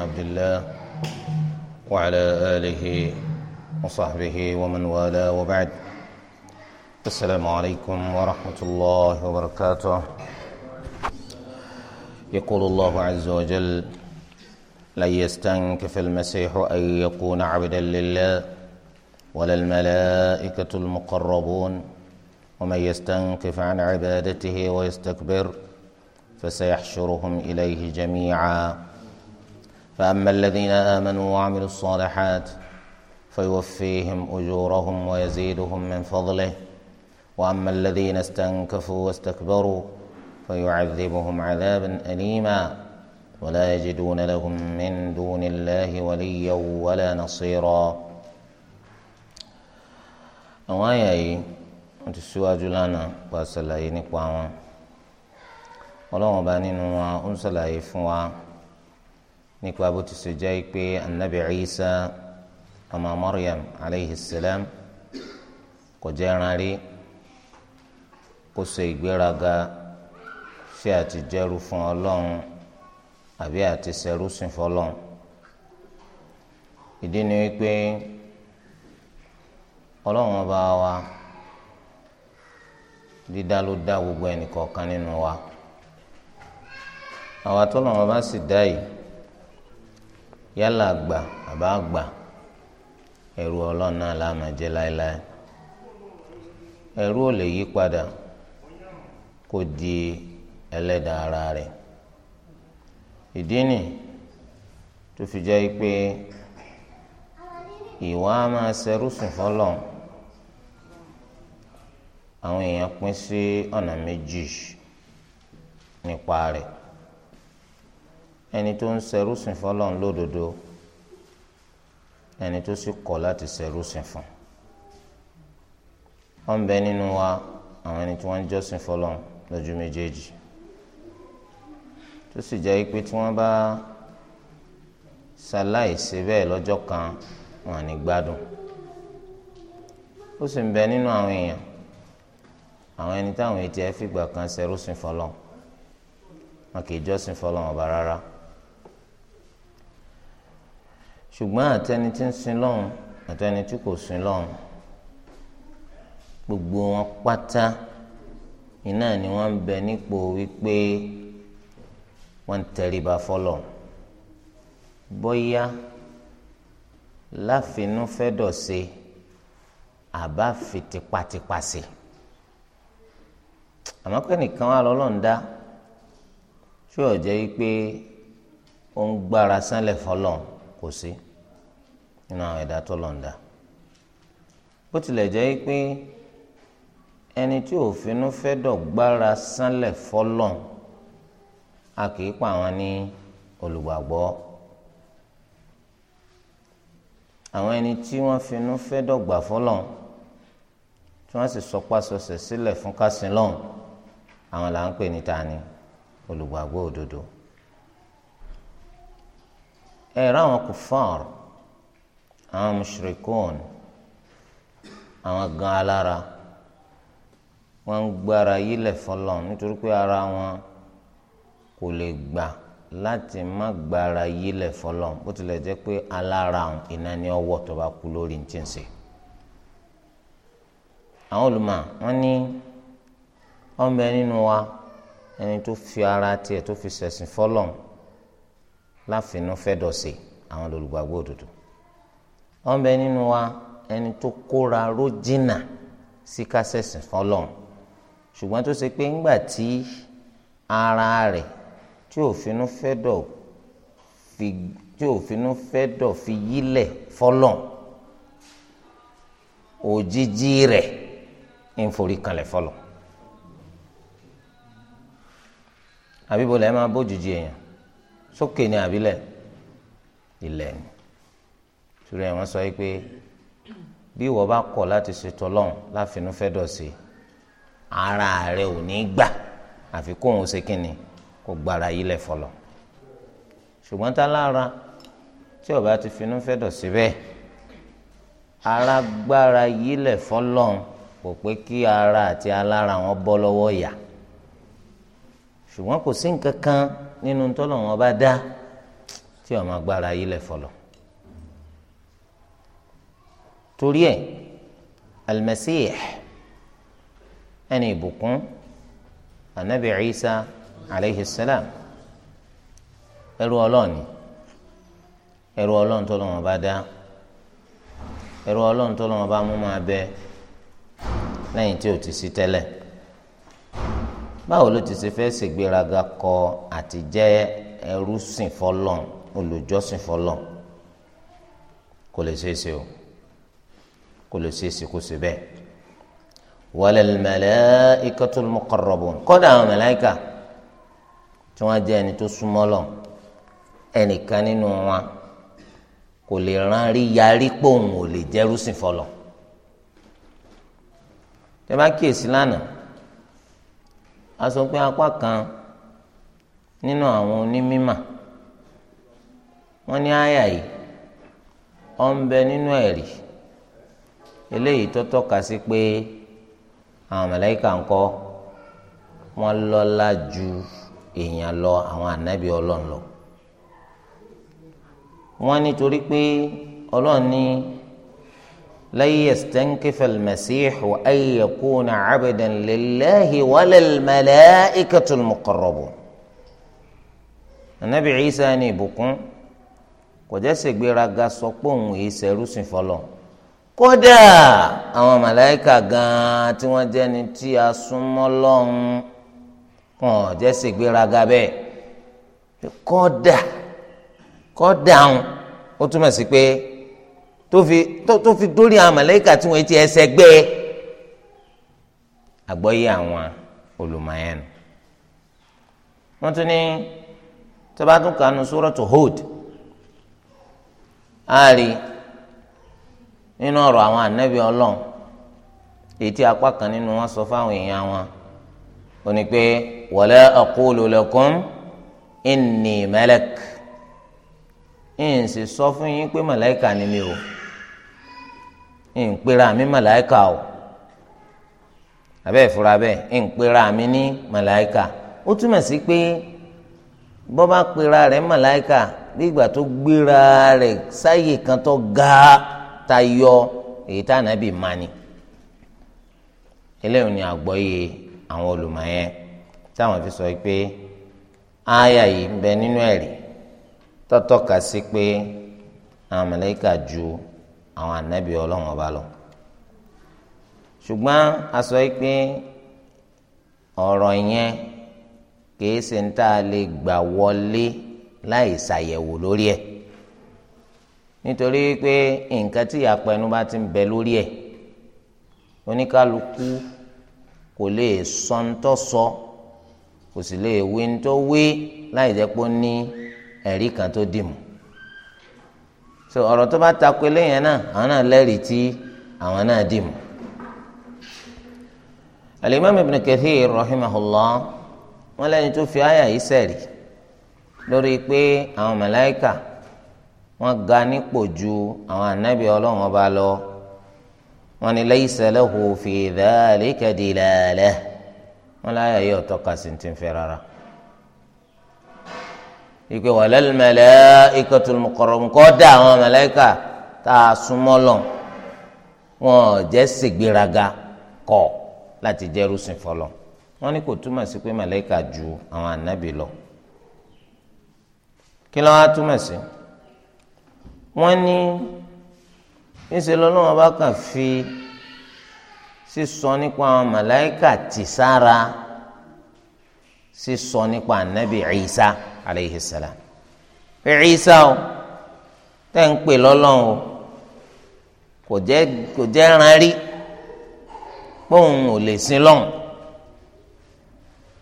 عبد الله وعلى آله وصحبه ومن والاه وبعد السلام عليكم ورحمة الله وبركاته يقول الله عز وجل لن يستنكف المسيح أن يكون عبدا لله ولا الملائكة المقربون ومن يستنكف عن عبادته ويستكبر فسيحشرهم إليه جميعاً فأما الذين آمنوا وعملوا الصالحات فيوفيهم أجورهم ويزيدهم من فضله وأما الذين استنكفوا واستكبروا فيعذبهم عذابا أليما ولا يجدون لهم من دون الله وليا ولا نصيرا àwọn àyà yìí wọn ti síwájú lánàá pa ṣàlàyé nípa nípa bó ti ṣe jẹ́ pé anabi Isa ọmọ Maryam aleyhi salam kò jẹ́ ẹran rí kó ṣe ìgbéraga ṣé àti jẹ́rú fún ọlọ́run àbí àti ṣẹrú sìn fọlọ́run ìdí ni wípé ọlọ́run ọba wa dídá ló dá gbogbo ẹnìkọ̀ọ̀kan nínú wa àwa tó lọ́wọ́ bá sì dá yìí. yálà àgbà àbá àgbà ẹrú ọlọ́run náà la máa jẹ́ láéláé ẹrú ò lè yí padà kó di ẹlẹ́dàá ara rẹ̀ ìdí nì tó fi jẹ́ pé ìwà máa ṣerú sùn fọlọ́ àwọn èèyàn pín sí ọ̀nà méjì ẹni tó ń ṣẹrú sìn fọlọ́n lódodo ẹni tó sì kọ̀ láti ṣẹrú sìn fún wọn ń bẹ nínú wa àwọn ẹni tí wọ́n ń jọ́sìn fọlọ́n lójú méjèèjì tó sì jẹ́ pé tí wọ́n bá ṣaláìsí bẹ́ẹ̀ lọ́jọ́ kan wọn à ní gbádùn ó sì ń bẹ nínú àwọn èèyàn àwọn ẹni táwọn etí ẹ fìgbà kan ṣẹrú sìn fọlọ́n wọn kì í jọ́sìn fọlọ́n ọba rárá ṣùgbọ́n àtẹni tí ń sin lọ́hùn àtẹni tí kò sin lọ́hùn gbogbo wọn pátá iná ni wọ́n ń bẹ nípò wípé wọ́n ń tẹríba fọlọ́ bóyá láfinúfẹ́dọ̀ṣe àbá fi tipátipá ṣe àmọ́ pé nìkan wà lọ́lọ́ǹda tí ò jẹ́ wípé ó ń gbára sánlẹ̀ fọlọ́ọ̀ kò sí nínú àwọn ẹ̀dá tó lọ́ǹda bó tilẹ̀ jẹ́ pé ẹni tí òfinú fẹ́ dọ̀gbára sánlẹ̀ fọ́lọ́n a kì í pa àwọn ní olùgbàgbọ́ àwọn ẹni tí wọ́n finú fẹ́ dọ̀gbà fọ́lọ́n tí wọ́n sì sọpasọsẹ̀ sílẹ̀ fún kásìlọ́n àwọn là ń pè ní tani olùgbàgbọ́ òdodo ẹ̀rọ àwọn kùfàr àwọn mushrikun àwọn gan alára wọ́n ń gbára yílẹ̀ fọlọ́ nítorí pé ara wọn kò lè gbà láti má gbára yílẹ̀ fọlọ́ bó tilẹ̀ jẹ́ pé alára iná ní ọwọ́ tó bá kú lórí ní tíǹsì. àwọn olùmọ̀ wọ́n ní ọmọ ẹ nínú wa ẹni tó fi ara tiẹ̀ tó fi ṣẹ̀sìn fọlọ́n láfinú fẹ́dọ̀sẹ̀ àwọn olùgbàgbọ́ òdodo wọn bẹ nínú wa ẹni tó kóra ró jìnnà sí kásẹ̀sìn fọlọ́n ṣùgbọ́n tó ṣe pé ńgbà tí ara rẹ̀ tí òfinú fẹ́dọ̀ fi tí òfinú fẹ́dọ̀ fi yílẹ̀ fọlọ́n òjijì rẹ̀ ń forí kanlẹ̀ fọlọ́n àbíbo lẹ́ẹ̀ máa bójijì èèyàn sókè ní àbílẹ̀ ilẹ̀ ni ṣùgbọ́n ẹ̀ wọ́n sọ pé bí ìwọ bá kọ̀ láti ṣètò ọlọ́run láfinú fẹ́ dọ̀sí ara rẹ ò ní gbà àfi kóun ṣe kínni kó gbára ilẹ̀ fọlọ́ ṣùgbọ́n tá lára tí ọba ti finú fẹ́ dọ̀sí bẹ́ẹ̀ ara gbára ilẹ̀ fọlọ́run kò pé kí ara àti alára wọn bọ́ lọ́wọ́ yà ṣùgbọ́n kò sí nǹkan kan nínú tọ́lọ̀ wọn bá dá tí ọmọ agbára yìí lẹ̀ fọlọ̀ torí ẹ̀ Al-Masih ẹni ìbùkún anabi Isa aleyhi salam ẹrú ọlọ́ọ̀ni ẹrú ọlọ́ọ̀ni tọ́lọ̀ bá dá ẹrú ọlọ́ọ̀ni tọ́lọ̀ bá mú máa bẹ lẹ́yìn tí ò ti sí tẹ́lẹ̀ báwo ló ti ṣe fẹ́ ṣègbéraga kọ àti jẹ́ ẹrú sìn fọlọ́n olùjọ́sìn fọlọ́n kò lè ṣeé ṣe o kò lè ṣeé ṣe kó ṣe bẹ́ẹ̀ walal malaikatul muqarrabun kọ́dà àwọn màláíkà tí wọ́n jẹ́ ẹni tó súnmọ́ ẹnìkan nínú wọn kò lè rán rí yarí pòun ò lè jẹ́rú sìn fọlọ́n tẹ́ bá kíyèsí lánàá a sọ pé apá kan nínú àwọn onímímà wọ́n ní àyà yìí ó ń bẹ nínú ẹ̀rí eléyìí tó tọ́ka sí pé àwọn màláíkà ńkọ́ wọ́n lọ́lá ju èèyàn lọ àwọn ànábì Ọlọ́run lọ wọ́n nítorí pé Ọlọ́run ní. لن يستنكف المسيح أن يكون عبدا لله ولا الملائكة المقربون النبي عيسى نيبكم kò jẹ́sẹ̀ gbéraga sọ pé òun yìí ṣẹrú sìn fọlọ́ kódà àwọn màláìka gan-an tí wọ́n jẹ́ ni tí a súnmọ́ lọ́hùn kàn jẹ́sẹ̀ gbéraga bẹ́ẹ̀ kódà kódà òun ó túmọ̀ sí pé tó fi tó tó fi dórí àwọn màláíkà tí wọ́n ti ẹsẹ̀ gbé e àgbọ́yé àwọn olùmọ̀yẹ́nu wọ́n tún ní tabatun kanu suratu Hud àárí nínú ọ̀rọ̀ àwọn ànábì ọlọ́run èyí tí apá kan nínú wọn sọ fáwọn èèyàn wọn ó ní pé wala aqulu lakum inni malak ń sì sọ fún yín pé màláìka ni mi o ń pera mi màláìka o abẹ́ ìfura bẹ́ẹ̀ ń pera mi ní màláìka ó túmọ̀ sí pé bọ́ pera rẹ̀ màláìka bí ìgbà tó gbéra rẹ̀ sáyè kan tó ga tayọ èyí tá ànábì máa ni eléyìí ni àgbọ́yé àwọn olùmọ̀ yẹn táwọn fi sọ pé ááyà yìí ń bẹ nínú ẹ̀rí tó sí pé àwọn màláìka ju àwọn ànábì ọlọ́run ọba lọ ṣùgbọ́n a sọ pé ọ̀rọ̀ yẹn kìí ṣe ń tá a lè gbà wọlé láì ṣàyẹ̀wò lórí ẹ̀ nítorí pé nǹkan tí ìyàpẹ̀nu bá ti ń bẹ lórí ẹ̀ oníkálukú kò lè sọ ń tọ́ sọ kò sì lè wí ń tó wí láì jẹ́ pé ó ní ẹ̀rí kan tó dì mú so ọ̀rọ̀ tó bá takò eléyẹn náà àwọn náà lẹ́rìí tí àwọn náà dì mú. Al-Imam Ibn Kathir rahimahullah wọn lẹ́ni tó fi àyà yìí sẹ̀rí lórí pé àwọn màláíkà wọn ga nípò ju àwọn ànábì ọlọ́run ọba lọ wọn ni laysa lahu fi dhalika dilalah wọn láyà yìí ọ̀tọ́ kàsìntì fẹ́ rárá ìpè walal malaikatul muqarrabun kọ́dà àwọn màláíkà tá a súnmọ́ lọ wọn ò jẹ́ ṣègbéraga kọ̀ láti jẹ́rú sìn fọlọ́ wọn ní kò túmọ̀ sí pé màláíkà ju àwọn ànábì lọ kí ló wá túmọ̀ sí wọn ní níṣẹ́ lọ́lọ́wọ́n bá kàn fi sísọ nípa àwọn màláíkà tì sísọ nípa ànábì Ìsá aleyhi salam pé Ìsá o tẹ́ ń pè lọ́lọ́run o kò jẹ́ kò jẹ́ ran rí póun ò lè sin lọ́hùn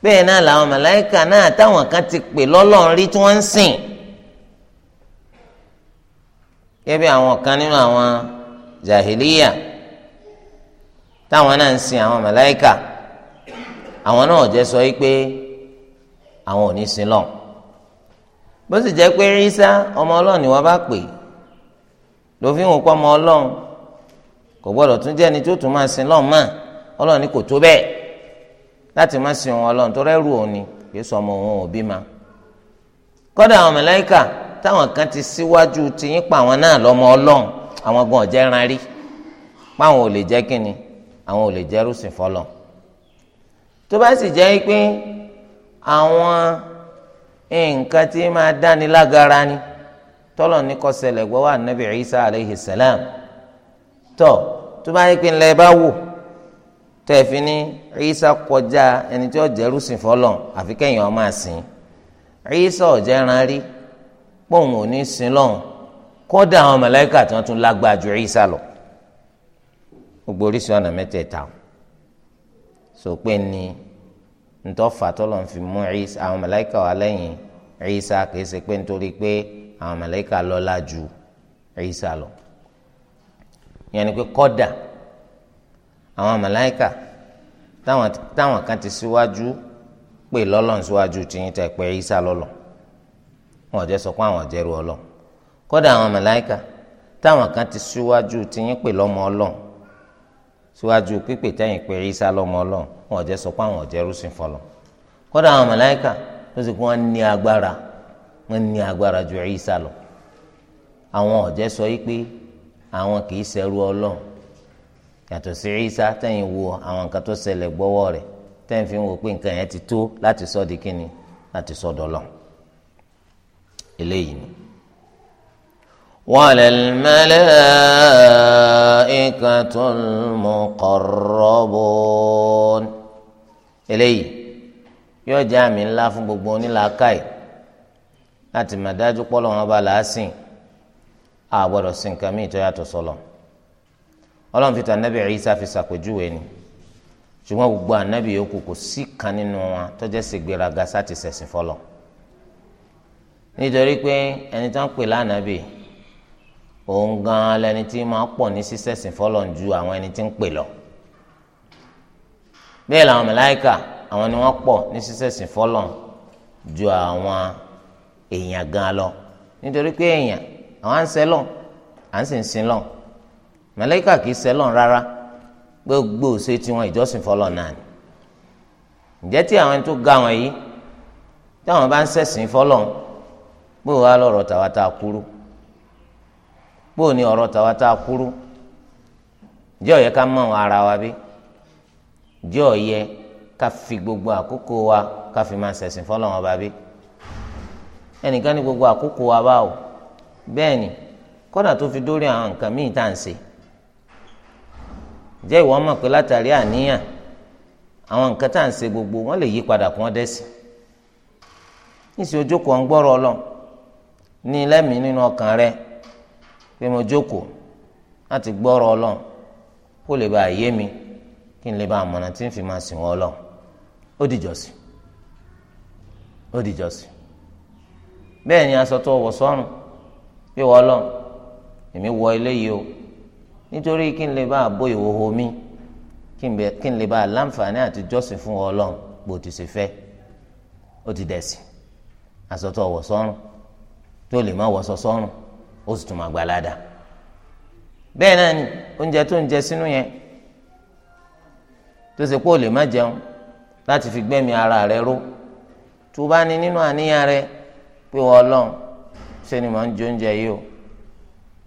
bẹ́ẹ̀ náà làwọn màláìka náà táwọn kan ti pè lọ́lọ́run rí tí wọ́n ń sìn gẹ́gẹ́ àwọn kan nínú àwọn jahiliya táwọn náà ń sin àwọn màláìka àwọn náà jẹ́ sọ yìí pé àwọn ò ní sin lọ́hùn bó sì jẹ́ pé ríṣà ọmọ ọlọ́run ni wọ́n bá pè lófin òun kọ́ ọmọ ọlọ́run kò gbọ́dọ̀ tún jẹ́ ẹni tó tún máa sin lọ́ọ̀ mọ́ ọlọ́run ni kò tó bẹ́ẹ̀ láti má sin òun ọlọ́run tó rẹ́rù òun ni kì í sọ ọmọ òun òbí ma kọ́dà àwọn mẹ̀láìkà táwọn kan ti síwájú tiyín pa àwọn náà lọ́mọ ọlọ́run àwọn gan ọ̀jẹ́ ran rí páwọn ò lè jẹ́ kínni àwọn ò lè jẹ́ rúsìn fọlọ́ tó bá sì jẹ́ pé àwọn nǹkan tí máa dáni lágara ni tọ́lọ̀ ní kó ṣẹlẹ̀ gbọ́ wà nàbì Isa aleyhi salam tọ́ tó bá yẹ pé ńlẹ̀ bá wò tẹ̀fí ní Isa kọjá ẹni tí ó jẹ́rú sìn fọlọ́n àfi kẹ́yìn ọmọ àsìn Isa ọ̀jẹ̀ran rí pòun ò ní sin lọ́hùn kódà àwọn màláíkà tí wọ́n tún lágbára ju Isa lọ gbogbo oríṣi ọ̀nà mẹ́tẹ̀ẹ̀ta sọ pé ní. So, ntọ́fà tọ́lọ̀ ń fi mú àwọn màláíkà wà pe Ìsá kìí ṣe àwọn ju lọ. àwọn màláíkà táwọn kan ti síwájú pé lọ́lọ́n síwájú tìyín tẹ̀ lọ́lọ́ wọn àwọn àwọn táwọn kan ti lọ́mọ siwaju lọ́mọ wọn ò jẹ́ sọ pé àwọn ò jẹ́ rúṣin fọlọ́ kódà àwọn màláíkà ló sì pé wọ́n ní agbára wọ́n ní agbára ju Ìsá lọ àwọn ò jẹ́ sọ yìí pé àwọn kì í ṣẹrú ọlọ́run yàtọ̀ sí Ìsá tẹ̀yìn wo àwọn nǹkan tó ṣẹlẹ̀ gbọ́wọ́ rẹ̀ tẹ̀yìn fi ń pé nǹkan yẹn ti tó láti sọ di kíni láti sọ dọ́lọ́ eléyìí ni. وعلى الملائكة المقربون eléyìí yóò jẹ́ àmì ńlá fún gbogbo onílàákàyè láti mà dájú pọ́lọ́ wọn bá làásìn a gbọ́dọ̀ sìn nǹkan míì tó yàtọ̀ sọlọ ọlọ́run fi tàn nábì fi ṣàpèjúwe ni ṣùgbọ́n gbogbo ànábì yòókù kò sí kan nínú wọn tó jẹ́ ṣègbéraga sáti ṣẹ̀sìn fọlọ nítorí pé ẹni tó ń pè lánàbì òun gan-an lẹni tí máa pọ̀ ní sísẹ̀sìn fọlọ ju àwọn ẹni tí ń pè lọ bẹ́ẹ̀ làwọn mẹláìkà àwọn ni wọ́n pọ̀ ní sísẹ̀sìn fọ́lọ̀ ju àwọn èèyàn gan lọ nítorí pé èèyàn àwọn à ń sẹ́lọ̀ à ń sì ń sin lọ mẹláìkà kì í sẹ́lọ̀ rárá gbogbo ṣe tiwọn ìjọsìn fọ́lọ̀ náà ni ǹjẹ́ tí àwọn tó ga wọn yìí táwọn bá ń sẹ̀sìn fọ́lọ̀ bó wàá lọ̀rọ̀ tàwa tá a kúrú ní ọ̀rọ̀ tàwa kúrú ǹjẹ́ ó yẹ ká mọ̀ ara wa bí jẹ́ ọ̀yẹ ká fi gbogbo àkókò wa ká fi máa ṣẹ̀sìn fọlọ́wọn bá bí ẹnìkan ní gbogbo àkókò wa báwo bẹ́ẹ̀ ni kọ́dà tó fi dórí àwọn nǹkan míì tá à ń ṣe jẹ́ ìwọ mọ̀ pé látàrí àníyàn àwọn nǹkan tá à ń ṣe gbogbo wọ́n lè yí padà kún ọ́ dẹ́sì níṣẹ́ ojókòó ń gbọ́rọ̀ lọ ní lẹ́mìí nínú ọkàn rẹ pé mo jókòó láti gbọ́rọ̀ lọ kó lè bàa yé mi kí n lè bá àmọ̀nà tí n fi máa sìn wọ́n lọ ó dìjọ́sìn ó dìjọ́sìn bẹ́ẹ̀ ni aṣọ tó wọ̀ sọ́run pé wọ́n lọ èmi wọ eléyìí o nítorí kí n lè bá àbó ìhòhò mi kí n lè bá láǹfààní àti jọ́sìn fún wọn lọ́n bó ti ṣe fẹ́ ó ti dẹ̀sìn aṣọ tó wọ̀ sọ́run tó lè má wọṣọ sọ́run ó sì tún máa gbalada bẹ́ẹ̀ náà ni oúnjẹ tó ń jẹ sínú yẹn tó ṣe pé o lè má jẹun láti fi gbẹ́mí ara rẹ ró tó bá ní nínú àníyàn rẹ pé wọ́n ọlọ́run ṣe ni mò ń jẹ oúnjẹ yìí o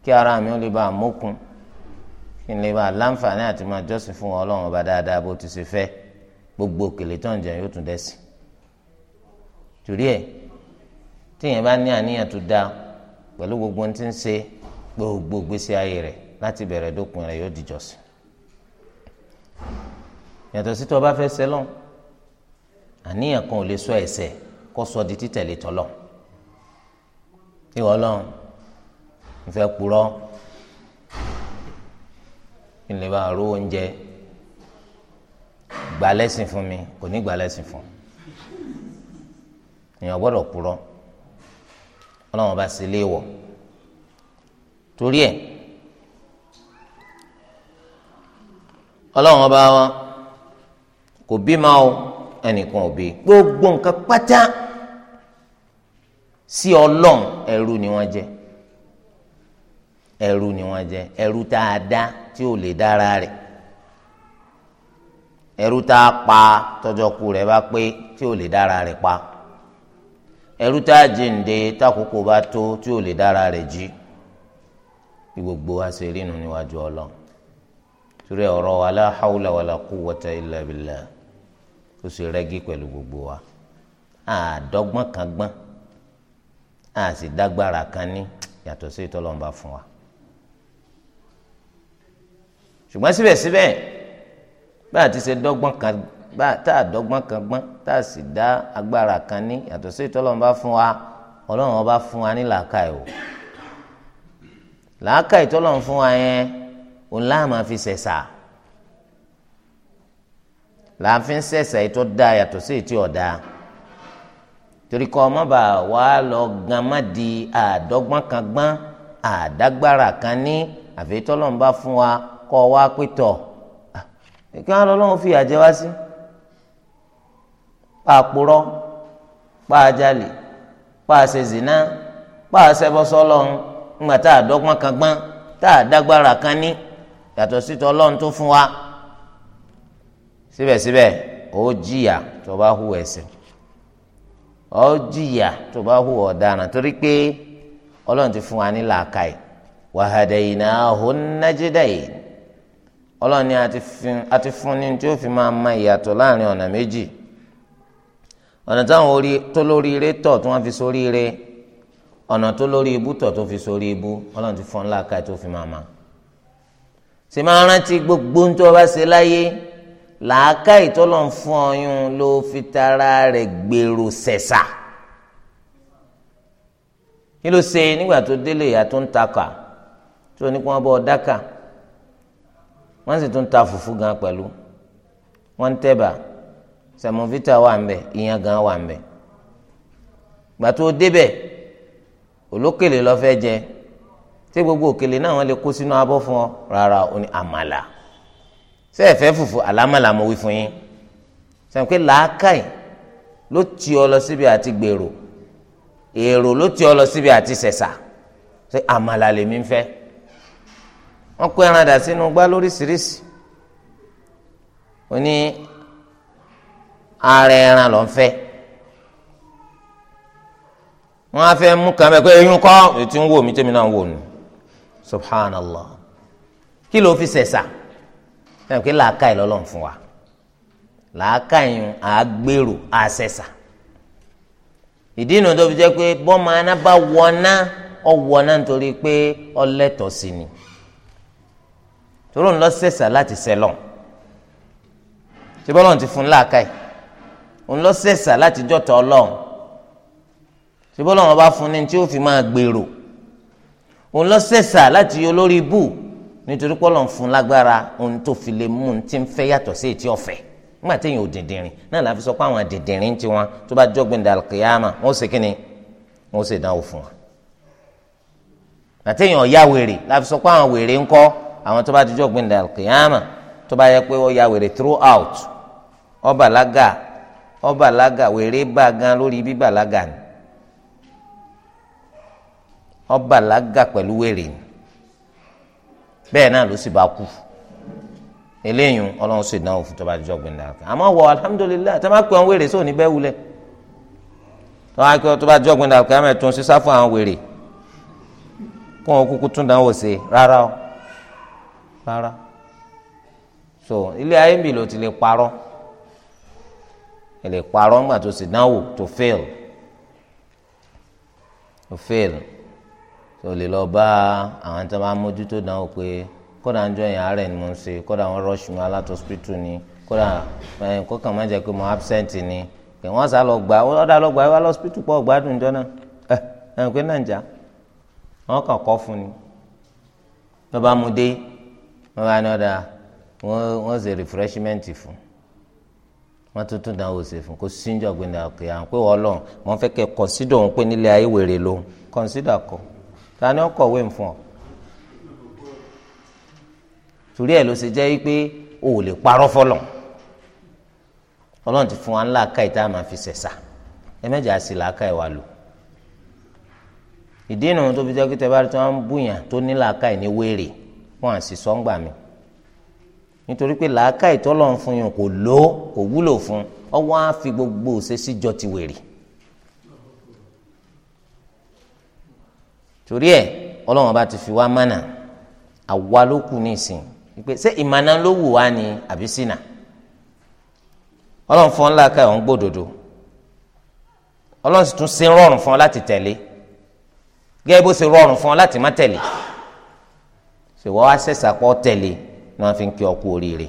kí ara mi ó lè bá a mókun kí n lè bá a láǹfààní àti máa jọ́sìn fún wọn ọlọ́run ọba dáadáa bó ti ṣe fẹ́ gbogbo òkèlè tó ń jẹ yóò tún dẹ́sìn torí ẹ̀ tíyẹn bá ní àníyàn tó dáa pẹ̀lú gbogbo ohun tí ń ṣe gbogbo gbèsè ayé rẹ̀ láti bẹ̀rẹ̀ dópin rẹ̀ yóò di jọ́sìn yàtọ̀ sí tó o bá fẹ́ sẹ́ lọ́n àníyàn kan ò lè sọ ẹ̀ṣẹ̀ kó sọ di títẹ̀lé tọ́lọ̀ ìwọ lọ́n ìfẹ́ purọ́ ilé bá ró oúnjẹ gbà lẹ́sìn fún mi kò ní gbà lẹ́sìn fún èèyàn gbọ́dọ̀ purọ́ ọlọ́run bá sí léèwọ̀ torí ẹ̀ ọlọ́run ọba wọn kò bí ma o ẹnìkan ò bí gbogbo nǹkan pátá sí ọlọ́run ẹrú ni wọ́n jẹ́ ẹrú ni wọ́n jẹ́ ẹrú tá a dá tí ò lè dára rẹ̀ ẹrú tá a pa tọjọ́ kú rẹ̀ bá pé tí ò lè dára rẹ̀ pa ẹrú tá a jíǹde tákòókò bá tó tí ò lè dára rẹ̀ jí gbogbo wa ṣe rí nu níwájú ọlọ́run torí ọ̀rọ̀ wa la hawla wala quwwata illa ó sì rẹ́gí pẹ̀lú gbogbo wa àdọ́gbọ́n kan gbọ́n a sì dágbára kan ní yàtọ̀ sí ìtọ́lọ́mba fún wa ṣùgbọ́n síbẹ̀síbẹ̀ bá a ti ṣe dọ́gbọ́n kan bá tá a dọ́gbọ́n kan gbọ́n tá a sì dá agbára kan ní yàtọ̀ sí ìtọ́lọ́mba fún wa ọlọ́run ọba fún wa ní làákàyè o làákàyè tọ́lọ́run fún wa yẹn òun láà máa ṣẹ̀ṣà là ń fi ń sẹ̀sà ètò da yàtọ̀ sí ètò ọ̀dà torí kọ́ ọmọ bá wà lọ gan má di àdọ́gbọ́n kan gbọ́n àdágbára kan ní àfi tọ́lọ́run bá fún wa kọ́ wa pétọ̀ kí wọ́n lọ́lọ́run fi àjẹ wá sí pàpòrọ́ pàjálè pàṣẹzìnà pàṣẹbọsọlọ́run ńgbà tá àdọ́gbọ́n kan gbọ́n tá àdágbára kan ní yàtọ̀ sí tọ́lọ́run tó fún wa. síbẹ̀síbẹ̀ ó jìyà tó bá hùwà ẹ̀ṣẹ̀ ó jìyà tó bá ọ̀daràn torí pé ọlọ́run ti fún wa ní làákàyè wahadaynahun najdayn ọlọ́run ni a ti fún ni tí ó fi máa ma ìyàtọ̀ láàrin ọ̀nà méjì ọ̀nà táwọn orí tó lórí ire tọ̀ tí wọ́n fi sórí ire ọ̀nà tó lórí ibú tọ̀ tó fi sórí ibú ọlọ́run ti fún ńlá ka tó fi máa ma. sì máa gbogbo ń tó bá ṣe láyé làákà ìtọ́lọ̀ ń fún ọyún ló fi tara rẹ̀ gbèrò sẹ̀sà kí ló ṣe nígbà tó délé ìyá tó ń takà tó ní kí wọ́n bọ́ dákà wọ́n sì tún ta fùfú gan pẹ̀lú wọ́n ń tẹ̀bà sẹ̀mọ́fítà wà ń bẹ̀ ìyàn gan wà ń bẹ̀ gbà tó débẹ̀ olókèlè ló jẹ tí gbogbo òkèlè náà wọ́n lè kó sínú abọ́ fún ọ rárá ó ní àmàlà ṣé ẹ fẹ́ fùfú àlámàlámà wí fún yín sẹ́yìn pé làákàyè ló ti ọ lọ síbi àti gbèrò èrò ló ti ọ lọ síbi àti sẹ̀sà ṣé àmàlà lèmi ń fẹ́ wọ́n kó ẹran dà sínú gbá lóríṣiríṣi ó ní ara ẹran ló ń fẹ́ wọ́n á fẹ́ mú kàn bẹ́ẹ̀ pé eyín kọ́ ètí ń wò mí tèmi náà ń wò nù subhanallah kí ló fi sẹ̀sà ẹnì pé làákàyè lọ́lọ́run fún wa làákàyè àgbèrò àṣẹṣà ìdí inú tó fi jẹ́ pé bọ́mọ aná bá wọná ọwọ́ná nítorí pé ọlẹ́tọ̀ sí ni torón lọ ṣẹṣà láti sẹlọ̀ tí bọ́lọ́run ti fún làákàyè òun lọ ṣẹṣà láti jọ́tọ̀ ọlọ́run tí bọ́lọ́run bá fún ni tí ó fi máa gbèrò òun lọ ṣẹṣà láti olórí bù nítorí pọ́lọ̀ ń fún lágbára ohun tó fi lè mú un ti ń fẹ́ yàtọ̀ sí ètí ọ̀fẹ́ nígbà tí ò dìndìnrín náà la sọ pé àwọn dìndìnrín ti wọn tó bá jọ́gbìn dàlùkìyàmà wọ́n ṣe kíni wọ́n ṣe ìdánwò fún wọn. àtẹ̀yìn ọ̀ya wèrè la sọ pé àwọn wèrè àwọn tó bá ti jọ́gbìn dàlùkìyàmà tó bá yẹ pé ya wèrè throughout ó bàlágà ó bàlágà wèrè bá gan lórí ni pẹ̀lú wèrè ni bẹ́ẹ̀ náà ló sì bá kú eléyìí ọlọ́run sì dáhùn fún tọ́ba àdìjọ́ gbẹ̀ndà kan àmọ́ wọ alhamdulilayi tẹ́ máa pè wọn wèrè sóò ní bẹ́ẹ̀ wulẹ̀ tọ́ba pé tọ́ba àdìjọ́ gbẹ̀ndà kan àmọ́ ẹ̀tún sísá fún àwọn wèrè kó wọn kúkú tún dáhùn sí rárá o rárá so ilé ayé mi ló ti lè parọ́ ilé parọ́ ńgbà tó sì dáhùn tó fail tó fail tó lè lọ bá àwọn tó máa mójútó dánwò pé kódà ń jọ yẹn àárẹ̀ ni mo ń ṣe kódà wọ́n rush mi alátọ́sítù ni kódà eh, kó kàn má jẹ́ pé mo absent ni pé wọ́n sá lọ gbà ọ̀dà lọ gbà wá lọ́sítù pọ̀ gbádùn jọ náà eh, ẹ ẹ pé náà jà wọ́n kàn kọ́ fún ni lọ́ba mu dé wọ́n bá ní ọ̀dà wọ́n ṣe refreshment fún wọ́n tuntun náà wò ṣe fún kó síjọ́ gbẹ̀ndà kìá pé wọ́n lọ wọ́n fẹ́ kẹ́ consider òun pé nílé ayé wèrè lòun consider kọ́ ta ni ọkọ̀ wẹ̀ torí ẹ̀ ló ṣe jẹ́ pé o lè parọ́ fọlọ̀ ọlọ́run ti fún wa ńlá ká ìta máa fi ṣẹ̀ṣà ẹ mẹ́jà sì là á ká ìwà lò ìdí ìnáwó tó fi jẹ́ kí tẹ́ bá rí tí wọ́n ń bùyàn tó ní làákàyè ní wéèrè wọn à sì sọ́ngbà mi nítorí pé làákàyè tọ́lọ́run fún yàn kò lò kò wúlò fún ọ wọ́n fi gbogbo òṣèṣì jọ ti wèrè. torí ẹ ọlọ́run bá ti fi wá mánà àwa ló kù ní ìsìn pé ṣé ìmánà ló wù wá ni àbí sínà ọlọ́run fún ọ ńlá ká ẹ̀ ń gbòdodo ọlọ́run sì tún ṣe rọrùn fún ọ láti tẹ̀lé gẹ́gẹ́ bó ṣe rọrùn fún ọ láti má tẹ̀lé ṣèwọ́ wá ṣẹ̀ṣà pọ̀ tẹ̀lé ni wọ́n fi ń kí ọ oríire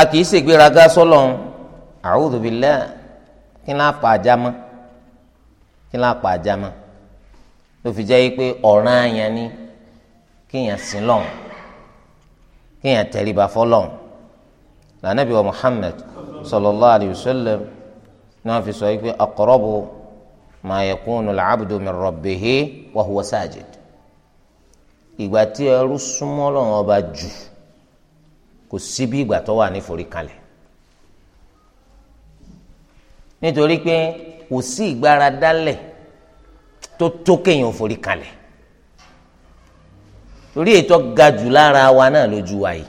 a kì í ṣègbéraga sọ́lọ́run a'udhu billah kí n láà pa ajá mọ́ kí la pa àjà mọ́ ló fi jẹ́ pé ọ̀ràn àyàn ni kéèyàn sin lọ́hùn kéèyàn tẹríba fọlọ́hùn lànàbí wa Muhammad sallallahu alayhi wa sallam náà fi sọ pé aqrabu ma yakunu al-abdu min rabbihi wa huwa sajid ìgbà tí ẹrú súnmọ́ Ọlọ́run ọba jù kò sí bí ìgbà tó wà ní foríkalẹ̀ nítorí pé kò sí ìgbára dálẹ̀ tó tó kéèyàn forí kalẹ̀ torí ètò ga jù lára wa náà lójú wa yìí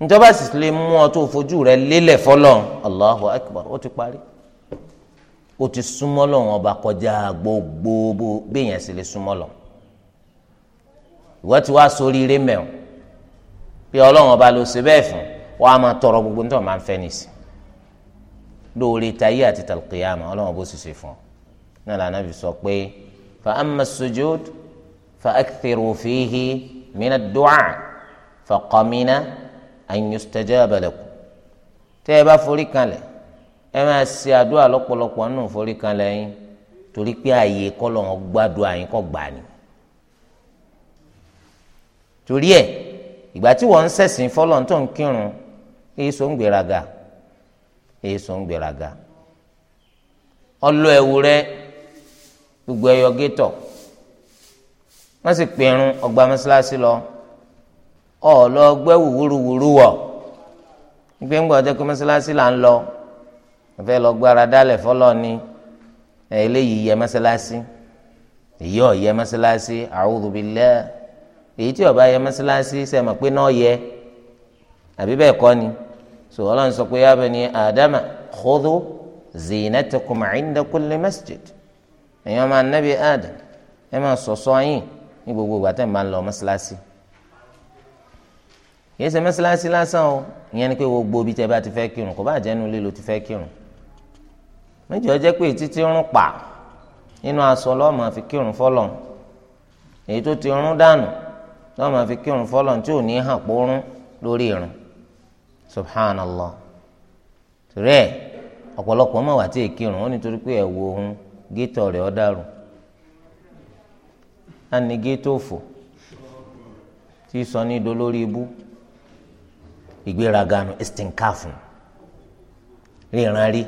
njọba sì lè mú ọ tó fojú rẹ lélẹ̀ fọlọ́n Allahu Akbar ó ti parí ó ti súnmọ́ lọ́wọ́n ọba kọjá gbogbo béèyàn sì lè súnmọ́ lọ ìwọ ti wá sórí ire mẹ́wọ̀n pé ọlọ́wọ́n ọba ló ṣe bẹ́ẹ̀ fún wa máa tọrọ gbogbo nítorí wọn máa ń fẹ́ nìsín lóore tayé àti tàlùkìyàmà ọlọ́wọ́n bó sì ṣe fún ọ náà lànà fi sọ pé fa ama sojod fa akiru fihi mina du'a fa qamina an yustajaba lakum tẹ́ ẹ bá forí kanlẹ̀ ẹ máa ṣe àdúrà lọ́pọ̀lọpọ̀ nínú forí kanlẹ̀ yín torí pé ààyè kọ́lọ̀ wọn gbàdúrà kọ́ gbà ní. torí ẹ ìgbà tí wọ́n ń ṣẹ̀sìn fọ́lọ́n tó ń kírun kí sóńgbéraga. So èyí sùn gbéraga ọlọ ẹ̀wù rẹ gbogbo ẹyọ gétọ wọn sì pẹrun ọgbà mọsálásí lọ ọlọ gbẹwù wúruwúru wọ gbé ńgbà ọjọ́ pé mọ́sálásí là ń lọ ọfẹ lọ gbára dálẹ̀ fọlọ ni eléyìí yẹ mọ́sálásí èyí ò yẹ mọ́sálásí bi billahi èyí tí ó bá yẹ mọ́sálásí sẹmọ pé náà yẹ àbí bẹ́ẹ̀ kọ́ ni. so ọlọ́run sọ pé ya bani adama khudhu zinatakum inda kulli masjid ẹ̀yin ọmọ anabi adam ẹ máa ṣọ̀ṣọ́ yín ní gbogbo ìgbà tẹ́ ẹ̀ máa ń lọ mọ́ṣáláṣí yìí ṣe mọ́ṣáláṣí lásán o ìyẹn ni pé gbogbo ibi tẹ́ bá ti fẹ́ kírun kò bá jẹ́nu lílo ti fẹ́ kírun méjì ọjọ́ pé títí rún pa nínú aṣọ lọ́ọ̀mọ́ àfi kírun fọ́lọ̀ èyí tó ti rún dànù lọ́ọ̀mọ́ àfi kírun fọ́lọ̀ tí ò ní hàn pórún lórí irun subhanallah torí ẹ ọ̀pọ̀lọpọ̀ máa wà tí èkìrùn ó nítorí pé ẹ̀wò ohun géètò rẹ̀ ọ́ dàrú láti géètò òfò tí sọ ní ido ibú ìgbéraga nu ríran rí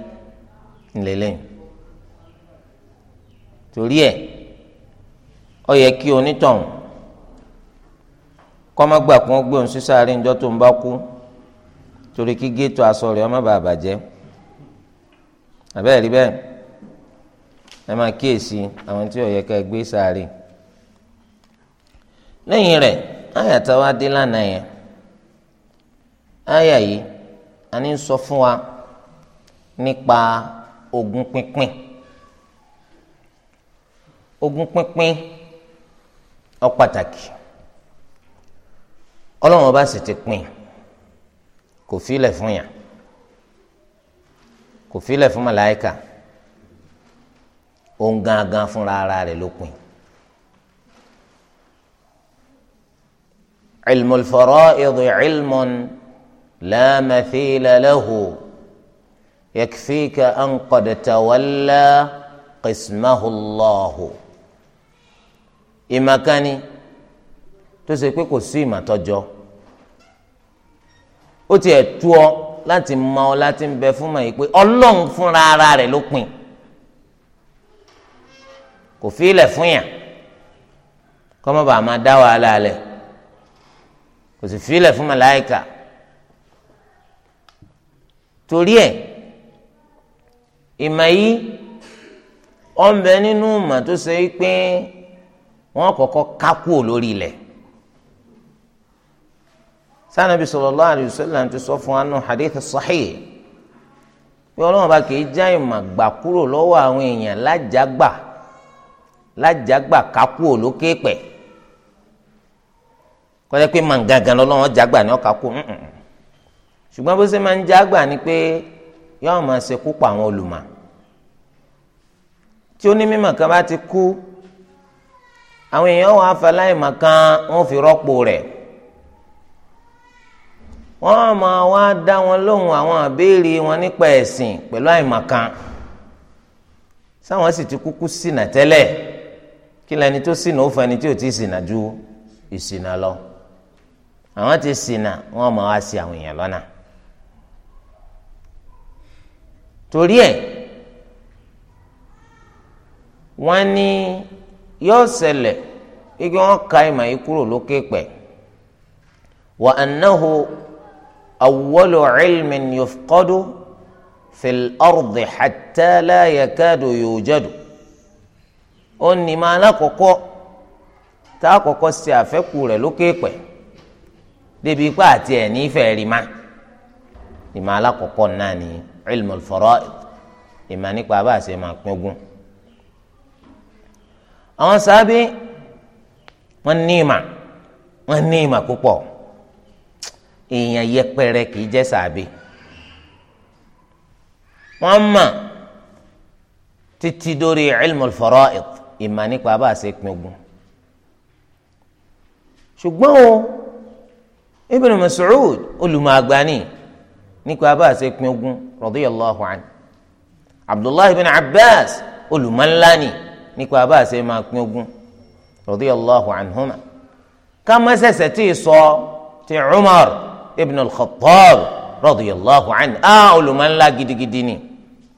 torí ẹ ọ yẹ kí onítọ̀hún kọ́ má gbà gbé òun torí kí géètò aṣọ rẹ̀ ọmọ bàa bàjẹ́ àbẹ́ẹ̀rí bẹ́ẹ̀ ẹ máa kíyèsí àwọn tí ó yẹ ká gbé sáré lẹ́yìn rẹ̀ àyà tá a wá dé lánàá yẹn àyà yìí a ní sọ fún wa nípa ogún pínpín ogún pínpín ó pàtàkì ọlọ́run ọba sì ti pín in. kò filẹ̀ fún yàn kò filẹ̀ fún màláìka òun gangan fúnra ara rẹ̀ ló pin. علم الفرائض علم لا مثيل له يكفيك أن قد تولى قسمه الله ìmàkánì tó ṣe pé kò sí ìmàtọ́jọ́ ó tiẹ̀ tú ọ láti mọ ọ láti ń bẹ fún mọ̀ yìí pé ọlọ́run fúnra ara rẹ̀ ló pin kò fi ilẹ̀ fún yàn kọ́mọ́ bàá máa dá wàhálà lẹ̀ kò sì fi ilẹ̀ fún màláìka torí ẹ̀ ìmọ̀ yìí ọ̀nbẹ nínú ìmọ̀ tó ṣe é pé wọ́n kọ́kọ́ kákúò lórí ilẹ̀ sanabi sallallahu alayhi wa sallam ti sọ fún anu hadith sahih pé ọlọ́run bá kì í já ìmọ̀ gbà kúrò lọ́wọ́ àwọn èèyàn lájàgbà lájàgbà kákú òlókè pẹ̀ kọ́jà pé màǹgàǹgàn lọ́lọ́run jàgbà ni ọ̀ka kú ṣùgbọ́n bó ṣe máa ń jàgbà ni pé yọ́ọ̀ máa ṣe kú pa àwọn olùmọ̀ tí ó ní mímọ̀ kan bá ti kú àwọn èèyàn wà á fa láìmọ̀ kan wọ́n fi rọ́pò rẹ̀. wọ́n máa wá dá wọn lóhùn àwọn àbéèrè wọn nípa ẹ̀sìn pẹ̀lú àìmọ̀kan sáwọn sì ti kúkú ṣìnà tẹ́lẹ̀ kí lẹni tó ṣìnà ó fẹni tí ò ti ṣìnà ju ìṣìnà lọ àwọn ti ṣìnà wọ́n máa wá sí àwọn èèyàn lọ́nà torí ẹ̀ wọ́n ní yóò ṣẹlẹ̀ igi wọ́n ka ìmọ̀ yìí kúrò lókè pẹ̀ wà á náà awwalu ilmin yufqadu fil ardi hatta la yakadu yujadu ó ní ma alákọ̀ọ́kọ́ tá a kọ́kọ́ ṣe àfẹ́kù rẹ̀ lókè pẹ̀ débi ipá àti ẹ̀ nífẹ̀ẹ́ rí ma ìmọ̀ alákọ̀ọ́kọ́ náà ni ilmul fara'id ìmọ̀ nípa bá a ṣe máa pín ogún àwọn sábẹ́ wọ́n ní ìmọ̀ wọ́n ní ìmọ̀ púpọ̀ èèyàn yẹpẹrẹ kì í jẹ́ sàbí wọ́n mọ̀ títí dórí ilmul fara'id ìmọ̀ nípa bá a ṣe pin ogun ṣùgbọ́n o Ibn Mas'ud olùmọ̀ àgbáni nípa bá a ṣe pin ogun radiyallahu anhu Abdullahi ibn Abbas olùmọ̀ ńlá ni nípa bá a ṣe máa pin ogun radiyallahu anhuma ká má tí ì sọ ti Umar ibn al-Khattab radiyallahu anhu á olùmọ̀ńlá gidigidi ni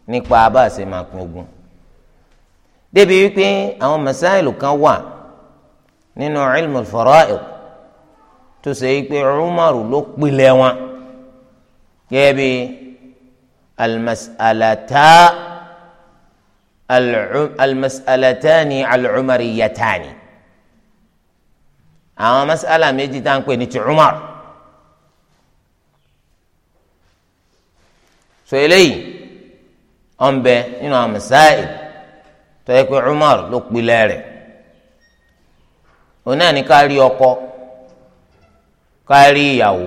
nípa abáàṣe máa pín ogun. débi wípé àwọn masáìlù kan wà nínú ilmu al-fara'id tó ṣe wípé Umaru ló pilẹ̀ wọn gẹ́gẹ́ bí al-mas'alata almas'alatani al'umariyatani àwọn mas'ala méjì tá à ń pè ní ti umar so eléyìí ọ̀nbẹ nínú àwọn mẹsáàì pé Umar ló pilẹ̀ rẹ̀ òun náà ní ká rí ọkọ ká rí ìyàwó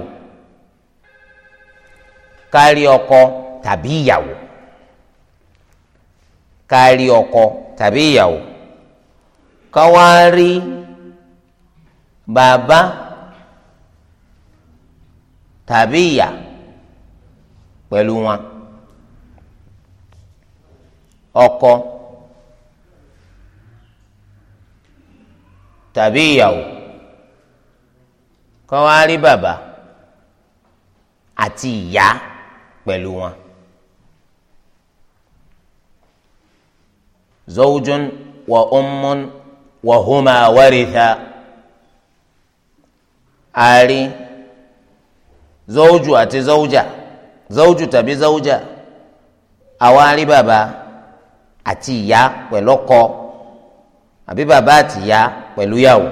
ọkọ tàbí ìyàwó ká ọkọ tàbí ìyàwó ká wá rí bàbá tàbí wọn. ọkọ tàbí ìyàwó kọ́ wá rí bàbá àti ìyá pẹ̀lú wọn. zawjun wa ummun wa huma waritha ari zawju àti zawja zawju tàbí zawja àwa rí bàbá àti ìyá pẹ̀lú ọkọ àbí bàbá àti ìyá pẹ̀lú yàwó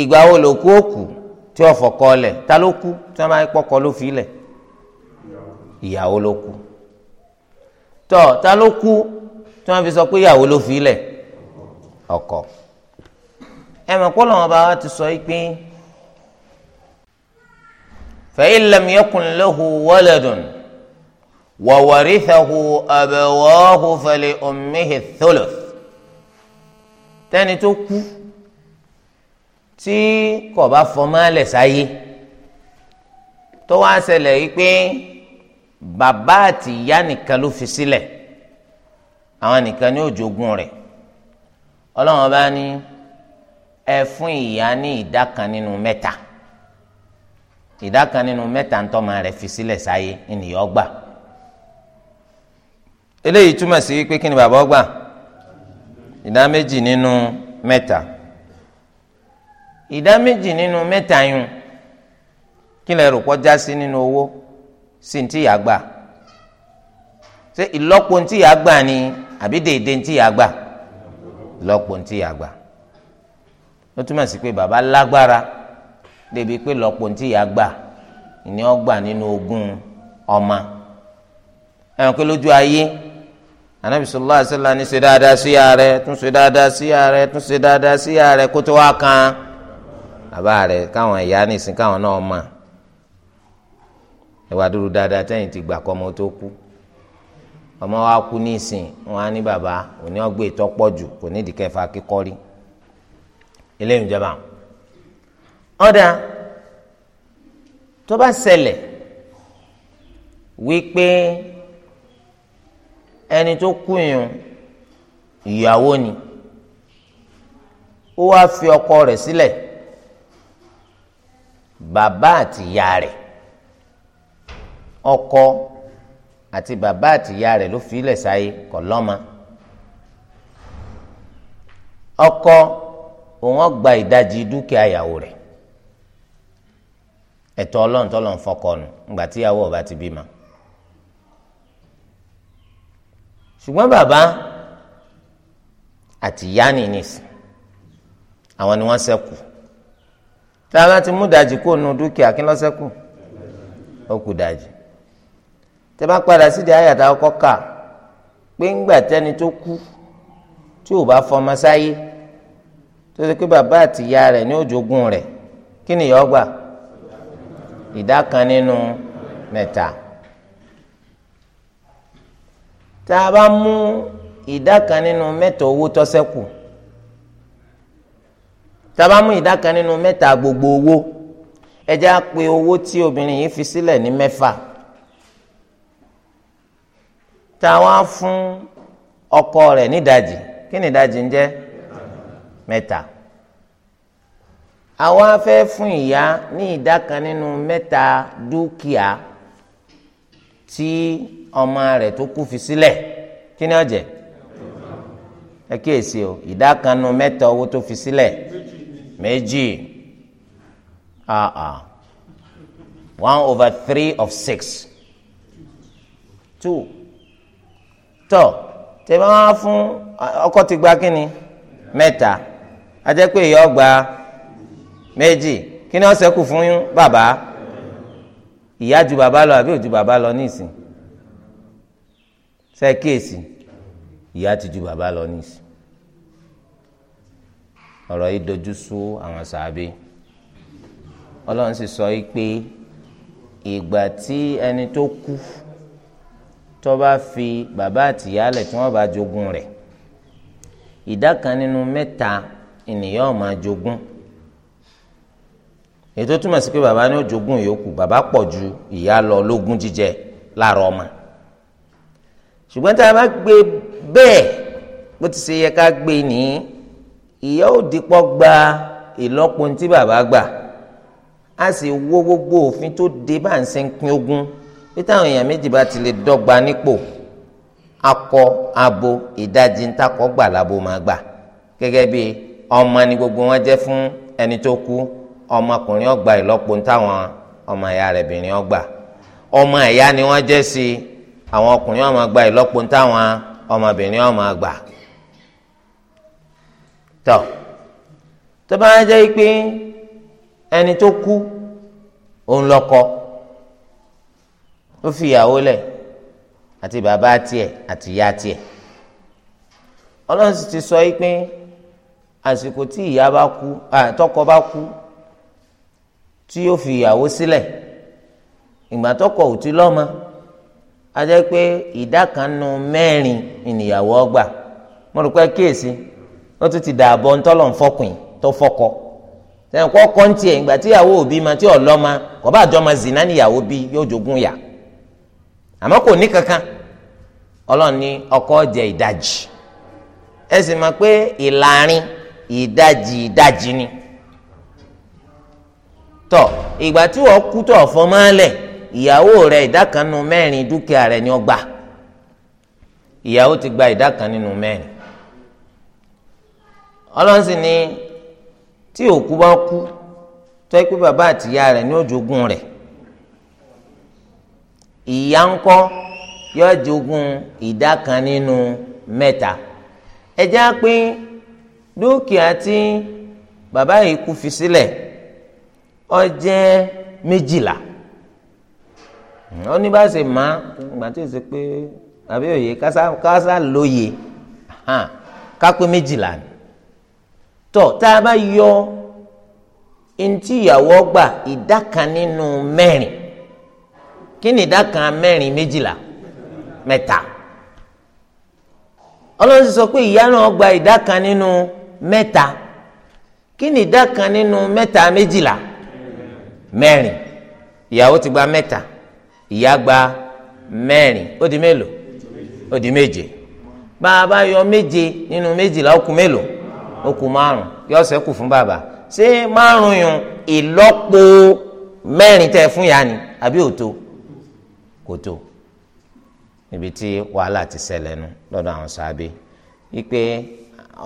ìgbà wo ló kú òkú tí wọ́n fọkọ lẹ̀ ta ló kú tí wọ́n máa pọkọ ló fi lẹ̀ ìyàwó ló kú tọ ta ló kú tí wọ́n fi sọ pé ìyàwó ló fi lẹ̀ ọkọ ẹ mọ̀ kó lọ́wọ́ bá wa ti sọ yìí pé fa in lam yakun wa warithahu abawahu fali ummihi thuluth tẹni tó kú tí kò bá fọmọ́lẹ̀ sáyé tó wá ṣẹlẹ̀ yìí pé bàbá àti ìyá nìkan ló fi sílẹ̀ àwọn nìkan ni ó jogún rẹ̀ ọlọ́run bá ní ẹ fún ìyá ní ìdá kan nínú mẹ́ta ìdá kan nínú mẹ́ta ń tọ́mọ rẹ̀ fi sílẹ̀ sáyé ènìyàn gbà eléyìí túmọ̀ sí wípé kí ni bàbá ọgbà ìdá méjì nínú mẹ́ta ìdá méjì nínú mẹ́ta yun kí lè rò pọ́ já sí nínú owó sí ní tíyà gbà ṣé ìlọ́po ní tíyà gbà ni àbí dèédé ní tíyà gbà ìlọ́po ní tíyà gbà ó túmọ̀ sí pé bàbá lágbára débi pé lọ́pọ̀ ní tíyà gbà ìní ọgbà nínú ogún ọmọ ẹ̀wọ̀n pé lójú ayé anabi sallallahu alaihi wasallam ní ṣe dáadáa sí ìyá rẹ tún ṣe dáadáa sí ìyá rẹ tún ṣe dáadáa sí ìyá rẹ kó tó wá kan bàbá rẹ káwọn ìyá nìsín káwọn náà mọ̀ ìwà dúró dáadáa tẹ̀yìn ti gbà kọ ọmọ tó kú ọmọ wa kú ní ìsìn wọn á ní bàbá òní ọgbẹ ìtọpọ jù kò ní ìdíkẹfà kíkọrí eléyìí ìjọba ọdà tó bá ṣẹlẹ̀ wípé. ẹni tó kú yìí ìyàwó ni ó wá fi ọkọ rẹ̀ sílẹ̀ bàbá àti ìyá rẹ̀ ọkọ àti bàbá àti ìyá rẹ̀ ló fi ilẹ̀ sáyé kọ̀ lọ́mọ ọkọ òun gba ìdajì dúkìá ìyàwó rẹ̀ ẹ̀tọ́ ọlọ́run tọ́lọ́run fọkọ nù ńgbà tíyàwó ọba ti bímọ. ṣùgbọ́n bàbá àti ìyá nìyí àwọn ni wọ́n ṣẹ́kù tá a bá ti mú dajì kó nu dúkìá kí ló ṣẹ́kù ó kù dajì tẹ bá padà sídìí àyàtà ọkọ kà pé ńgbà tẹni tó kú tí ò bá fọmọ sáyé tó ṣe pé bàbá àti ìyá rẹ̀ ní òjògùn rẹ̀ kí nìyọ́ gbà ìdá kan nínú mẹ́ta. No, tá a bá mú ìdá kan nínú mẹ́ta owó tó ṣẹ́kù tá a bá mú ìdá kan nínú mẹ́ta gbogbo owó ẹ jẹ́ á pe owó tí obìnrin yìí fi sílẹ̀ ní mẹ́fà tá a wá fún ọkọ rẹ̀ nídajì kí ni ìdajì ń jẹ́ mẹ́ta àwa fẹ́ fún ìyá ní ìdá kan nínú mẹ́ta dúkìá tí ọmọ rẹ̀ tó kú fi sílẹ̀ kí ni ó ẹ kíyèsí o ìdá kan nu mẹ́ta owó tó fi sílẹ̀ méjì ah ah one over three of six two tọ tẹ bá wá fún ọkọ ti gba kínni mẹ́ta ajẹ́ pé ìyá ọgbà méjì kí ni ó ṣẹ́kù fún bàbá ìyá ju bàbá lọ àbí ó bàbá lọ nísìn sẹ́kẹ̀sì ìyá ti ju bàbá lọ nísì ọ̀rọ̀ yìí dojú sú àwọn sàábé ọlọ́run sì sọ pé ìgbà tí ẹni tó kú tó bá fi bàbá àtìyá lẹ̀ tí wọ́n bá jogún rẹ̀ ìdá kan nínú mẹ́ta ènìyàn máa jogún ètò túmọ̀ sí pé bàbá ní ó jogún yòókù bàbá pọ̀ ju ìyá lọ lógún jíjẹ láàárọ̀ ọmọ ṣùgbọ́n tá a bá gbé bẹ́ẹ̀ bó ti ṣe yẹ ká gbé ní ìyá ò dípọ́ gba ìlọ́po tí bàbá gbà a sì wo gbogbo òfin tó de bá ń ṣe ń pín ogún bí táwọn èèyàn méjì bá ti lè dọ́gba nípò akọ abo ìdajì ńtakọ gbà lábo máa gbà gẹ́gẹ́ bí ọmọ ni gbogbo wọn jẹ́ fún ẹni tó kú ọmọkùnrin ó gba ìlọ́po táwọn ọmọ ìyá rẹ̀ bìnrin ó ọmọ ìyá ni wọ́n jẹ́ sí i àwọn ọkùnrin ọmọ gba ìlọ́po ń táwọn ọmọbìnrin ọmọ gbà tọ tó bá jẹ́ pé ẹni tó kú òun lọ́kọ ó fi ìyàwó lẹ̀ àti bàbá tiẹ̀ àti ìyá tiẹ̀ ọlọ́run sì ti sọ pé àsìkò tí ìyá bá kú tọkọ bá kú tí yóò fi ìyàwó sílẹ̀ ìgbà tọkọ ò ti lọ́mọ. ajẹ́ pé ìdá kan nu mẹ́rin ìnìyàwó ọgbà mo rò pé kíyèsí tún ti dààbọ̀ ntọ́lọ̀ nfọkùn tó fọkọ sẹ́yìn kọ́ kọ́ òbí ma tí ọlọ́ma níyàwó bí yóò jogún yà àmọ́ kò kankan ọlọ́run ní ọkọ jẹ ìdajì ẹ mọ̀ pé ìlàrin ìdajì ìyàwó rẹ ìdá kan nínú mẹ́rin dúkìá rẹ ni ó gbà ìyàwó ti gba ìdá kan nínú mẹ́rin ọlọ́sìn ni tí òkú bá kú tó ẹ pé bàbá àtìyá rẹ ni ó jogún rẹ ìyá ńkọ́ yóò jogún ìdá kan nínú mẹ́ta ẹ já pé dúkìá tí bàbá yìí kú fi sílẹ̀ ó méjìlá. ó ní bá ṣe má ìgbà tí ì ṣe pé àbí òye kásá lóye méjìlá tọ tá a bá yọ ntí ìyàwó gbà ìdá kan nínú mẹ́rin kí ni ìdá kan mẹ́rin méjìlá mẹ́ta ọlọ́run ti sọ pé ìyá náà gba ìdá kan nínú mẹ́ta kí ni ìdá kan méjìlá mẹ́rin ìyàwó ti gba mẹ́ta. ìyá gba mẹ́rin ó di mélòó ó di méje bá a bá yọ méje nínú méjìlá ó kù mélòó ó kù márùn yọ ṣẹ́kù fún bàbá ṣé márùn yun ìlọ́po mẹ́rin tẹ́ fún ìyá ni àbí òtó kò tó ibi tí wàhálà ti ṣẹlẹ̀ nu lọ́dọ̀ àwọn sábẹ́ wípé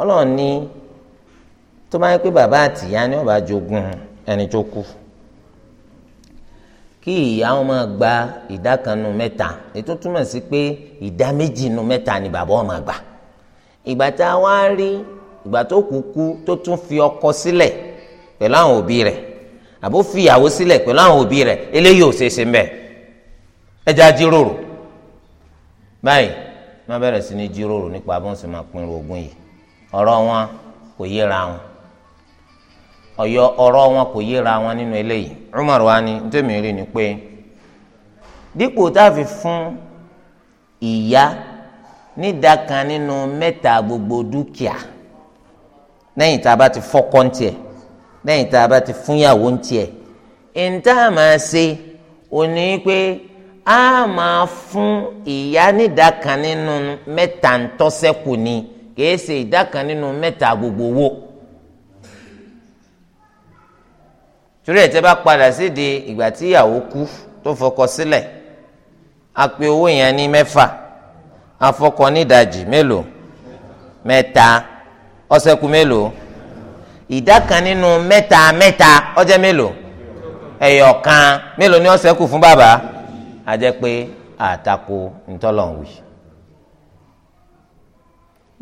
ọlọ́ọ̀ni tó bá yẹ pé bàbá àtìyá ni ó bá ẹni tó kú kí ìyá wọn máa gba ìdá kan nu mẹ́ta ètò túmọ̀ sí pé ìdá méjì nu mẹ́ta ni bàbá wọn máa gbà ìgbà tá a wá rí ìgbà tó kú kú tó tún fi ọkọ sílẹ̀ pẹ̀lú àwọn òbí rẹ̀ àbó fi ìyàwó sílẹ̀ pẹ̀lú àwọn òbí rẹ̀ eléyìí ò ṣeé ṣe mbẹ́ ẹ jẹ́ àjíròrò báyìí wọ́n bẹ̀rẹ̀ sí ní jíròrò nípa bó ń sì máa pinnu ogún yìí ọ̀rọ̀ wọn kò yéra wọn ọ̀yọ́ ọ̀rọ̀ wọn kò yéra wọn nínú eléyìí Umar wa ni ntẹ́mi rí ni pé dípò táàfin fún ìyá nídàkan nínú mẹ́ta gbogbo dúkìá lẹ́yìn tá a bá ti fọ́kọ́ ń tiẹ̀ lẹ́yìn tá a bá ti fúnyàwó ń tiẹ̀ ìntà máa ṣe òní pé a máa fún ìyá nídàkan nínú mẹ́ta ń tọ́sẹ́kù ni kì í ṣe ìdàkan nínú mẹ́ta gbogbo owó. torí ẹ̀ tẹ́ bá padà sídìí ìgbà tí ìyàwó kú tó fọkọ sílẹ̀ a pè owó yẹn ní mẹ́fà afọkọ nídajì mélòó mẹ́ta ọ̀sẹ̀kù mélòó ìdá kan nínú mẹ́ta mẹ́ta ó mélòó kan mélòó ni ọ̀sẹ̀kù fún bàbá a jẹ́ pé àtakò ntọ́lọ̀wì.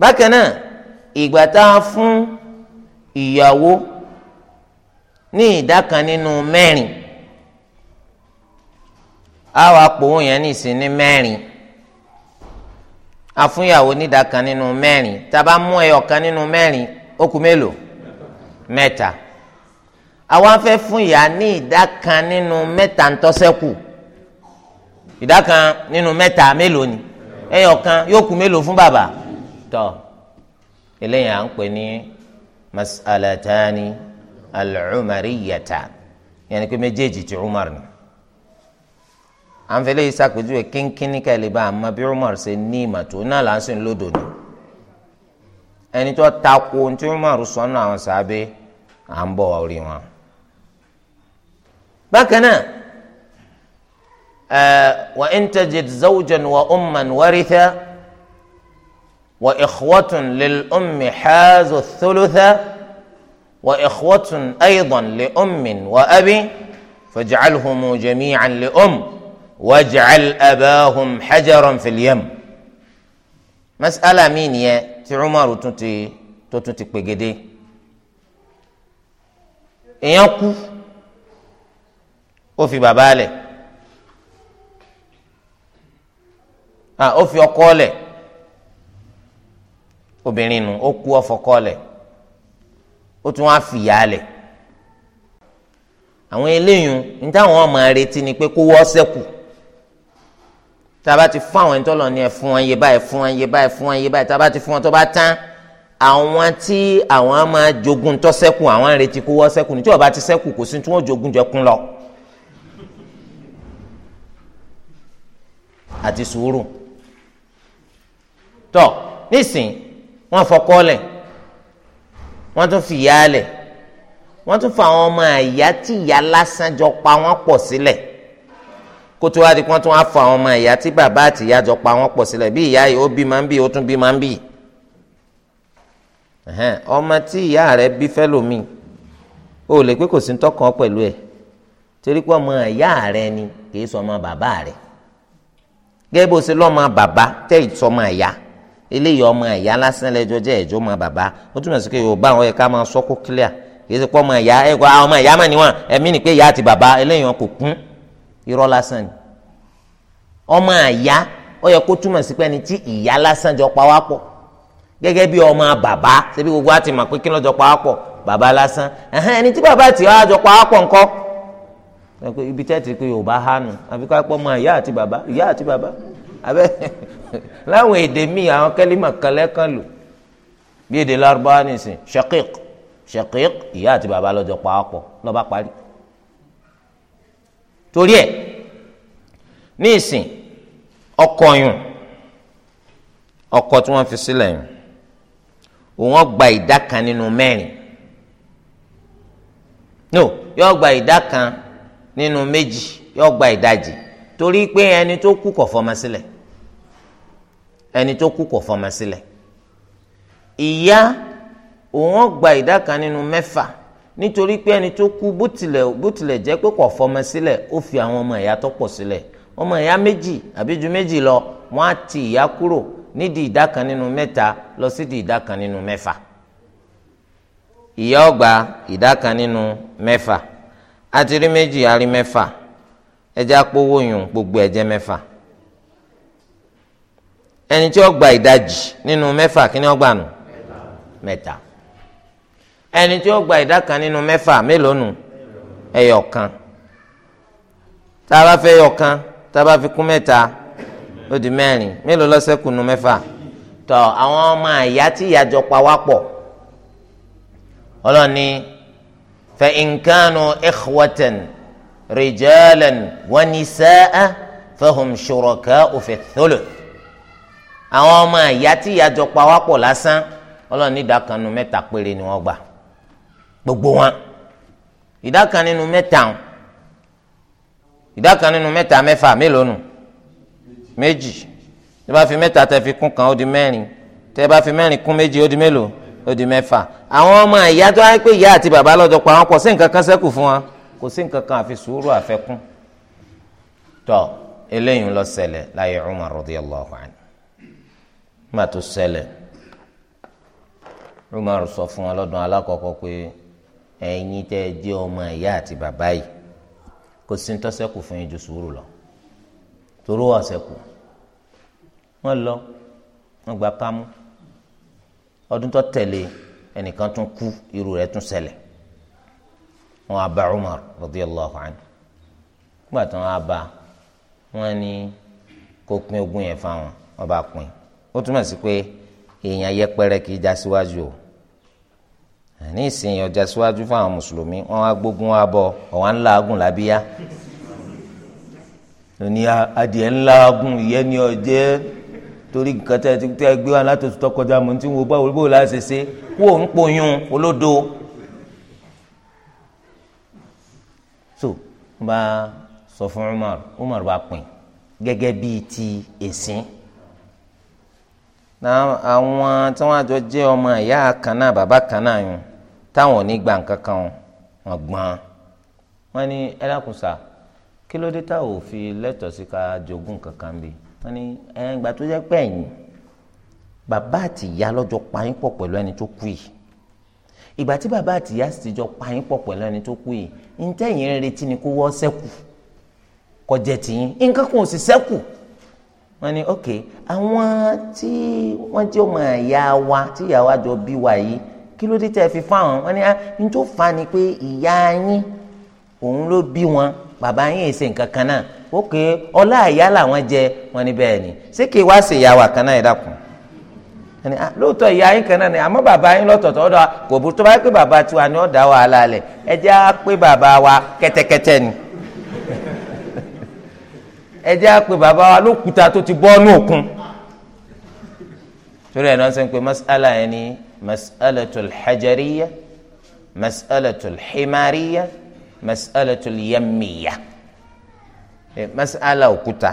bákan náà ìgbà tá a fún ìyàwó. ní ìdá kan nínú mẹ́rin á wà pòwó yẹn ní ìsìn ní mẹ́rin àfúnyàwó ní ìdá kan nínú mẹ́rin tàbá mú ẹyọ kan nínú mẹ́rin ó mélòó mẹ́ta àwa fẹ́ fún ìyá ní ìdá kan nínú mẹ́ta ń tọ́sẹ́kù ìdá kan nínú mẹ́ta mélòó ni ẹyọ kan yóò kù mélòó fún bàbá tọ́ eléyìí à ń pè ní masalatani. al-umariyata yẹnni pé méjèèjì ti umar ni à ń fẹlẹ́ yìí sàpèjúwe kínkínní kẹ́lẹ́ bá àmọ́ bí umar ṣe ní ìmọ̀ tó náà là ń sìn lódò ni ẹni tó takò tí umar sọnù àwọn sàbẹ à ń bọ̀ orí wọn. bákan náà eh, wa in zawjan wa umman waritha wa ikhwatun lil ummi haazu thulutha. وإخوة أيضا لأم وأبي فاجعلهم جميعا لأم واجعل أباهم حجرا في اليم مسألة مين يا عمر تنتي تنتي بجدي èèyàn وفي بابالي fi bàbá lẹ̀ à ó fi ọkọ obìnrin nu ó kú ọfọkọ ó tún wá fìyà lẹ̀ àwọn eléyìí ní táwọn ọmọ retí ni pé kó wọ́ sẹ́kù tá fún àwọn ìtọ́lọ̀ ni ẹ̀ fún wọn yé báyìí fún wọn yé báyìí fún wọn yé báyìí tá a bá ti fún wọn tó bá tán àwọn tí àwọn máa jogun tó sẹ́kù àwọn retí kó wọ́ sẹ́kù ní tí ó bá ti sẹ́kù kò sí tí wọ́n jogun jẹkun lọ. àti sùúrù tọ́ nísìn wọ́n fọkọ́ lẹ̀ wọ́n tún fi ìyá lẹ̀ wọ́n tún fa àwọn ọmọ àyà tí ìyá lásán jọ pa wọ́n pọ̀ sílẹ̀ kó tó wá di kán tó wá fa àwọn ọmọ àyà tí bàbá àti ìyá jọ pa wọ́n pọ̀ sílẹ̀ bí ìyá yìí ó bí máa ń bí ó tún bí máa ń bí ọmọ tí ìyá rẹ̀ bí fẹ́lòmíì o lè pé kò sí tọkàn pẹ̀lú ẹ̀ torí pé ọmọ ìyá rẹ̀ ni kì í sọ ọmọ bàbá rẹ̀ gẹ́gẹ́ bó ṣe lọ́mọ bàbá tẹ́ ìsọmọ ìyá. eléyìí ọmọ ẹ̀yà lásán lẹ́jọ́ jẹ́ ẹ̀jọ́ ọmọ bàbá ó túmọ̀ sí pé yorùbá àwọn ẹ̀ka máa clear ṣe pé ọmọ ẹ̀yà ẹ̀kọ́ àwọn ọmọ ẹ̀yà mà níwọ̀n ẹ̀mí ni pé ìyá àti bàbá eléyìí wọn kò kún irọ́ lásán ni ọmọ ẹ̀yà ó yẹ kó túmọ̀ sí pé ẹni tí ìyá lásán jọ pa wá pọ̀ gẹ́gẹ́ bí ọmọ bàbá ṣebí gbogbo àti mà pé kí ló abẹ láwọn èdè míì àwọn kẹlímà kan lẹ́kàn lò bí èdè lárúbáwá nìsín shaqiq shaqiq ìyá àti bàbá lọ́jọ́ pàápọ̀ lọ́ba parí torí ẹ̀ ní ìsìn ọkọ yùn ọkọ tí wọ́n fi sílẹ̀ yùn òun ọgbà ìdá kan nínú mẹ́rin no yóò gba ìdá kan nínú méjì yóò gba ìdajì torí pé ẹni tó kú kọ̀ fọmọ sílẹ̀. Si ẹni tó kú kò fọmọ sílẹ̀ ìyá òun gba ìdá kan nínú mẹ́fà nítorí pé ẹni tó kú bó tilẹ̀ bó tilẹ̀ jẹ́ pé kò fọmọ sílẹ̀ ó fi àwọn ọmọ ìyá tó pọ̀ sílẹ̀ ọmọ ìyá méjì àbí ju méjì lọ wọ́n á ti ìyá kúrò nídìí ìdá nínú mẹ́ta lọ sí di ìdá kan nínú mẹ́fà ìyá ọgbà ìdá kan nínú mẹ́fà àti rí méjì àrí mẹ́fà ẹja pówó yùn gbogbo ẹ̀jẹ̀ mẹ́fà ẹni tí ó gba ìdajì nínú mẹ́fà kí ni ó gbà nù mẹ́ta ẹni tí ó gba ìdá kan nínú mẹ́fà mélòó nù ẹyọ kan tá a bá fẹ́ yọ kan tá a bá fi kún mẹ́ta ó di mẹ́rin mélòó ló ṣẹ́kù nù mẹ́fà tọ àwọn ọmọ àyà tí ìyàjọ pa wá pọ̀ ọlọ́ni fa in kanu ikhwatan rijalan wa nisaa fahum shuraka'u fi thuluth àwọn ọmọ ìyá tí ìyá jọ pa wá pọ̀ lásán ọlọ́run ní ìdá kan nínú mẹ́ta péré ni wọ́n gbà gbogbo wọn ìdá kan nínú mẹ́ta ìdá kan nínú mẹ́ta mẹ́fà mélòó nù méjì tẹ́ bá fi mẹ́ta tẹ́ fi kún kan ó di mẹ́rin tẹ́ bá fi mẹ́rin kún méjì ó di mélòó ó di mẹ́fà àwọn ọmọ ìyá tó wáyé pé ìyá àti bàbá lọ́jọ́ pa wọn pọ̀ sí nǹkan kan sẹ́kù fún wọn kò sí nǹkan kan àfi sùúrù àfẹ́kún tó eléyìí ń lọ ṣẹlẹ̀ láyé Umar radiyallahu anhu nígbà tó ṣẹlẹ̀ Umar sọ fún wọn lọ́dún alákọ̀ọ́kọ́ pé ẹ̀yin tẹ́ ẹ jẹ́ ọmọ ìyá àti bàbá yìí kò sí ń tọ́sẹ́kù fún yín ju sùúrù lọ toró ọ̀sẹ̀kù wọ́n lọ wọ́n gba kámú ọdún tó tẹ̀lé ẹnìkan tún kú irú rẹ̀ tún ṣẹlẹ̀ wọ́n á bá Umar radiyallahu anhu nígbà tí wọ́n á bá wọ́n ní kó pín ogún yẹn fáwọn wọ́n bá pín ó túmọ̀ sí pé èèyàn yẹpẹrẹ kì í já síwájú o ní ìsìn ọjà síwájú fáwọn mùsùlùmí wọn á gbógun wa bọ ọwọn ńlá agùn lábíyá ní adìẹ ńlá agùn ìyẹn ní ọjẹ torí nǹkan tẹ ẹ gbé wa láti tó mọ tí wọn bá wọlé bó ṣe ṣe kó o ń poyún olódo so wọn bá sọ fún Umar Umar bá pín gẹ́gẹ́ bíi ti ẹ̀sìn. E àwọn tí wọ́n àjọ jẹ́ ọmọ ìyá kan náà bàbá kan náà yùn táwọn ò ní gbà nǹkan kan wọ́n gbọ́n wọ́n ní ẹlẹ́kùnsà kí ló dé tá ò fi lẹ́tọ̀ọ́ sí ká jogún kankan bí wọ́n ní ẹ̀ǹgbà tó jẹ́ pẹ̀yìn bàbá àti ìyá lọ́jọ́ payín pọ̀ ẹni tó kú yìí ìgbà tí bàbá àti sì ti jọ payín pọ̀ pẹ̀lú ẹni tó kú yìí ntẹ́yìn retí ni kó wọ́ sẹ́kù kọjẹ́ tìyín nǹkan kan ò sì sẹ́kù wọ́n ní ok àwọn tí wọ́n jẹ́ ọmọ ìyá wa tí ìyá wa jọ bí wa yìí kí ló dé tẹ́ fi fáwọn wọ́n ní ah, ní tó fà ni pé ìyá yín òun ló bí wọn bàbá yín èsè nǹkan kan náà ok ọlá ìyá làwọn jẹ wọ́n ní bẹ́ẹ̀ ni ṣé kí wá ṣe ìyá wa kan náà ẹ ah, lóòótọ́ ìyá yín kan náà ni àmọ́ bàbá yín lọ́tọ̀ọ̀tọ̀ ọ̀dọ̀ kò burú tó bá pé bàbá tiwa ni ó wàhálà lẹ̀ ẹ jẹ́ pé bàbá wa kẹ́tẹ́kẹ́tẹ́ ni ẹ jẹ́ àpè bàbá wa lókùúta tó ti bọ́ ní òkun torí ẹ̀ náà sọ pé mas'ala yẹn ni mas'alatul hajariyya mas'alatul himariyya mas'alatul yamiyya mas'ala òkúta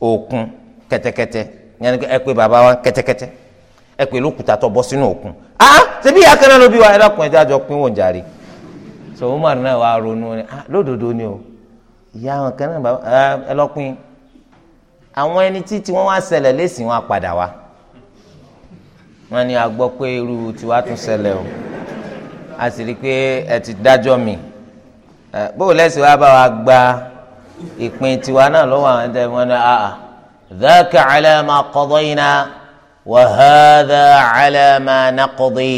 òkun kẹtẹkẹtẹ yẹn ni ẹ pè bàbá wa kẹtẹkẹtẹ ẹ pè lókùúta tó bọ́ sínú òkun ah ṣebí ìyá ló bí wa ẹ dákun ẹ jẹ́ àjọ pínwó ń jàre so Umar náà wàá ronú ni ah lódodo ni o ìyá àwọn kan náà bá ẹ lọ́pin àwọn ẹni tí tiwọn wá ṣẹlẹ̀ lẹ́sìn wọn padà wá wọn ni a gbọ́ pé irú tiwa tún ṣẹlẹ̀ o a sì rí i pé ẹ ti dájọ́ mi bóò lẹ́sìn wa bá wa gba ìpín tiwa náà lọ́wọ́ àwọn ẹ̀dá wọn ni a dhaka ala ma qadayna wa hadha ala ma naqdi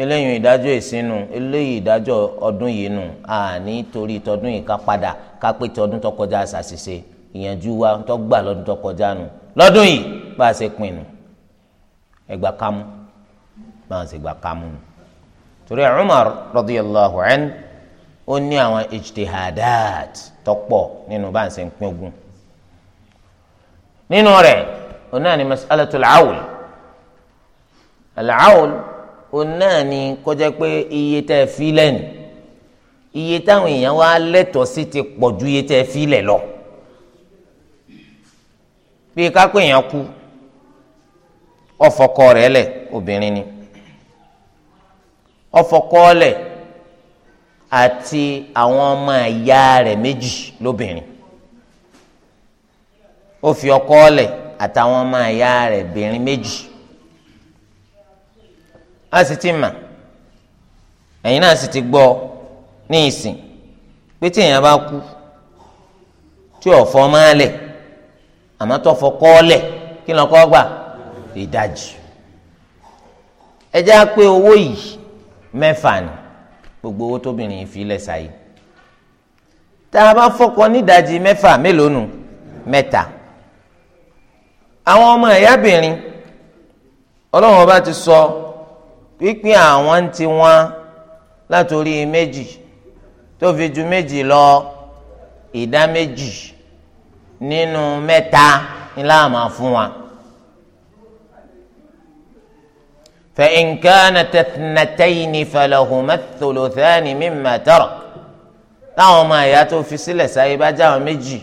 eléyìí ìdájọ́ ìsinú eléyìí ìdájọ́ ọdún yìí nù àní torí tọdún yìí ká padà kápẹ́ tí ọdún tó kọjá ṣàṣìṣe ìyànjú wa tó gbà lọ́dún tó kọjá nù lọ́dún yìí bá a ṣe pinnu ẹgbà kámú bá a ṣe gbà kámú nù. torí Umar radiyallahu anhu ó ní àwọn ijtihadat tó pọ̀ nínú bá a ṣe ń pín ogun nínú rẹ̀ onáà ni mas'alatul awl al-awl onáà ni kọjá pé iye tẹ́ fi lẹ́nu iye táwọn èèyàn wá lẹ́tọ̀ọ́ sí ti pọ̀ ju iye tẹ́ fi lẹ̀ lọ bí kákó èèyàn kú ọfọkọ rẹ̀ lẹ̀ obìnrin ni ọfọkọ lẹ̀ àti àwọn ọmọ ìyá rẹ̀ méjì lóbìnrin ó fi ọkọ lẹ̀ àtàwọn ọmọ ìyá rẹ̀ bìnrin méjì a sì ti mà ẹ̀yin náà sì ti gbọ́ ọ ní ìsìn pé tí èèyàn bá kú tí ọ̀fọ́ máa lẹ̀ àmọ́ tó fọ kọ́ọ́lẹ̀ kí lọ́kọ́ gbà ìdajì ẹ já pé owó yìí mẹ́fà ni gbogbo owó tóbìnrin yìí fi lẹ́sà yìí tá a bá fọkọ nídajì mẹ́fà mélòó nù mẹ́ta àwọn ọmọ ẹ̀yábìnrin ọlọ́run ọba ti sọ pípín àwọn ti wọn látòrí méjì tó fi ju méjì lọ ìdá méjì nínú mẹ́ta ni la máa fún wa. fa in kanat ithnatayni falahuma thuluthani mimma tarak táwọn ọmọ ẹ̀yà tó fi sílẹ̀ sáyé bá jáwọn méjì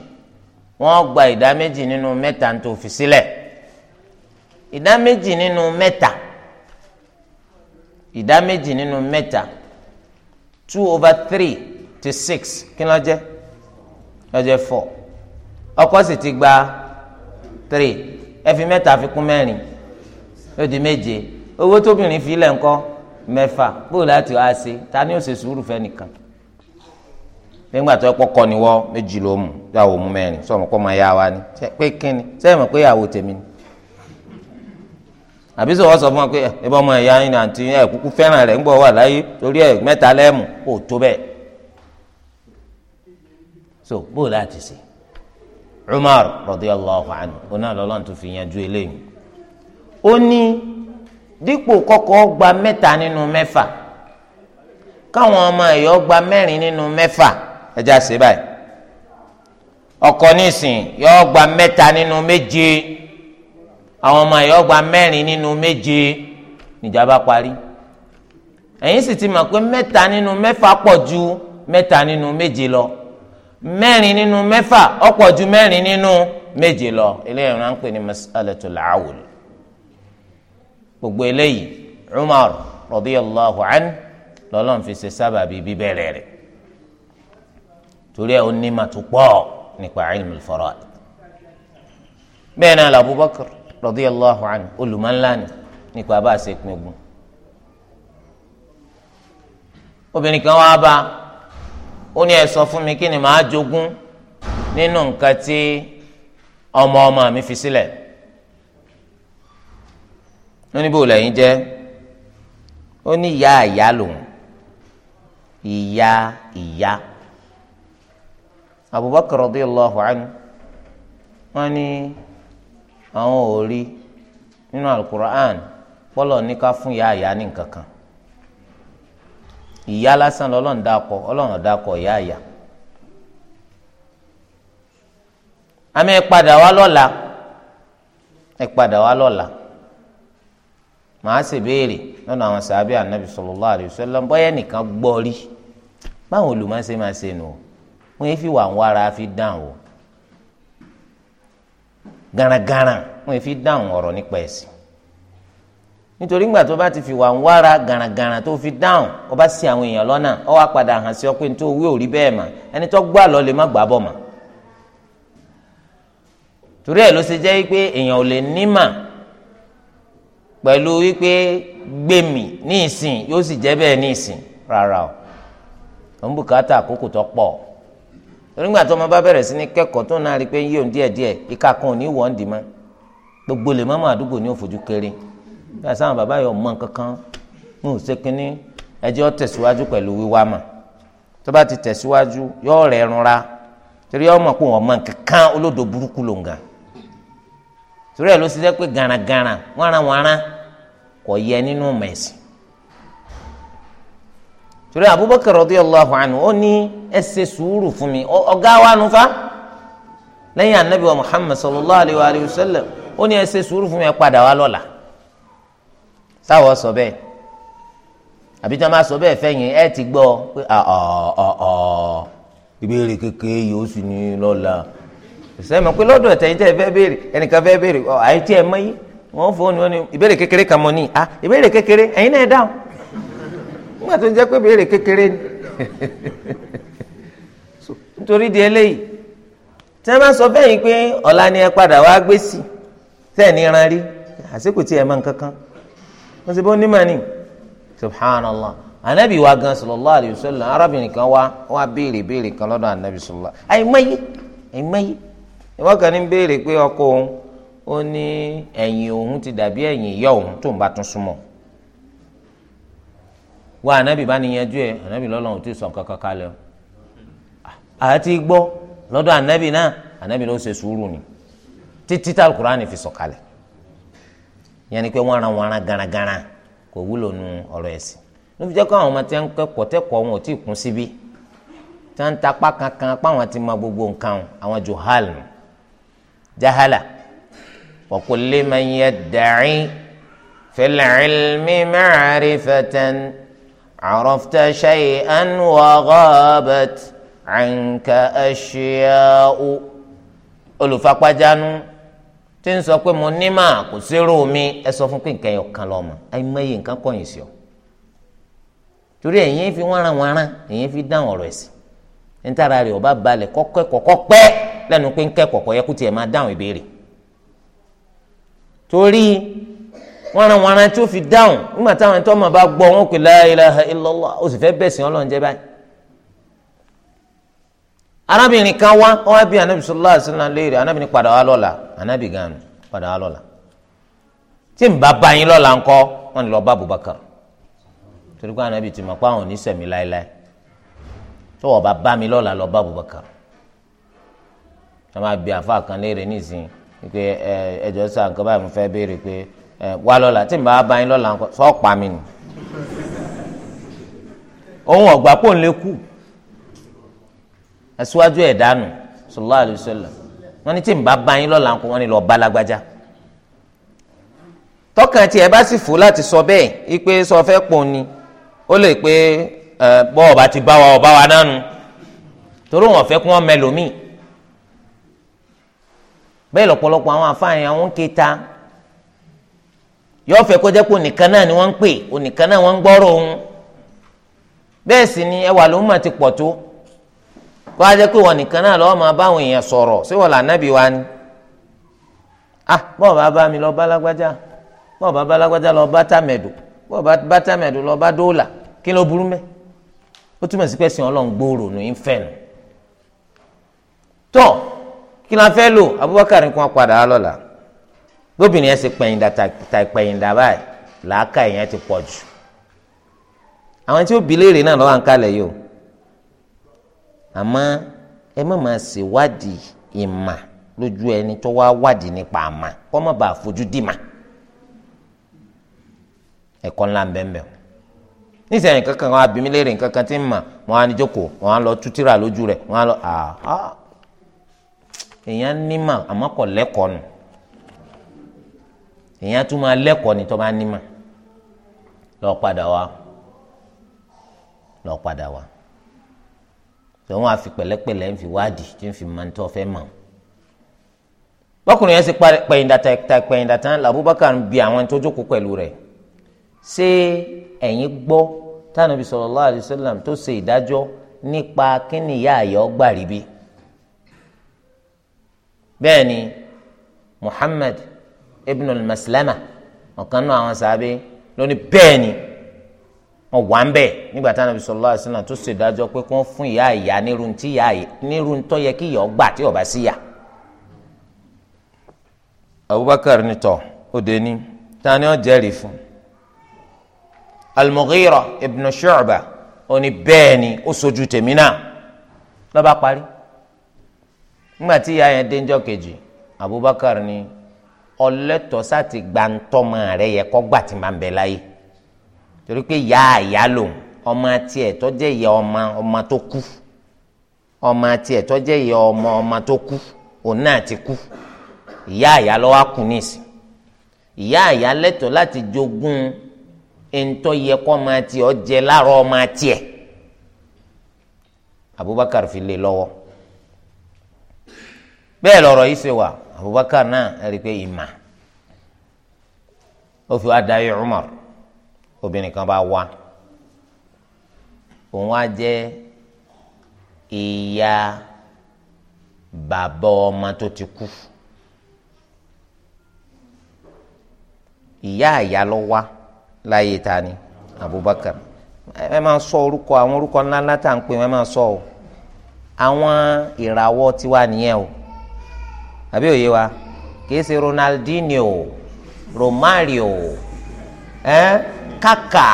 wọ́n gba ìdá méjì nínú mẹ́ta tó fi sílẹ̀ ìdá méjì nínú mẹ́ta ìdá méjì nínú mẹ́ta two over three ti six kí ló jẹ́ ló four ọkọ ti gba three efi mẹta fi kún méje owó tóbìnrin fi lẹ̀ ńkọ́ mẹ́fà bó láti wá ta ni ó ṣe sùúrù nìkan nígbà tó kọ́kọ́ ni wọ méjì ló mú yàwó mú máa yá wa ni pé kí ni sọ sọ fún wa pé ẹ ọmọ ẹ̀yà yín ẹ̀ kúkú fẹ́ràn rẹ̀ ń bọ̀ wà láyé torí ẹ̀ so bóò láti ṣe Umar radiyallahu anhu oná lọ́lọ́run tó fi yanjú eléyìí ó ní dípò kọkọ gba mẹta nínú mẹfà káwọn ọmọ ẹ̀yọ́ gba mẹ́rin nínú mẹfà ẹja ṣe báyìí ọkọ nísìn yọ gba mẹta nínú méje àwọn ọmọ ẹ̀yọ́ gba mẹ́rin nínú méje níjà bá parí ẹ̀yin sì ti mọ pé mẹta nínú mẹfà pọ̀ ju mẹta nínú méje lọ mẹ́rin nínú mẹ́fà ọ̀pọ̀ ju mẹ́rin nínú méje lọ eléyìí wọn pè ní mas'alatul awul gbogbo eléyìí Umar radiyallahu anhu lọ́lọ́run fi ṣe sábàbí bíbẹ̀rẹ̀ rẹ̀ torí ẹ̀ onímọ̀ tó pọ̀ nípa ilmul faraid bẹ́ẹ̀ náà la Abubakar radiyallahu anhu olùmọ̀ńlá ni nípa bá a ṣe pin obìnrin kan wá bá a ó ní ẹ sọ fún mi kí ni màá jogún nínú nǹkan tí ọmọ ọmọ mi fi sílẹ̀ ó ní bò lẹ́yìn jẹ́ ó ní ìyá ìyá lòun ìyá ìyá Abubakar radiyallahu anhu wọ́n ní àwọn ò nínú alukur'an pọ́lọ̀ ní ká fún ìyá ìyá ní nǹkan kan. ìyá lásán lọ́lọ́run dakọ ọlọrun dakọ ìyá àyà àmì ìpadà wá lọla, ìpadà wá lọ́la màá sì béèrè lọ́nà àwọn sàábì ànábì sallallahu alaihi wasallam bọ́yẹ́ nìkan gbọ́ rí báwọn olùmọ̀ọ́sẹ̀ máa ṣe nù wọ́n fi wà ń wára fi dáhùn o garagara wọ́n fi dáhùn ọrọ nípa ẹ̀sìn nítorí ńgbà tó bá ti fi wà ń wára gàràngàrà tó fi dáhùn ó bá sí àwọn èèyàn lọ́nà ó wá padà hàn sí ọ pé nítorí owó òrí bẹ́ẹ̀ mà ẹni tó gbà lọ lè má gbà bọ̀ mà. torí ẹ̀ ló ṣe jẹ́ wípé èèyàn ò lè nímà pẹ̀lú wípé gbèmí ní ìsìn yóò sì jẹ́ rárá o ò bùkátà àkókò tó pọ̀ torí tó ọmọ bá bẹ̀rẹ̀ sí ní kẹ́kọ̀ọ́ tó náà rí pé yíyọ̀ díẹ̀díẹ̀ ìka bí àṣà àwọn bàbá yóò mọ kankan ń ṣe kínní ẹjẹ́ ó tẹ̀síwájú pẹ̀lú wíwá mà tó bá ti tẹ̀síwájú yóò rẹ̀ ẹ̀rùn ra torí ọmọ pé wọn mọ kankan olódò burúkú ló ń ga torí ẹ̀ ló ṣe jẹ́ pé garagara wárawàrà kò yẹ nínú mẹ̀sìn torí Abubakar radiyallahu anhu ó ní ẹ sùúrù fún mi ọgá wa nufa lẹ́yìn anabi wa Muhammad sallallahu alayhi wa sallam ó ní ẹ sùúrù fún mi ẹ padà wá lọ́la. táwọn sọ bẹ́ẹ̀ àbí tí sọ bẹ́ẹ̀ fẹ́yìn ẹ ti gbọ pé ọ ìbéèrè kékeré yìí ó sì ní pé béèrè ẹnìkan ọ àyè tí ẹ mọ ni ìbéèrè kékeré kan mọ ni à ìbéèrè kékeré ẹ̀yin náà dáhùn nígbà tó ń jẹ́ pé ìbéèrè kékeré ni nítorí di eléyìí tí sọ pé ọ̀la ni ẹ padà wá gbé sí ní ran rí àsìkò tí ẹ wọ́n ṣe bó ní màní subhanallah anabi wa gan sallallahu alayhi wa sallam arábìnrin kan wá wá béèrè béèrè kan lọ́dọ̀ anabi sallallahu àìmọye àìmọye ìwọ́n kan ní béèrè pé ọkọ òun ó ní ẹ̀yìn òun ti dàbí ẹ̀yìn ìyá òun tó ń bá tún súnmọ́ wa anabi bá ní yanjú ẹ anabi lọ́lọ́run ti sọ kankan kalẹ̀ o àti gbọ́ lọ́dọ̀ anabi náà anabi ló ṣe sùúrù ni títí tá alukur'ani fi sọ kalẹ̀ yẹn ni pé wọ́n ran wọn ran garagara kò wúlò nu ọ̀rọ̀ ẹ̀sìn ló fi jẹ́ kó àwọn ọmọ tí wọ́n kẹ́kọ̀ọ́ tẹ́kọ̀ọ́ wọn ò tí ì kún síbí tí wọ́n ń tapá kankan páwọn ti mọ gbogbo nǹkan àwọn johal nù jahala wa kulli man yadda'i fil ilmi ma'rifatan arafta shay'an wa ghabat anka ashya'u olùfapájánú. tí ń sọ pé mo ní mà kò sérò mi ẹ sọ fún pé nǹkan kan lọ́mọ nǹkan sí ọ torí ẹ̀yin fi wọ́n ran fi dáhùn ọ̀rọ̀ ẹ̀sìn nítorí rẹ̀ ọba balẹ̀ lẹ́nu pé yẹ kó máa dáhùn torí fi dáhùn nígbà táwọn ẹni tó bá gbọ́ wọn kò la ilaha ó sì arábìnrin kan wá ó wá bí anabi sallallahu alaihi wasallam lọla, anabigan padà lọla. lọ́la anábì gan padà wá lọ́la tí n bá bá yín anabi ti mọ̀ pé àwọn ò ní láéláé tó bá bá mi lọ́la lọ bá Abubakar wọ́n máa bí kan léèrè nísìnyí ẹ sá nǹkan báyìí mo béèrè pé ẹ tí n bá bá aṣíwájú ẹ̀ dànù sallallahu alayhi wa sallam wọ́n ní tí n bá bá yín lọ́la ńkọ́ wọ́n ní lọ́ọ́ balagbájá tọkàn tí ẹ bá sì fò láti sọ bẹ́ẹ̀ ipe sọ fẹ́ pọ̀ ni ó lè pé bọ́ ọba ti bá wa ọba wa nánu torí wọn fẹ́ kí wọ́n mẹlòmíì bẹ́ẹ̀ lọ́pọ̀lọpọ̀ àwọn afáàyàn àwọn ń ké yọ fẹ́ kó pé onìkan náà ni wọ́n ń pè onìkan náà wọ́n ń gbọ́rọ̀ òun bẹ́ẹ̀ sì ni ẹwà ló ń ti pọ̀ tó kó a jẹ́ pé wọn nìkan náà lọ́wọ́ máa báwọn èèyàn sọ̀rọ̀ ṣé wọn là nábì wa ni ah bọ́ọ̀ bá bá mi lọ bá lágbájá bọ́ọ̀ bá bá lágbájá lọ bá tàmẹ̀dù bọ́ọ̀ bá bá tàmẹ̀dù lọ bá dóòlà kí ló burú mẹ́ ó túmọ̀ sí pé sìn ọlọ́run gbòòrò nù ń fẹ́ nu tọ́ kí la fẹ́ lò Abubakar nǹkan padà lọ́la gómìnà yẹn ti pẹ̀yìndà ta ìpẹ̀yìndà báyìí làákà yẹn ti pọ̀ jù àwọn tí ó bi léèrè náà lọ́wọ́ à ń kalẹ̀ yìí o àmọ́ ẹ má máa ṣèwádìí ìmà lójú ẹni tó wá wádìí nípa àmà kọ́ má bàa fojú dìmà ẹ̀kọ́ ńlá ń bẹ́ẹ̀ bẹ́ẹ̀ nísìnyí kankan wọn abimi léèrè nkankan tí ń mà wọn á ní jókòó wọn á lọ tú tírà lójú rẹ̀ wọn á lọ àá èèyàn nímà àmọ́ kò lẹ́kọ̀ọ́ nù èèyàn tún máa lẹ́kọ̀ọ́ ni tó bá nímà lọ padà wá lọ padà wá lọ́wọ́n àfi pẹ̀lẹ́pẹ̀lẹ́ ń fi wádìí tí ń fi máa ń tọ́ fẹ́ mọ̀ bọ́kùnrin yẹn ṣe pẹ̀yìndàtà pẹ̀yìndàtà làbúbákà ń bi àwọn tó jókòó pẹ̀lú rẹ̀ ṣé ẹ̀yin gbọ́ tánàbí sallallahu alaihi wasallam tó ṣe ìdájọ́ nípa kíni ìyá àyọ́ gbàrí bí bẹ́ẹ̀ ni Muhammad ibn al-Maslama ọ̀kan náà àwọn sàbẹ̀ ló ní bẹ́ẹ̀ ni wọn wà ń bẹ nígbà tí anabi sallallahu alaihi wasallam tó ṣe dájọ́ pé kí wọn fún ìyá ìyá nírun tí ìyá nírun tó yẹ kí ìyá ọgbà tí ọba sí yà. abubakar nìtọ òde ni tani ó jẹ́rìí fún al-Mughira ibn Shu'ba ó ní ni ó sojú tèmi náà lọba parí nígbà tí ìyá yẹn dé njọ́ kejì abubakar ni ọlẹtọ sá gbàǹtọmọ rẹ̀ yẹ kó tí máa bẹ láyé torí pé ìyá àyà lòun ọmọ tiẹ̀ tó jẹ́ ìyá ọmọ ọmọ tó kú ọmọ tiẹ̀ tó jẹ́ ìyá ọmọ ọmọ tó kú òun náà ti kú ìyá àyà ló wá kú nísìn ìyá àyà lẹ́tọ̀ọ́ láti jogún ẹ̀ńtọ́ yẹ kọ́ ọmọ tiẹ̀ ọ jẹ ọmọ tiẹ̀ Abubakar fi lé lọ́wọ́ bẹ́ẹ̀ lọ́rọ̀ yìí ṣe wà Abubakar náà ẹ̀rí pé ìmà ó fi wá dayé Umar obìnrin kan bá wá òun á jẹ́ ìyá bàbá ọmọ tó ti kú ìyá àyà ló wá láyé ta ni Abubakar ẹ máa sọ orúkọ àwọn orúkọ ńlá ńlá tá à ń pè wọn máa sọ o àwọn ìràwọ̀ tiwa nìyẹn o àbí òye wa kìí ṣe Ronaldinho Romario ẹ. Eh? kàkà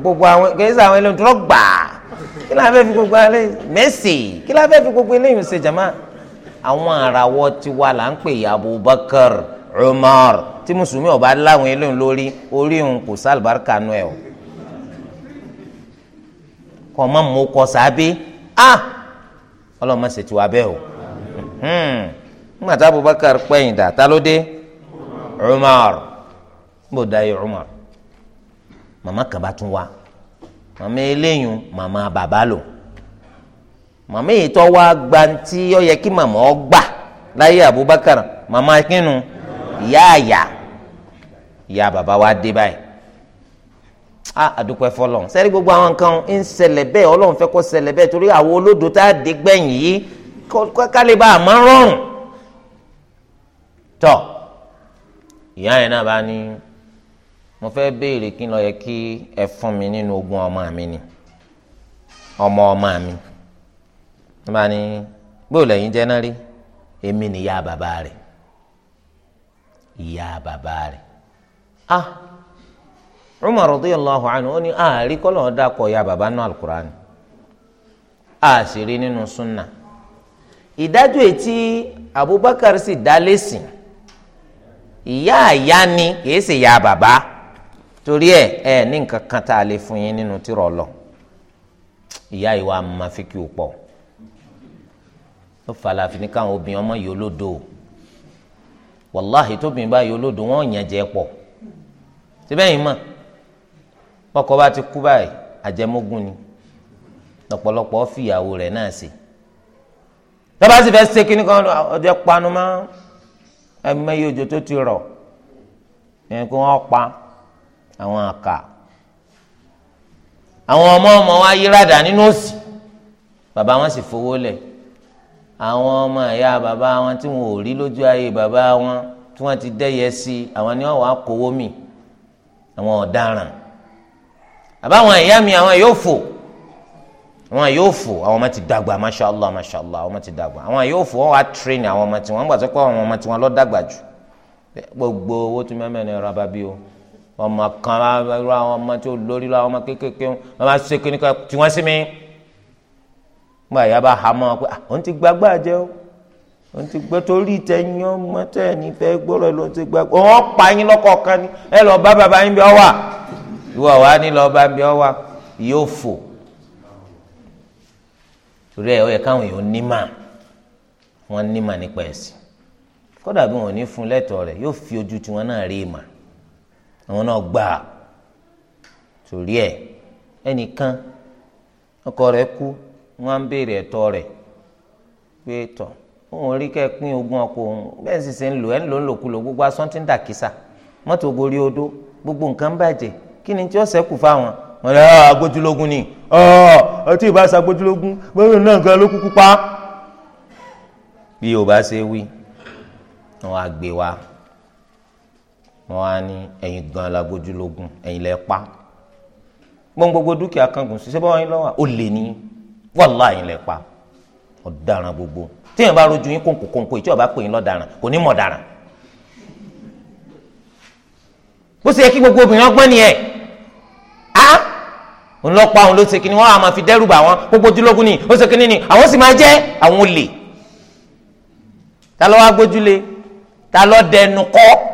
gbogbo àwọn kìí sọ àwọn eléyìí drọgbà kí la fẹ́ fi gbogbo alẹ́ mẹ́sì kí la fẹ́ fi gbogbo eléyìí ṣe jama àwọn àràwọ̀ tiwa là ń pè ya Abubakar Umar tí mùsùlùmí ọba láwọn eléyìí lórí orí òun kò sá àlùbáríkà nù ẹ o kọ́ mọ́ mọ́ kọ́ sábẹ́ ah ọlọ́mọ ṣètò abẹ́ o hmm. nígbà tí Abubakar pẹ́yìn dà tá ló dé Umar bó dayé Umar màmá kan bá tún wá màmá eléyìn màmá bàbá lò màmá èyí tó wá gba tí ó yẹ kí màmá ọ gbà láyé Abubakar màmá kínú ìyá àyà ìyá bàbá wa dé báyìí a àdúpẹ́ fọlọ́n sẹ́rí gbogbo àwọn nǹkan ń ṣẹlẹ̀ bẹ́ẹ̀ ọlọ́run fẹ́ kó ṣẹlẹ̀ bẹ́ẹ̀ torí àwọn olódò tá a dé gbẹ̀yìn yìí kálí bá a máa rọrùn tọ́ ìyá yẹn náà bá ní. mo fẹ́ béèrè kí n lọ yẹ kí ẹ fún mi nínú ogun ọmọ mi ni ọmọ ọmọ mi wọ́n bá ní bóòlù ẹ̀yin jẹ́ náà rí èmi ni ìyá bàbá rẹ̀ ìyá bàbá rẹ̀ ah Umar radiyallahu anhu ó ní àárí kọ́ lọ́wọ́ dàpọ̀ ìyá bàbá náà alukur'an àṣírí nínú Abubakar sì dá lẹ́sìn ìyá àyá ni kìí si ìyá bàbá. torí ẹ ẹ ní nǹkan kan tá a lè fún yín nínú tìrọ lọ ìyá ìwà màfíkì ò pọ ó falàfin ní káwọn obìnrin ọmọ yìí olódo wàláhì tóbìnrin bá yìí olódo wọn ò yàn jẹ pọ síbẹ̀ yìí mọ̀ ọkọ bá ti kú báyìí àjẹmógún ni lọ́pọ̀lọpọ̀ fìyàwó rẹ̀ náà sí tọ́ba sì fẹ́ ṣe kí ni kan ọjọ́ panu mọ́ ẹ̀mẹ́yẹ òjò tó ti rọ̀ ẹ̀ kó wọ́n pa. àwọn àkà àwọn ọmọ ọmọ wa yí rádà nínú òsì bàbá wọn sì fowó lẹ̀ àwọn ọmọ ẹ̀yà bàbá wọn tí wọn ò rí lójú ayé bàbá wọn tí wọn ti dẹ́yẹ sí àwọn ni wọn wàá kówó mi àwọn ọ̀daràn àbáwọn ẹ̀yà mi àwọn yóò fò àwọn yóò fò àwọn ọmọ ti dàgbà masha allah masha allah àwọn ọmọ ti dàgbà àwọn yóò fò wọn wá tírénì àwọn ọmọ tiwọn wọn gbà tó pé àwọn ọmọ tiwọn lọ dàgbà jù gbogbo owó tún mẹ́mẹ́ ni rárá o ọmọ kan irú àwọn ọmọ tí ó lórí irú àwọn ọmọ kéékèèké wọn máa ṣe kíníkà tí wọ́n sí mi nígbà yà bá ha mọ́ pé òun ti gbàgbà jẹ́ o òun ti gbẹ́ torí tẹ̀yìn ọmọ tẹ̀yìn fẹ́ gbọ́rọ̀ ló ti gbàgbà òun pa yín lọ́kọ̀ kan ni ẹ lọ bá bàbá yín bí ọ wà ìwọ wà ní lọ bá bí ọ wà yóò fò torí ẹ ọ yẹ káwọn èèyàn nímà wọn nímà nípa ẹ̀sìn kódà bí wọn ò ní fún lẹ́tọ̀ọ́ rẹ̀ yóò fi ojú tiwọn náà rí ìmọ̀ àwọn náà gbà torí ẹ ẹnìkan ọkọ rẹ̀ kú wọ́n á ń béèrè ẹ̀tọ́ rẹ̀ pé tọ òun rí kẹ pín ogún ọkọ òun bẹ́ẹ̀ sì ṣe ń lò ẹ ń lò ń lòkulò gbogbo asán ti ń dà kísà mọ́tò gorí odó gbogbo nǹkan bàjẹ́ kí ni tí ó ṣẹ́kù fáwọn wọn ni ah, agbójúlógún ni ah, ọtí ìbá ṣàgbójúlógún bẹ́ẹ̀ náà nǹkan ló kúkú pa bí Yorùbá ṣe wí wọn á gbé wa wọn á ní ẹ̀yin gan alágbójúlógún ẹ̀yin lẹ pa gbọ́n gbogbo dúkìá kangun ṣiṣẹ́ bá wọn yín lọ́wọ́ ó lè ní wàhálà ẹ̀yin lẹ pa ọ̀daràn gbogbo téèyàn bá rojú yín kónkó kónkó ìtí ọba pè yín lọ́daràn kò ní mọ̀ daràn bó ṣe yẹ kí gbogbo obìnrin ọgbọ́n ni ẹ̀ á ńlọpọ̀ àwọn ló ṣe kí ni wọ́n á máa fi dẹ́rù bà wọ́n gbogbo ojúlógún ni ó ṣe kí ni ni àwọn sì máa jẹ́ àwọn olè ta ló wá gbójúlé ta ló dẹnu kọ́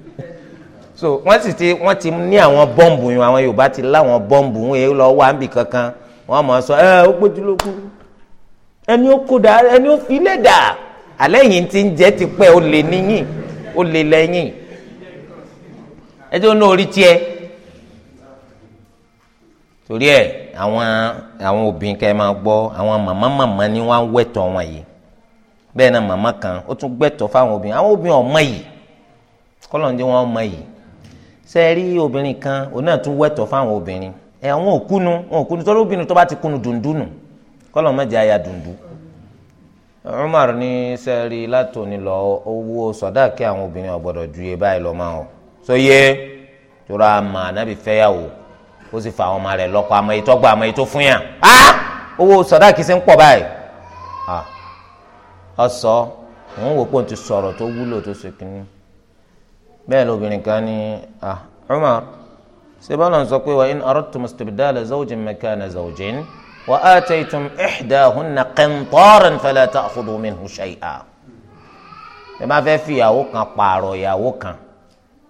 so wọ́n sì ti wọ́n ti ní àwọn bọ́ǹbù yẹn àwọn Yorùbá ti láwọn bọ́ǹbù yẹn lọ wà níbi kankan wọ́n mọ̀ sọ ẹ ó gbójúlógú ẹni ó kó dà ẹni ó fi lé dà alẹ́ yìí ti ń jẹ́ ti pẹ́ ó lè níyìn ó lè lẹ́yìn ẹ tí ó ná orí tiẹ̀ torí ẹ àwọn àwọn obìnrin kẹ máa gbọ́ àwọn màmá màmá ni wọ́n á wẹ̀tọ̀ wọn yìí bẹ́ẹ̀ náà màmá kan ó tún gbẹ̀tọ̀ fáwọn obìnrin àwọn obìnrin ọ̀ yìí kọ́lọ́ọ̀dé wọn yìí ṣe rí obìnrin kan òun náà tún wẹ̀tọ̀ fáwọn obìnrin ẹ àwọn òkúnu àwọn òkúnu tọ́lú obìnrin tó bá ti kunu dùndùnù kọ́lọ̀ mọ́jà ya dùndù. Umar ní ṣe rí látòní lọ owó sọ̀dáàkì àwọn obìnrin ọ̀gbọ́dọ̀ ju iye báyìí lọ máa ọ̀ sọ yé tóra àmà ànábì fẹ́yàwó ó sì fa àwọn ọmọ rẹ̀ lọ́kọ àmọ́ ètò ọgbà àmọ́ ètò fún yàn á owó sọ̀dáàkì ṣe ń pọ̀ bẹ́ẹ̀ lóbìnrin kan ní ah Umar sebala ń sọ pé wa in aradtum istibdala zawjin makana zawjin wa ataytum ihdahunna qintaran fala ta'khudhu minhu shay'a ẹ bá fẹ́ fi ìyàwó kan pààrọ̀ ìyàwó kan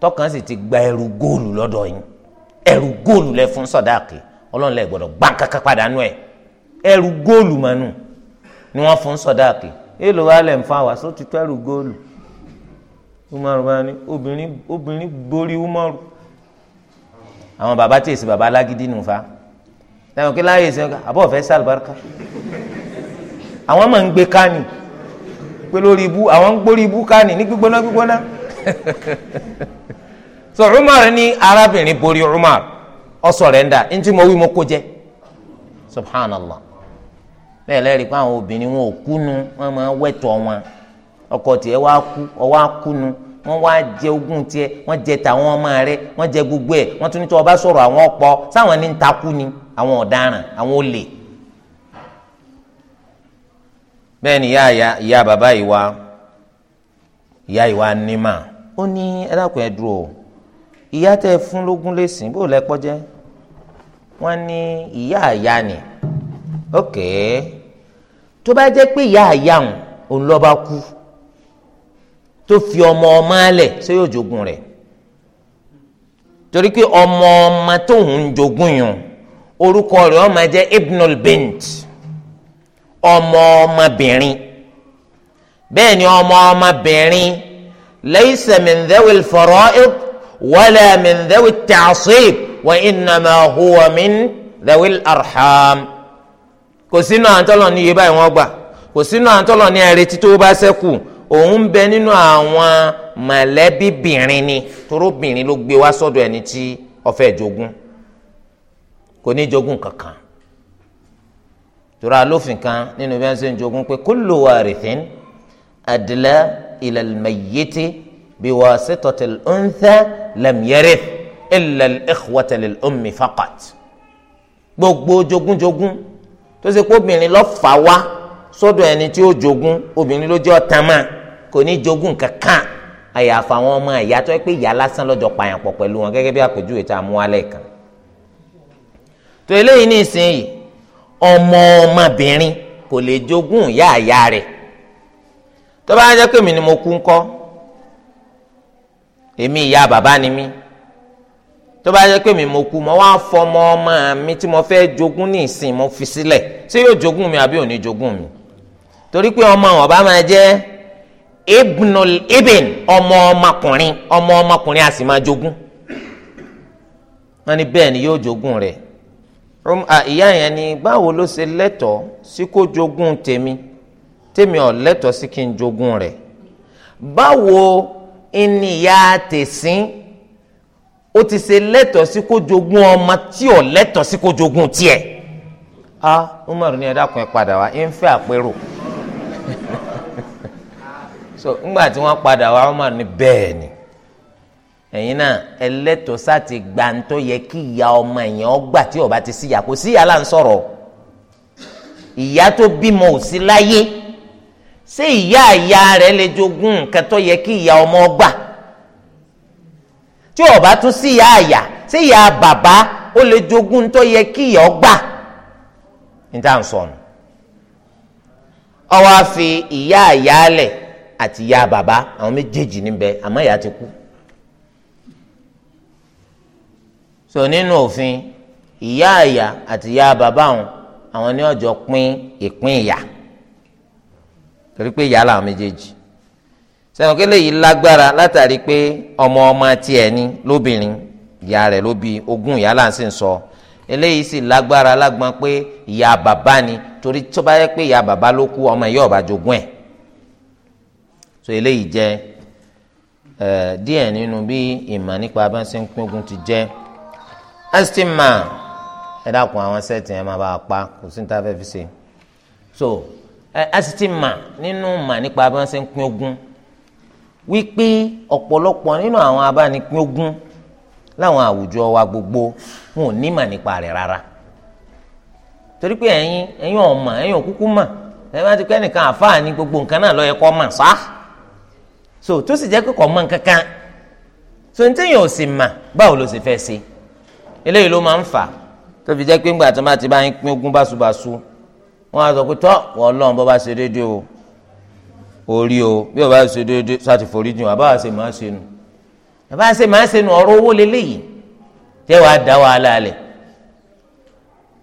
tọkàn sì ti gba ẹrù góòlù lọ́dọ̀ yín ẹrù góòlù lẹ fún sọdáàkì ọlọ́run lẹ gbọ́dọ̀ gbá kankan padà nù ẹ ẹrù góòlù mọ́nù ni wọ́n fún sọdáàkì èèlò wa lẹ̀ ń fa wàásù ti tó ẹrù góòlù umaru bá ní obìnrin obìnrin borí umaru àwọn baba tí èsì baba alágídí nù fa táwọn kí láàyè sẹ́wọ́n àbọ̀ fẹ́ sàlùbáríkà àwọn máa ń gbé kánì pé lórí ibú àwọn ń gbórí ibú kánì ní gbígbóná gbígbóná so umar ní arábìnrin borí umar ó sọ̀rẹ́ndà ntí mo wí mo kó jẹ subhanallah bẹ́ẹ̀ lẹ́rìí pé àwọn obìnrin wọn ò kúnu wọn máa wẹ̀tọ̀ wọn ọkọ tiẹ̀ wá ku ọwọ́ akúnu wọ́n wá jẹ ogún tiẹ̀ wọ́n jẹ tàwọn ọmọ rẹ̀ wọ́n jẹ gbogbo ẹ̀ wọ́n tún ní tí wọ́n bá sọ̀rọ̀ àwọn ọ̀pọ̀ sáwọn ní ń takú ni àwọn ọ̀daràn àwọn olè bẹ́ẹ̀ ni ìyá ìyá ìyá bàbá ìwà ìyá ìwà nímà ó ní ẹ̀dàkùn ẹ̀dùn o ìyá tẹ́ fún lógún lẹ́sìn bó lẹ́pọ́ jẹ́ wọ́n ní ìyá àyà ni ókè tó bá jẹ́ pé ìyá àyà òun ló bá kú tó fi ọmọ ọmọ alẹ̀ ṣé yóò jogún rẹ̀ torí pé ọmọ ọmọ tóun ń jogún yùn orúkọ rẹ̀ ó máa jẹ́ ibnul bint ọmọ ọmọbìnrin bẹ́ẹ̀ ni ọmọ ọmọbìnrin laysa min dhawil fara'id wala min dhawit ta'sib wa innama huwa arham kò sínú àtọ́lọ́ ní iye báyìí wọ́n gbà kò sínú àtọ́lọ́ ní ẹ̀rẹ́tí tó bá ṣẹ́kù òun ń bẹ nínú àwọn mọ̀lẹ́bíbìnrin ni torobìnrin ló gbé wá sọ́dọ̀ ẹni tí ó fẹ́ jogún kò ní jogún kankan tura alófin kan nínú bí wọ́n ṣe ń jogún pé kullu warithin adla ila al-mayyiti biwasitati al-untha lam yarith illa al-ikhwata lil-ummi faqat gbogbo jogúnjogún tó ṣe pé obìnrin ló fà wá sọ́dọ̀ ẹni tí ó jogún obìnrin ló jẹ́ ọ̀tá máa kò ní jogún kankan àyàfà àwọn ọmọ ìyá tó pé ìyá lásán lọ́jọ́ pààyàn pọ̀ pẹ̀lú wọn gẹ́gẹ́ bí àpèjúwe tá a mú alẹ́ kan tó eléyìí ní ìsinyìí ọmọ ọmọbìnrin kò lè jogún ìyá àyà rẹ̀ tó bá jẹ́ pé mi ni mo kú ńkọ́ èmi ìyá bàbá ni mí tó bá jẹ́ pé mi mo kú mo wá fọmọ ọmọ mi tí mo fẹ́ jogún ní ìsìn mo fi sílẹ̀ ṣé yóò jogún mi àbí ò jogún mi torí pé ọmọ wọn máa jẹ́ ibnul ibn ọmọ ọmọkùnrin ọmọ ọmọkùnrin a sì máa jogún wọ́n ní bẹ́ẹ̀ ni yóò jogun rẹ̀ ìyá yẹn ni báwo ló ṣe lẹ́tọ̀ọ́ sí kó jogun tèmi tèmi ò lẹ́tọ̀ọ́ sí kí n jogún rẹ̀ báwo ni ìyá tèsín ó ti ṣe lẹ́tọ̀ọ́ sí kó jogún ọmọ tí ò lẹ́tọ̀ọ́ sí kó jogún tiẹ̀. a Umar ní ẹ dákun ẹ padà wá ẹ ń fẹ́ àpérò. so ńgbà tí wọ́n padà wá Umar ní bẹ́ẹ̀ ni ẹ̀yin náà ẹlẹ́tọ̀ọ́ sáti gbàǹtọ́ yẹ kí ìyá ọmọ ẹ̀yìn ọgbà tí ọba ti síyà kò síyà là ń sọ̀rọ̀ ìyá tó bímọ ò sí láyé ṣé ìyá ìyá rẹ̀ lè jogún nǹkan tó yẹ kí ìyá ọmọ ọgbà tí ọba tún síyà àyà ṣé ìyá bàbá ó lè jogún tó yẹ kí ìyá ọgbà ní tá à ń sọnù ọwọ́ á fi ìyá àyà lẹ̀ àti ya baba àwọn méjèèjì níbẹ̀ àmọ́ ìyá ti kú so nínú òfin ìyá àyà àti ya baba àwọn àwọn ní ọjọ́ pín ìpín ìyà torí pé ìyá làwọn méjèèjì sẹ́wọ̀n kí léyìí lágbára látàrí pé ọmọ ọmọ tiẹ̀ ní lóbìnrin ìyá rẹ̀ ló bí ogún ìyá là ń sì sọ eléyìí sì lágbára lágbọn pé ìyá bàbá ni torí tó bá yẹ pé ìyá bàbá ló kú ọmọ ìyá ọ̀bà jogún ẹ̀ so eléyìí jẹ́ díẹ̀ nínú bí ìmọ̀ nípa bá ti jẹ asitima ẹ dákun àwọn sẹ́ẹ̀tì ẹ máa a pa kò sí ní so asitima nínú ìmọ̀ nípa bá wípé ọ̀pọ̀lọpọ̀ nínú àwọn gbogbo wọn ò ní nípa rárá torí pé òkúkú ẹ bá ti ẹnìkan so tó sì jẹ́ pé kò mọ̀ kankan so ní téèyàn ò sì mà báwo ló sì fẹ́ ṣe eléyìí ló máa ń fà tó fi jẹ́ pé ńgbà tó máa ti bá ń pín ogún báṣubàṣu wọ́n á sọ pé tọ́ wọ́n lọ́n bọ́ bá ṣe déédéé o orí o bí o bá ṣe déédéé sáti forí jìn àbá ṣe máa ṣe nu àbá ṣe máa ṣe nu ọ̀rọ̀ owó leléyìí tẹ́ wàá dá wàhálà lẹ̀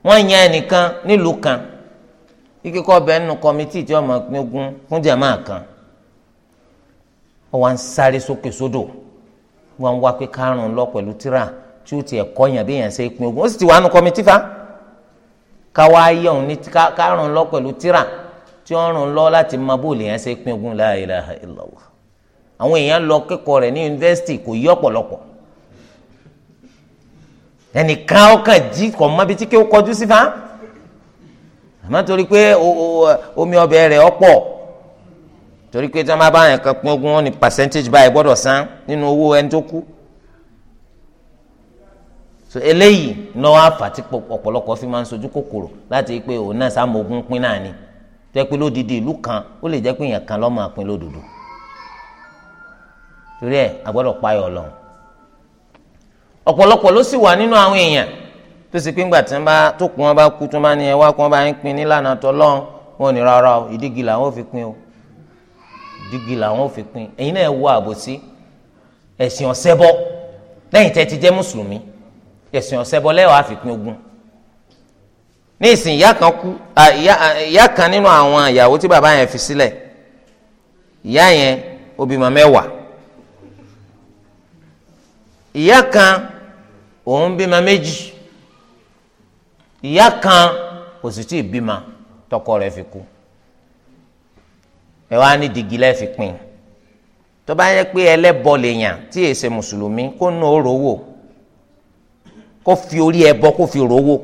wọ́n yan ẹnìkan nílùú kan kíkọ́ bẹ́ẹ̀ nù kọ́mítì tí wọ́n máa pín ogún fún jàmáà kan wọn wá ń sáré sókè sódò wọn wá pé kárùn lọ pẹ̀lú tíra tí ó tiẹ̀ kọyàn bí èèyàn ṣe pín ogun ó sì ti wà nù kọmitì fa káwá yẹun ní kárùn lọ pẹ̀lú tíra tí ó rùn lọ láti mọ bóòlù èèyàn ṣe pín ogun la ilaha illallah àwọn èèyàn lọ kẹ́kọ̀ọ́ rẹ̀ ní yunifásitì kò yí ọ̀pọ̀lọpọ̀ ẹnìkan ọkàn jí kọ mọ ibi tí kí ó kọjú sí àmọ́ torí pé omi ọbẹ̀ rẹ̀ ọ̀pọ̀ torí pé tí wọ́n bá bá yẹn kan pín ogún wọn ní percentage báyìí gbọ́dọ̀ san nínú owó ẹni tó kú so eléyìí náà àfàtí ọ̀pọ̀lọpọ̀ fi máa ń sojú kòkòrò láti pé òun náà sàmógún pín náà ni tẹ́ pé lódìdí ìlú kan ó lè jẹ́ pé èèyàn kan lọ́mọ àpín lódodo torí ẹ̀ àgbọ́dọ̀ payọ̀ lọ́hùn ọ̀pọ̀lọpọ̀ ló sì wà nínú àwọn èèyàn tó sì pé ńgbà tí wọ́n bá tó kù wọ́n bá kú tó máa ní ẹwà kí wọ́n bá ń pín nílànà tọ́lọ́hún wọn ò ní rárá o ìdígi làwọn ò fi pín o dígí làwọn ò fi pín ẹ̀yin náà wọ àbòsí ẹ̀sìn ọ̀sẹ́bọ lẹ́yìn tẹ́ ti jẹ́ mùsùlùmí ẹ̀sìn ọ̀sẹ́bọ lẹ́wàá fi pín ogún ní ìsìn ìyá kan kú ìyá kan nínú àwọn ìyàwó tí bàbá yẹn fi sílẹ̀ ìyá yẹn ó bímọ mẹ́wàá ìyá kan òun bímọ méjì ìyá kan kò sì tí ì bímọ tọkọ rẹ̀ fi kú ẹ wá ní dìgí lẹ́ẹ̀fi pin tó bá yẹ pé ẹlẹ́bọ lèèyàn tí èsè mùsùlùmí kó nù ó rówó kó fi orí ẹbọ kó fi rówó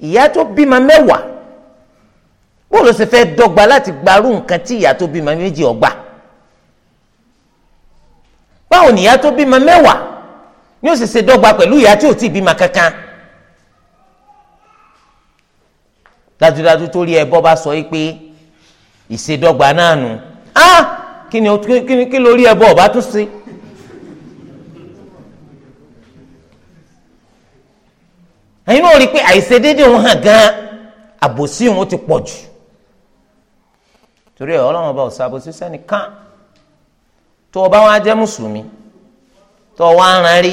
ìyá tó bímọ mẹ́wàá bóòlù sì fẹ́ dọ́gba láti gbarú nǹkan tí ìyá tó bímọ méjì ọgbà báwo ni ìyá tó bímọ mẹ́wàá ni ó sì ṣe dọ́gba pẹ̀lú ìyá tí ò tí ì bímọ kankan. dájúdájú tó rí ẹbọ bá sọ yìí pé ìṣèdọ́gba náà nù á kí ni kí lórí ẹbọ ọba tún sí. ẹ̀yin náà rí i pé àìṣedéédéé òun hàn gan-an àbòsí òun ti pọ̀ jù torí ẹ̀ ọlọ́run ọba ọ̀sàbòsí sẹ́nìkan tó o bá wá jẹ́ mùsùlùmí tó o wá ran rí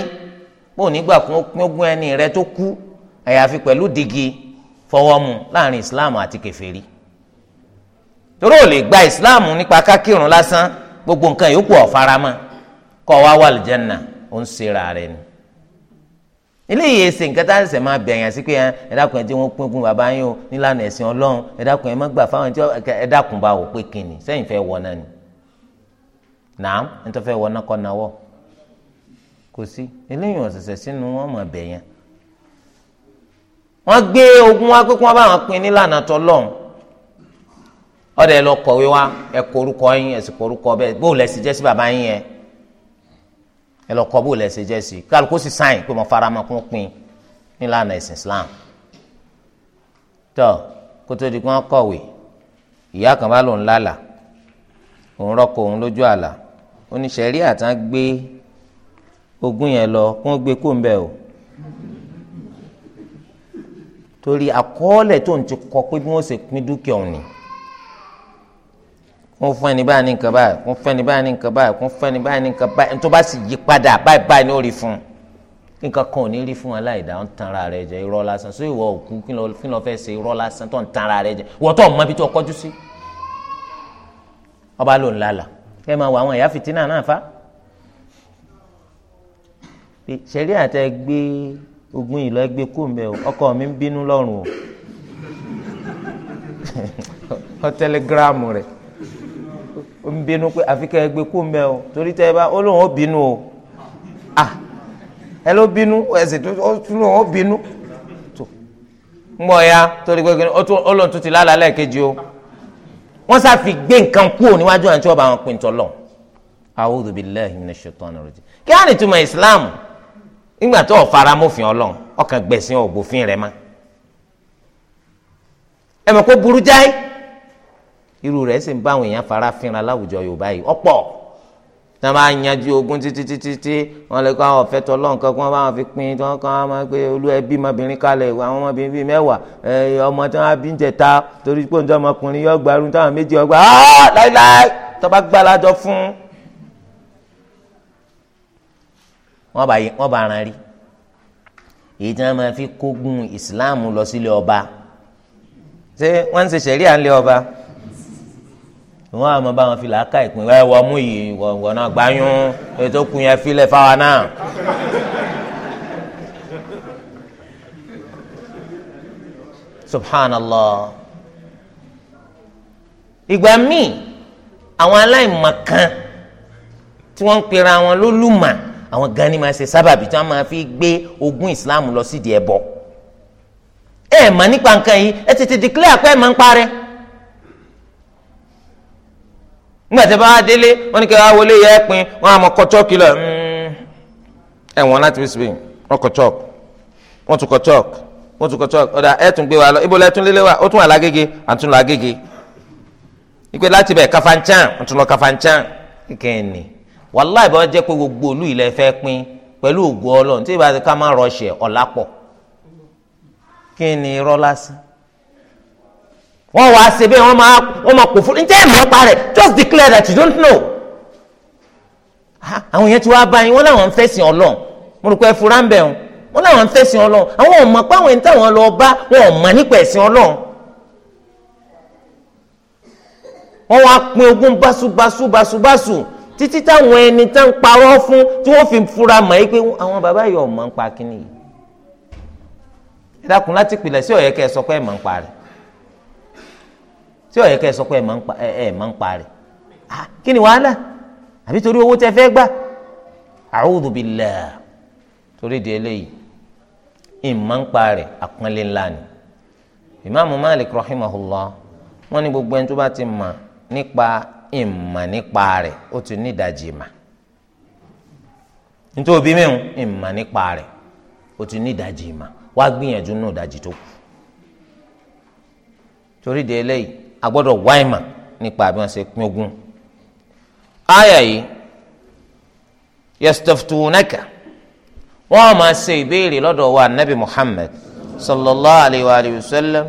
pé òní gbà ó pín ogún ẹni rẹ tó kú àyàfi pẹ̀lú dìgì fọwọ́ mu láàrin islam àti kèfèrí torí ò lè gba islam nípa kákírun lásán gbogbo nǹkan yòókù ọ̀farama kọ́ wa wà lìjẹ́nà ó ń ṣera rẹ̀ ni eléyìí ẹsẹ̀ nǹkan tá a ṣẹ̀ṣẹ̀ máa bẹ̀yàn sí pé ẹ dákun ẹ tí wọ́n pín gun bàbá yín o nílànà ẹ̀sìn ọlọ́run ẹ dákun ẹ má gbà fáwọn ẹ dákun bá wò pé kìnnì sẹ́yìn fẹ́ wọ náà ni nàám nítorí fẹ́ wọ náà kọ́ náwọ́ kò sí eléyìí ọ̀sẹ̀sẹ̀ sínú wọn máa bẹ̀yàn wọ́n gbé ogun wá pé kí wọ́n bá wọn pín nílànà tọ́lọ́run ọ̀dọ̀ ẹ lọ kọ̀wé wá ẹ kọ orúkọ yín ẹ sì kọ orúkọ bẹ́ẹ̀ bó lẹ sì jẹ́ sí yín yẹn ẹ lọ kọ bó lẹ sì jẹ́ sí sì sáyìn pé mo fara mọ́ kún pín nílànà ẹ̀sìn Islam tọ́ kótó di kí wọ́n kọ̀wé ìyá kan bá lòun lálàá òun rọ́kọ̀ òun lójú àlá oníṣẹ́rí àtàn gbé ogún yẹn lọ kó gbé kó ń bẹ̀ o torí àkọọ́lẹ̀ tó ń ti kọ pé bí wọ́n ṣe pín dúkìá òun ni wọ́n fún ẹni báyìí ní nǹkan báyìí wọ́n fún ẹni báyìí ní nǹkan báyìí wọ́n fún ẹni báyìí ní nǹkan báyìí tó bá sì yí padà báyìí báyìí ní ó rí fún nǹkan kan ò ní rí fún aláìdá ń tan rẹ jẹ irọ́ lásán sóyè wọ òkú kí ló fẹ́ ṣe irọ́ lásán tó ń tan rẹ jẹ wọ́n tó mọ ibi tó kọjú sí ọba ló ń lálà kẹ́ máa wọ àwọn ẹ̀yà fìtínà náà fa ṣẹlẹ́ àtẹ gbé ogun ìlọ ẹgbẹ́ kú mbẹ o ọkọ mi ń bínú o ọ tẹlẹgíráàmù rẹ̀ ó ń bínú pé àfi kẹ́ ẹgbẹ́ mbẹ o torí tẹ́ ẹ bá ó lóun o ah ẹ ló bínú ẹsẹ̀ tó ó tún ó bínú tó ń ya torí pé ó lóun tún ti lálàálẹ̀ kejì o wọ́n sáfi gbé nǹkan kú ò níwájú ọba àwọn pèntọ́ lọ. a'udhu kí á nígbà tó ọ̀fara mọ́fin ọlọ́run ọkàn gbẹ̀sìn ọ̀gbọ̀fin rẹ̀ ma ẹ mọ̀ kó burú jáì irú rẹ̀ sì ń bá àwọn èèyàn fara fínra láwùjọ yorùbá yìí ọ̀pọ̀ tí wọ́n bá yanjú ogun títí títí tí wọ́n lè kó àwọn ọ̀fẹ́ tọ́ lọ́n kan kí wọ́n bá wọn fi pín tí wọ́n kàn án máa gbé olú ẹbí ọmọbìnrin kalẹ̀ àwọn ọmọbìnrin bíi mẹ́wàá ọmọ tí wọ́n á bí ń jẹta torí pé ń jọ ọmọkùnrin yọ gbàrú táwọn méjì ọgbà láíláí tó bá gbàlájọ fún un wọ́n bá wọ́n bá ran rí èyí tí wọ́n máa fi kógun ìsìláàmù lọ sílé ọba ṣé wọ́n ń ṣe sẹ̀rí à ń lé ọba wọ́n á bá wọn fi làákà ìpín ẹ wọ́n mú yìí wọ́n náà gbáyún ètò kun yẹn filẹ̀ fáwa náà. subhanallah ìgbà míì àwọn aláìmọ̀kan tí wọ́n ń pera wọn lólùmọ̀ àwọn gan ni máa ṣe sábàbí tí wọ́n máa fi gbé ogún islam lọ sídìí ẹbọ ẹ mà nípa nǹkan yìí ẹ tètè declare pé ẹ máa ń parẹ́ nígbà tí a bá wá délé wọ́n ní kí wọ́n wọlé yẹ hmm. ẹ pin wọ́n àmọ́ kọ chọọkì lọ ẹwọn láti fi spain wọ́n kọ chọọkì wọ́n tún kọ chọọkì wọ́n tún kọ chọọkì ọdà ẹ tún gbé wa lọ ibo lẹ tún lélẹ wa ó tún wà lágége àtúnlọ àgége ìpè láti bẹ kafanchan wọ́n tún lọ kafanchan kíkẹ́ ẹ̀ nìyí wàláì bá jẹ́ pé gbogbo olú ilẹ̀ fẹ́ pín pẹ̀lú ògùn ọlọ́run tí ìbá ti ká má rọṣẹ̀ ọ̀la pọ̀ kí ni irọ́ lásán wọ́n wá ṣe bẹ́ẹ̀ wọ́n máa wọ́n máa kò fún ní tẹ́ẹ̀mù ọ̀pá rẹ̀ just declare that you don't know ah, àwọn yẹn ti wá báyìí wọ́n láwọn ń fẹ́sìn ọlọ́run mo rò pé fura ń bẹ̀ wọn wọ́n láwọn ń fẹ́sìn ọlọ́run àwọn ò mọ̀ pé àwọn ẹni táwọn lọ títí táwọn ẹni tá ń parọ́ fún tí wọ́n fi fura mọ̀ yìí pé àwọn bàbá yìí ọ̀mọ̀ ń pa kínní yìí ẹ dákun láti pilẹ̀ sí ọ̀yẹ́kẹ́ sọ pé ẹ̀ mọ̀ ń pa rẹ̀ sí ọ̀yẹ́kẹ́ sọ pé ẹ̀ mọ̀ ń pa rẹ̀ kí ni wàhálà àbí torí owó tẹ fẹ́ gbà a'udhu billah torí di eléyìí ìmọ̀ ń pa rẹ̀ àpọ́nlé ńlá ni ìmáàmù Malik rahimahullah wọ́n ní gbogbo ẹni tó bá ti mọ̀ nípa ìmọ̀ nípa rẹ̀ ó ti ní ìdajì ìmọ̀ nítorí òbí mẹ́rin ìmọ̀ nípa rẹ̀ ó ti ní ìdajì ìmọ̀ wá gbìyànjú nù ìdajì tó kù torí de eléyìí a gbọ́dọ̀ wá ìmọ̀ nípa bí wọ́n ṣe pín ogun àyà yìí yastaftunaka wọ́n máa ṣe ìbéèrè lọ́dọ̀ wa nabi Muhammad sallallahu alayhi wa sallam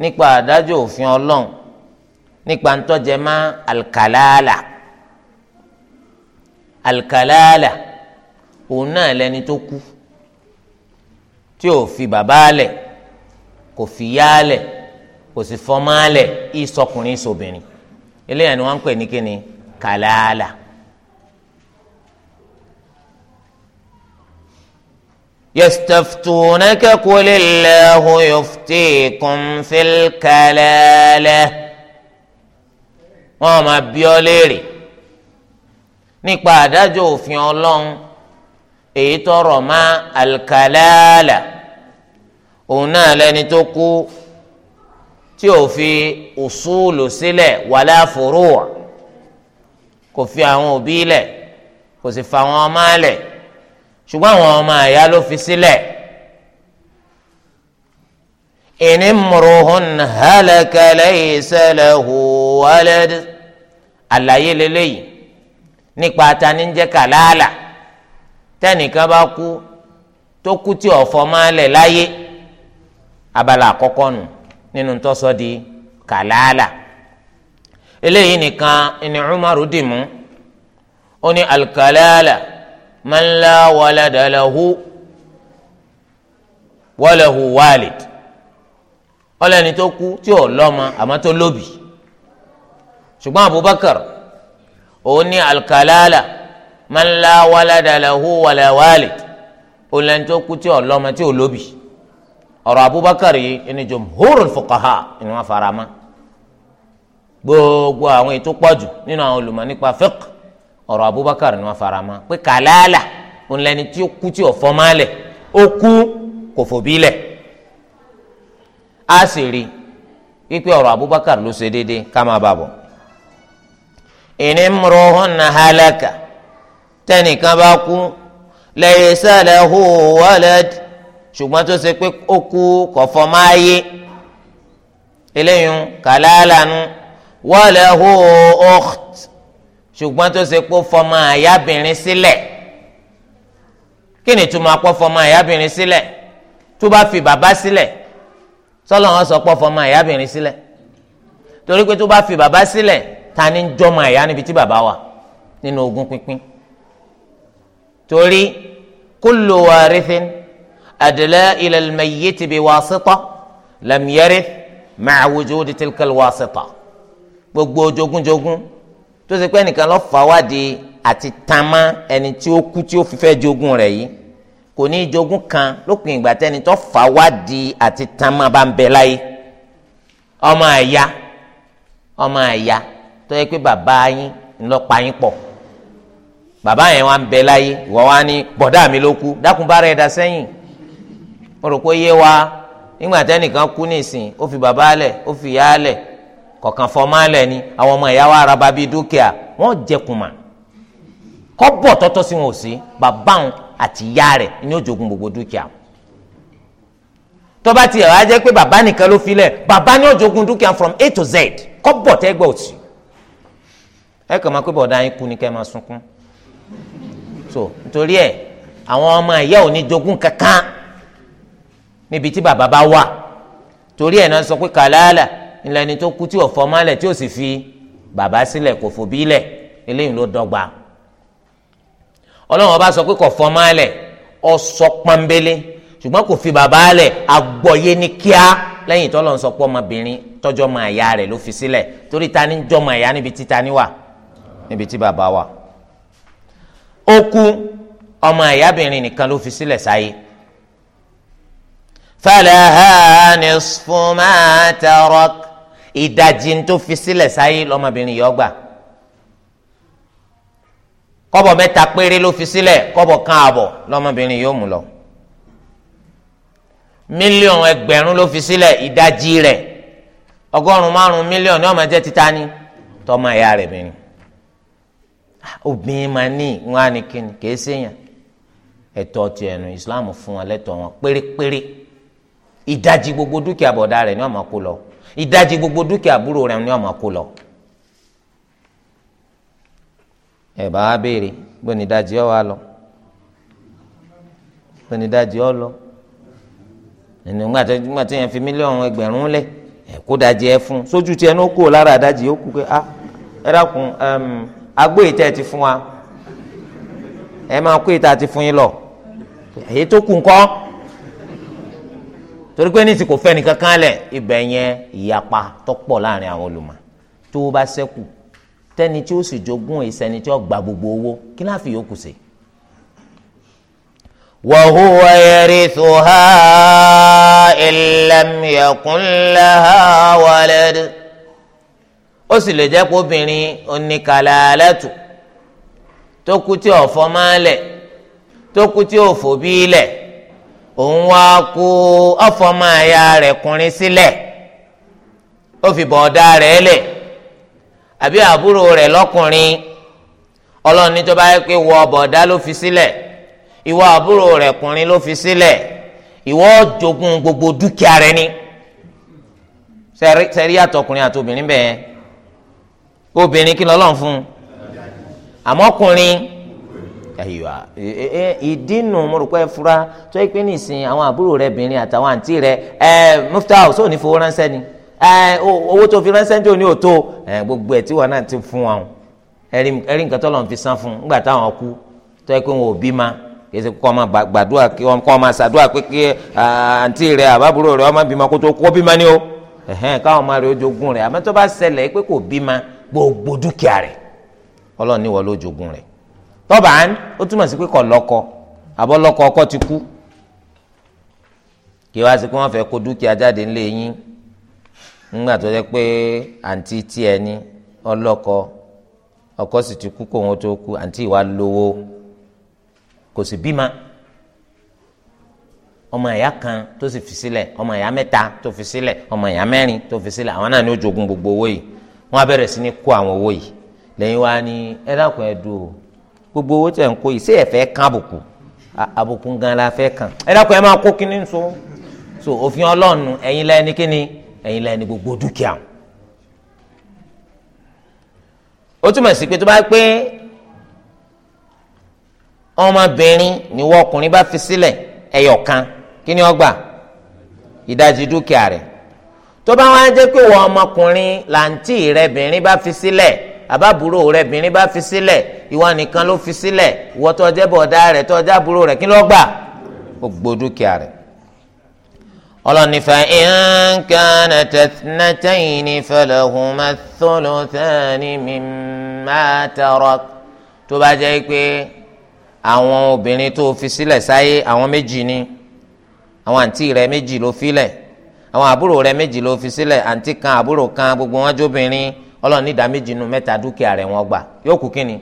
nípa àdájọ́ òfin Ọlọ́run nípa ntọ́jẹ̀má alkalaala alkalaala òun náà lẹni tó kú tí ò fi bàbá lẹ̀ kò fi yá lẹ̀ kò sì fọ́mọ lẹ̀ ìsọkùnrin sóbìnrin eléyà ni wọ́n ń pè ní kíni kalaala. يستفتونك قل الله يفتيكم في الكلاله wọn máa bi ọ́ léèrè nípa àdájọ́ òfin Ọlọ́run èyí tọrọ ma alkalala òun náà lẹni tó kú tí ò fi usulu sílẹ̀ wàlá furu' kò fi àwọn òbí lẹ̀ kò sì fa àwọn ọmọ lẹ̀ ṣùgbọ́n àwọn ọmọ àyà ló fi sílẹ̀. Si ìní mùrùhún hàlẹ́kẹ̀lẹ́ ìṣẹ̀lẹ̀hù wálẹ́d àlàyé lélẹ́yìí nípa tani ń jẹ́ kàláàlà tẹ́nìkan bá kú tó kú tí ọ̀fọ́ máa lẹ̀ láyé abala àkọ́kọ́ nù nínú tọ́sọ́ di kàláàlà eléyìí nìkan ìní Umaru dì ó ní alkàláàlà man la walada lahu walahu walid ọlẹ́ni tó kú tí ò lọ́mọ àmọ́ tó lóbì ṣùgbọ́n Abubakar òun ní alkalala man la walada lahu wala walid ọlẹ́ni tó kú tí ò lọ́mọ tí ò lóbì ọ̀rọ̀ Abubakar yìí ẹni jumhurul fuqaha ni wọ́n fara mọ́ gbogbo àwọn ètò pọ̀jù nínú àwọn olùmọ̀ nípa fiqh ọ̀rọ̀ Abubakar ni wọ́n fara mọ́ pé kalala ọlẹ́ni tí ó kú tí ò fọ́ máa ó kú kò fòbí lẹ̀ á sì rí Abubakar ló ṣe déédéé ká máa bá bọ̀. na halaka tẹnìkan bá kú laysa lahu walad ṣùgbọ́n tó ṣe pé ó kú kọ̀fọ́ máa yé eléyìí kàlálànú walahu ukht ṣùgbọ́n tó ṣe pé fọmọ àyàbìnrin sílẹ̀ kí ni túmọ̀ àpọ̀ fọmọ àyàbìnrin sílẹ̀ tó bá fi bàbá sọlọ wọn sọ pọ fọmọ ìyábìnrin sílẹ̀ torí pé tó bá fi bàbá sílẹ̀ ta ni ń jọmọ ìyá níbi tí bàbá wà nínú ogún pínpín torí kullu warithin adla ila al-mayyiti bi wasita lam yarith ma'a wujudi tilka al-wasita gbogbo jogunjogun tó ṣe pé ẹnìkan ló fà wá di àti tamá ẹni tí ó kú tí ó fi fẹ́ jogun rẹ̀ yìí kò ní í jogún kan lópin ìgbà tẹ́ni tó fà wádìí àti tánmá bá ń bẹ láyé ọmọ àyà ọmọ àyà tó yẹ pé bàbá yín ńlọ pa yín pọ̀ bàbá yẹn wà ń bẹ láyé ìwọ wá ní bọ̀dá mi ló kú dákun bá rẹ̀ mo rò pé yé wa nígbà tẹ́nìkan kú nísìn ó fi bàbá lẹ̀ ó fi ìyá lẹ̀ kọ̀ọ̀kan fọmá lẹ̀ ni àwọn ọmọ ìyá wa araba bíi dúkìá wọ́n jẹkùn mà kọ́ bọ̀ sí wọn ò sí bàbá wọn àti ìyá rẹ̀ ni ó jogún gbogbo dúkìá tó bá tiẹ̀ wá jẹ́ pé bàbá nìkan ló filẹ̀ bàbá ni ó dúkìá from a to z kọ́ bọ̀ tẹ́ gbọ́ òsì ẹ kàn máa pé bọ̀dá yín kú ni kẹ́ máa sunkún so nítorí ẹ̀ àwọn ọmọ ìyá ò ní jogún kankan níbi tí bàbá bá wà torí ẹ̀ náà sọ pé kàlàálà ńlá tó kú tí ò fọ́ mọ́lẹ̀ tí ò sì fi bàbá sílẹ̀ kò fòbí lẹ̀ eléyìí ló dọ́gba ọlọ́run ọba sọ pé kò fọmọ alẹ̀ ọsọ pọ́nbélé ṣùgbọ́n kò fi bàbá alẹ̀ agbọ̀yé ní kíá lẹ́yìn tó lọ́n sọ pé ọmọbìnrin tọ́jọ́ ọmọ àyà rẹ̀ ló fi sílẹ̀ torí ta ni jọmọ àyà níbi tí ta ni wà níbi tí bàbá wà ó kú ọmọ àyàbìnrin nìkan ló fi sílẹ̀ sáyé falaha nisfu ma tarak ìdajì tó fi sílẹ̀ sáyé lọ́mọbìnrin yọ gbà kọbọ mẹta péré ló fi sílẹ̀ kọ́bọ̀ kan àbọ̀ lọ́mọbìnrin yóò mú lọ mílíọ̀nù ẹgbẹ̀rún ló fi sílẹ̀ ìdajì rẹ̀ ọgọ́rùn márùn mílíọ̀nù ní ọmọ jẹ́ títa ni tọ́mọ ẹ̀yà rẹ̀ bìnrin obìnrin máa ní wọn á ní kíni kìí séyàn ẹ̀tọ́ ti ẹ̀nu Islam fún wọn lẹ́tọ̀ wọn pérépéré ìdajì gbogbo dúkìá bọ̀dá rẹ̀ ní ọmọ kó lọ ìdajì gbogbo dúkìá àbúrò rẹ̀ ní ọmọ kó lọ. ẹ bá wa béèrè gbónídàjì ọ wa lọ gbónídàjì ọ lọ ẹni nígbà tí yẹn fi mílíọ̀nù ẹgbẹ̀rún lẹ̀ kó dajì ẹ fún sójú tiẹ̀ ní ó kúrò lára àdájì ó kú pé a ah, ẹ dákun agbó ìtẹ́ ti fún wa ẹ máa kó ìta ti fún yín lọ èyí tó kù ńkọ́ torí pé nísìkò fẹ́ nìkan lẹ̀ ibẹ̀ yẹn ìyapa tó pọ̀ láàrin àwọn olùmọ̀ tó bá ṣẹ́kù tẹ́ni tí ó sì jogún ìsẹ́ni tí ó gba gbogbo owó kí náà fi yòókù sí. wa huwa yarithuha illam yakun laha walad ó sì lè jẹ́ pé obìnrin oníkàlàlẹ́tù tó kú tí ọ̀fọ́ máa lẹ̀ tó kú tí òfò bí lẹ̀ òun wá kú ọ̀fọ́ máa ya rẹ̀ kùnrin sílẹ̀ ó fi bọ̀ọ̀dá rẹ̀ lẹ̀ àbí àbúrò rẹ̀ lọ́kùnrin ọlọ́run ní tó bá yẹ pé wọ bọ̀dá ló fi sílẹ̀ ìwọ àbúrò rẹ̀ kùnrin ló fi sílẹ̀ ìwọ jogun gbogbo dúkìá rẹ̀ ni sẹ́rí àtọkùnrin àtobìnrin bẹ́ẹ̀ obìnrin kí lọ́lọ́run fún un àmọ́kùnrin ayiwa ìdínú mo rò pé fura tó yẹ pé nìsín àwọn àbúrò rẹ̀ bìnrin àtàwọn àǹtí rẹ̀ ẹ mufta ọ̀sọ́ ò ní fowó ránṣẹ́ ni. owó tó fi ránṣẹ́ tó ní gbogbo ẹ̀ tí wọn náà ti fún wọn ẹ̀rí nǹkan tó lọ́n fi san fún nígbà táwọn kú tó yẹ pé wọn ò bí ma kèsì kọ́ àǹtí rẹ àbábúrò rẹ ọmọ bímọ kó tó kó ni o káwọn ọmọ rẹ ó rẹ àmọ́ tó bá ṣẹlẹ̀ pé kò bímọ gbogbo dúkìá rẹ ọlọ́run ní wọ́n ńgbà tó yẹ pé àǹtí tiẹ̀ ní ọlọ́kọ ọkọ sì ti kú kó wọn tó kú àǹtí wa lówó kò sì bímọ ọmọ ìyá kan tó sì fi sílẹ̀ ọmọ ìyá mẹ́ta tó fi sílẹ̀ ọmọ ìyá mẹ́rin tó fi sílẹ̀ àwọn náà ni ó gbogbo owó yìí wọ́n á bẹ̀rẹ̀ sí ní kó àwọn owó yìí lẹ́yìn wá ní ẹ dákun ẹ dùn o gbogbo owó tẹ̀ ń kó yìí sí ẹ̀yin lẹ́ni gbogbo dúkìá ó túmọ̀ sí pé tó bá pé ọmọbìnrin ni wọ́n ọkùnrin bá fi sílẹ̀ ẹyọ kan kí ni ó gbà ìdajì dúkìá rẹ̀ tó bá wá jẹ́ pé wọ́n ọmọkùnrin làǹtì rẹ̀ bìnrin bá fi sílẹ̀ àbábúrò rẹ̀ bìnrin bá fi sílẹ̀ ìwọ nìkan ló fi sílẹ̀ ìwọ tó jẹ́ bọ̀dá rẹ̀ tó jẹ́ àbúrò rẹ̀ kí ló gbà ó dúkìá rẹ̀ ọlọ́ni fa in kanat ithnatayni falahuma thuluthani mimma tarak tó bá jẹ́ pé àwọn obìnrin tó fi sílẹ̀ sáyé àwọn méjì ni àwọn àǹtí rẹ méjì ló filẹ̀ àwọn àbúrò rẹ méjì ló fi sílẹ̀ àǹtí kan àbúrò kan gbogbo wọn jóbìnrin ọlọ́ni ìdá méjì nu mẹ́ta dúkìá rẹ̀ wọ́n gbà yóò kú kínni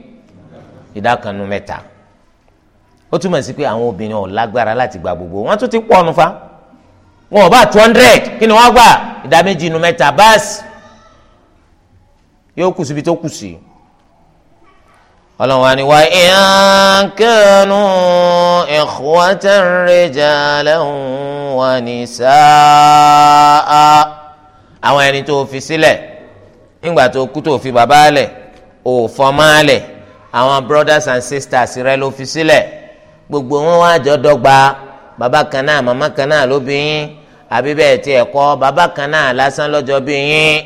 ìdá kan nu mẹ́ta ó túmọ̀ sí pé àwọn obìnrin ò lágbára láti gba gbogbo wọn tún ti pọ̀ ọ̀nù wọn ò bá two hundred kí ni wọ́n gbà ìdá méjì inú mẹ́ta báàsì yóò kù síbi tó kù sí. ọlọ́wọ́n ni wà in kanu ikhwatan rijalan wa nisaa àwọn ẹni tó fi sílẹ̀ nígbà tó kú tó fi bàbá lẹ̀ ò fọmá lẹ̀ àwọn brothers and sisters rẹ ló fi sílẹ̀ gbogbo wọn wá jọ dọ́gba bàbá kan náà màmá kan náà ló àbí bẹ́ẹ̀ tiẹ̀ kọ́ bàbá kan náà lásán lọ́jọ́ bí yín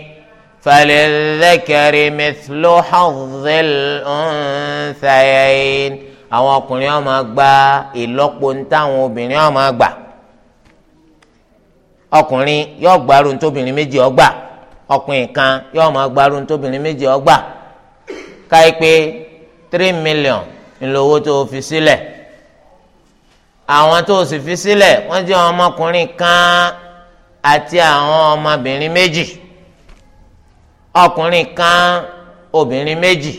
falidhakari mithlu hazzil unthayayn àwọn ọkùnrin ó máa gba ìlọ́po táwọn obìnrin ó máa gbà ọkùnrin yóò gbárùn tóbìnrin méjì ó ọkùnrin kan yóò máa gbárùn tóbìnrin méjì ó káyipé three million ńlọ owó tó fi sílẹ̀. Si àwọn tó sì fi sílẹ̀ wọ́n jẹ́ ọmọkùnrin kan àti àwọn ọmọbìnrin méjì ọkùnrin kan obìnrin méjì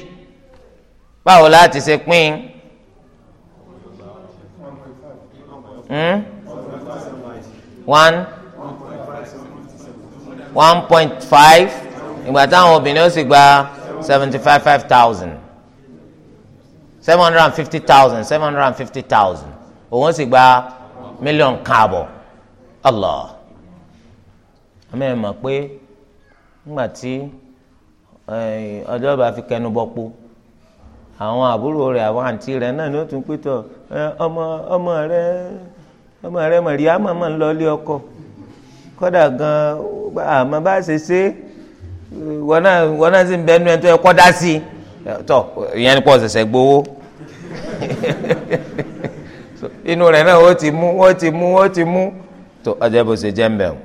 báwo láti ṣe pín in hmm? one one point five ìgbà táwọn obìnrin ó sì gba seventy five five thousand seven hundred and fifty thousand seven hundred and fifty thousand òun sì gba mílíọ̀nù káàbọ̀ Allah àmì ẹ̀ mọ̀ pé nígbà tí eh, ọjọ́ bá fi kẹnu bọ́pọ̀ àwọn àbúrò rẹ̀ àwọn àǹtí rẹ̀ náà ni ó tún pétọ̀ eh, ọmọ ọmọ rẹ̀ ọmọ rẹ̀ mọ̀ríà màmá ń lọ ilé ọkọ kódà gan àmọ́ bá ṣe ṣe wọn náà wọn náà sì ń bẹnu ẹ̀ tó ẹ kọ́ dá sí i tọ ìyẹn ni pọ̀ ṣẹ̀ṣẹ̀ gbowó inú rẹ̀ náà ó ti mú ó ti mú ó ti mú tó ọjọ́ bó ṣe jẹ́ ń bẹ̀ o.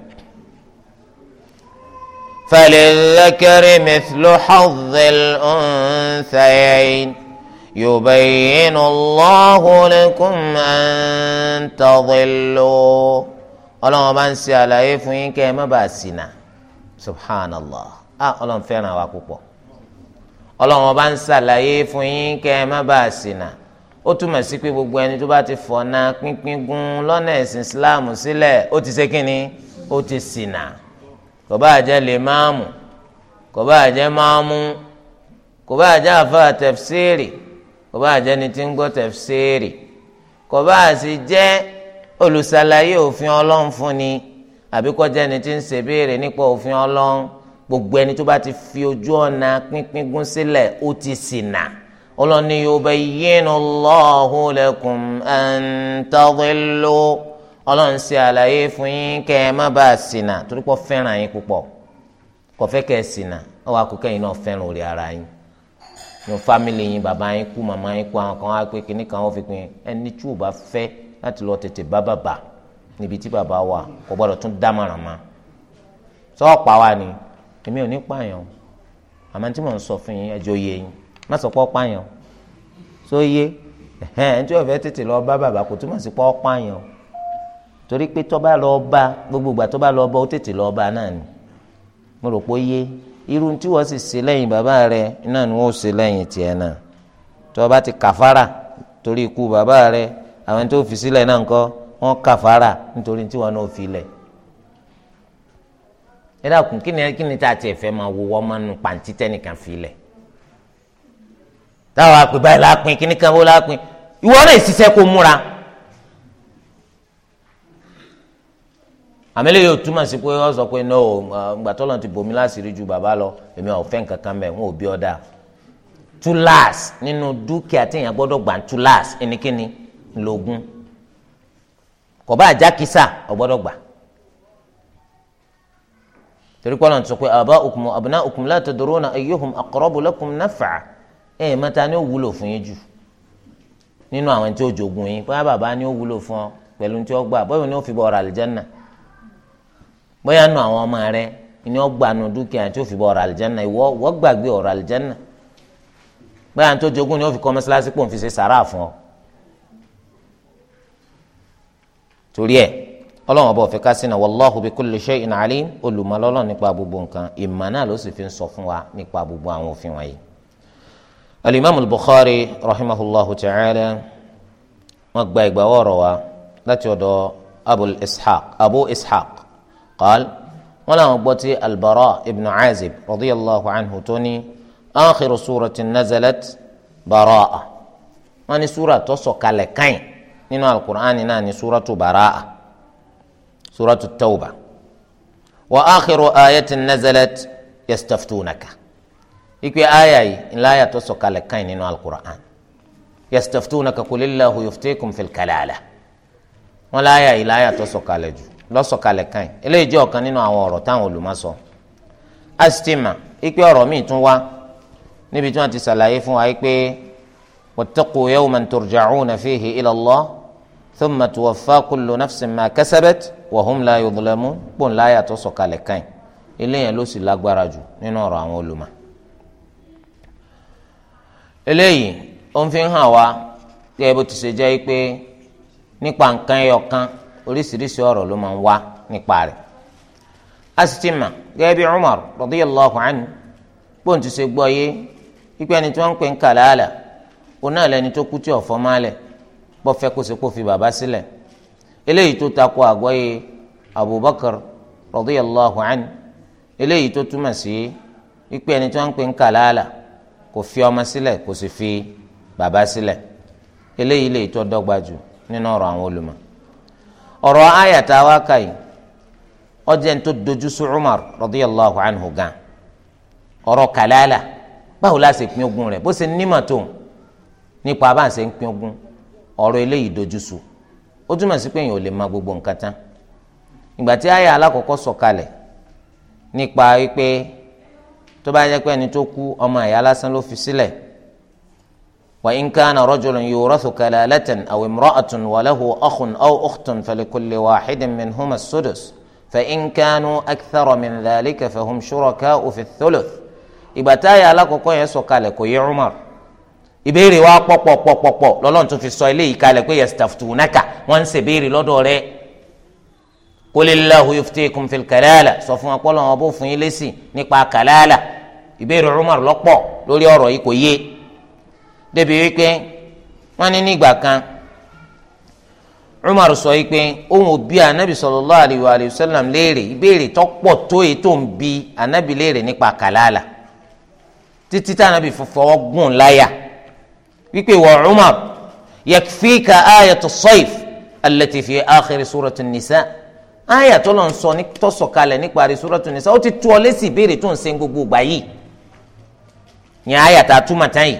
فللذكر مثل حظ الأنثيين يبين الله لكم أن تضلوا ọlọ́run bá ń ṣe àlàyé fún yín kẹ́ ẹ má bàa ṣìnà subhanallah ah ọlọ́run fẹ́ràn wa púpọ̀ ọlọ́run bá ń ṣàlàyé fún yín kẹ́ ẹ má bàa ṣìnà ó túmọ̀ sí pé gbogbo ẹni tó bá ti fọ̀nà pínpín gun lọ́nà ẹ̀sìn islam sílẹ̀ ó ti ṣe kínni ó ti ṣìnà kò bá jẹ́ lèmáàmù kò bá jẹ́ máàmù kò bá jẹ́ àfa tẹ̀fsíìrì kò bá jẹ́ ni tí ń gbọ́ tẹ̀fsíìrì kò bá sì jẹ́ olùsàlàyé òfin ọlọ́run fún ni àbí kó jẹ́ ni tí ń ṣèbéèrè nípa òfin ọlọ́run gbogbo ẹni tó bá ti fi ojú ọ̀nà pínpín gun sílẹ̀ ó ti ṣìnà. Si ọlọ́ni yubayyinu Allahu lakum an tadillu ọlọ́run ṣe àlàyé fún yín kẹ́ ẹ má bàa ṣìnà torí pọ̀ fẹ́ràn yín púpọ̀ kò fẹ́ kẹ́ ẹ ṣìnà ọ wá kó kẹ́yìn náà fẹ́ràn orí ara yín ní fámìlì yín bàbá yín kú màmá yín kú àwọn kan wá pé kíní kan wọ́n fi pin ẹni tí ò bá fẹ́ láti lọ tètè bá bàbá níbi tí bàbá wà kò gbọ́dọ̀ tún dámọ̀ràn mọ́ sọ́ọ̀pá wa ni èmi ò ní pààyàn àmọ́ tí mò ń sọ fún yín ẹjọ́ yẹ yín má sọ pé ọ pààyàn so yé ẹn tí wọ́n fẹ́ tètè lọ bá bàbá kò túmọ̀ sí pé ọ pààyàn torí pé tó bá lọ bá gbogbo ìgbà tó bá lọ bá ó tètè lọ bá náà ni mo rò pé yé irú tí wọ́n sì ṣe lẹ́yìn bàbá rẹ náà ni wọ́n ṣe lẹ́yìn tiẹ̀ náà tó o bá ti kàfàrà torí ikú bàbá rẹ àwọn tó fi sílẹ̀ náà ńkọ́ wọ́n kàfàrà nítorí tí wọ́n náà fi lẹ̀ ẹ dákun kí ni kí ni tá a tiẹ̀ fẹ́ máa wo wọ́n máa nu pàǹtí tẹ́nìkan fi lẹ̀ táwọn àpè báyìí lápin kíní kan bó lápin ìwọ náà ìṣiṣẹ́ kó múra. àmẹ́lẹ́ yóò túmọ̀ sí pé ọ sọ pé no ìgbà tó lọ́n ti bòmí láṣìírí ju bàbá lọ èmi ò fẹ́ nǹkan kan wọn ò bí ọ̀dà tulas nínú dúkìá téèyàn gbọ́dọ̀ gbà tulas ẹnikẹ́ni lógún kò àjákísà ọ̀gbọ́dọ̀ gbà torí pé ọlọ́run ti sọ pé aba'ukum wa abna'ukum la tadruna ayyuhum aqrabu lakum naf'a ẹ ẹ mẹ́ta ni ó wúlò fún yín jù nínú àwọn tí ó jogun yín bóyá bàbá ni ó wúlò fún ọ pẹ̀lú tí ó gbà bóyá ni ó fi bọ ọ̀rọ̀ àlìjánà bóyá nu àwọn ọmọ rẹ ni ó gbà nu dúkìá tí ó fi bọ ọ̀rọ̀ àlìjánà ìwọ wọ gbàgbé ọ̀rọ̀ àlìjánà bóyá tó jogun ni ó fi kọ́ mọ́sálásí pò ń fi ṣe sàrà fún ọ torí ẹ ọlọ́run ọba òfin kásínà wallahu bi kulli shay'in alim olùmọ̀lọ́lọ́ nípa gbogbo nǹkan ìmọ̀ náà ló sì fi ń sọ fún wa nípa gbogbo àwọn òfin wọ̀nyí. alimami al-bukhari rahimahullahu ta'ala wọn gba ìgbà wọrọ wa láti ọ̀dọ̀ abu ishaq abu ishaq qaal wọn làwọn gbọ́ ti albara ibn azib radiyallahu anhu tó ní akhiru surati nazalat bara'a wọn ni sura tó sọ̀kalẹ̀ kain nínú alukur'ani náà ni suratu bara'a suratu tawba wa akhiru ayatin nazalat yastaftunaka. ikpe aya yìí ńlá aya tó sọ̀kalẹ̀ kan nínú alukur'an yastaftunaka kulillahu yuftikum fil kalala wọn láya yìí láya tó sọ̀kalẹ̀ jù lọsọ̀kalẹ̀ kan eléyìí jẹ́ ọ̀kan nínú àwọn ọ̀rọ̀ táwọn olùmọ̀ sọ asitima ikpe ọ̀rọ̀ míì tún wá níbi tí wọ́n ti sàlàyé fún wa ikpe wattaqu yawman turja'una fihi ila thumma tuwaffa kullu nafsin ma kasabat wa hum la yudhlamun pọn láya tó sọ̀kalẹ̀ kan eléyìí ló sì lágbára jù nínú ọ̀rọ̀ àwọn olùmọ̀ eléyìí ó ń fi hàn wá gẹ́gẹ́ bó ti ṣe jẹ́ pé nípa nǹkan ẹyọ kan oríṣiríṣi ọ̀rọ̀ ló máa ń wá nípa rẹ̀ a sì ti mà gẹ́gẹ́ bí Umar radiyallahu anhu bóun ti ṣe gbọ́ yé pípẹ́ ẹni tí wọ́n ń pè ń kàlàálà òun náà lẹni tó kú tí ọ̀fọ́ máa lẹ̀ bọ́ fẹ́ kó ṣe kó fi bàbá sílẹ̀ eléyìí tó takò àgbọ́yé Abubakar radiyallahu anhu eléyìí tó túmọ̀ sí pípẹ́ ẹni tí wọ́n ń pè ń kàlàálà kò fi ọmọ sílẹ̀ kò sì fi bàbá sílẹ̀ eléyìí lè tó dọ́gba jù nínú ọ̀rọ̀ àwọn olùmọ̀ ọ̀rọ̀ ayàtà wa kà yìí Umar radiyallahu anhu gan ọ̀rọ̀ kàlálà báwo la ṣe pín ogun rẹ̀ bó ṣe nímọ̀ tó nípa bá ń ṣe ń pín ogun ọ̀rọ̀ eléyìí dojú sú ó túmọ̀ sí pé èèyàn gbogbo nǹkan tán ìgbà tí àyà alákọ̀ọ́kọ́ sọ̀kalẹ̀ tó bá yẹ pé ẹni tó kú ọmọ ìyá lásán ló fi sílẹ̀ wa in kana rajulun yurathu kalalatan aw imra'atun wa lahu akhun aw ukhtun falikulli wahidin minhuma as-sudus fa in kanu akthara min dhalika fahum shuraka'u fi ath-thuluth ìgbà táyà alákọ̀ọ́kọ́ yẹn sọ kalẹ̀ kò yé Umar ìbéèrè wa pọ̀pọ̀pọ̀pọ̀ lọ́lọ́run tún fi sọ eléyìí kalẹ̀ pé yastaftunaka wọ́n ń ṣèbéèrè lọ́dọ̀ rẹ̀ kulillahu yuftikum fil kalala sọ fún wa kọ́ lọ́wọ́ bó fún yín lésì nípa kalala ìbéèrè Umar lọ́pọ̀ lórí ọ̀rọ̀ yìí kò yé débi wípé wọ́n ní nígbà kan Umar sọ wípé òun ò bí anabi sallallahu alayhi wa sallam léèrè ìbéèrè tó pọ̀ tó èyí tó ń bi anabi léèrè nípa kalala títí tí anabi fọwọ́ gùn láyà wípé wọ Umar yakfika ayatu sayf allati fi akhiri surati nisa. Aya tó lọ ń sọ tó sọ̀kalẹ̀ nípa àrísúrọ̀tún nìsa ó ti tú ọ lẹ́sìn ìbéèrè tó ń ṣe gbogbo ìgbà yìí yẹn àyà tá a túmọ̀ tán yìí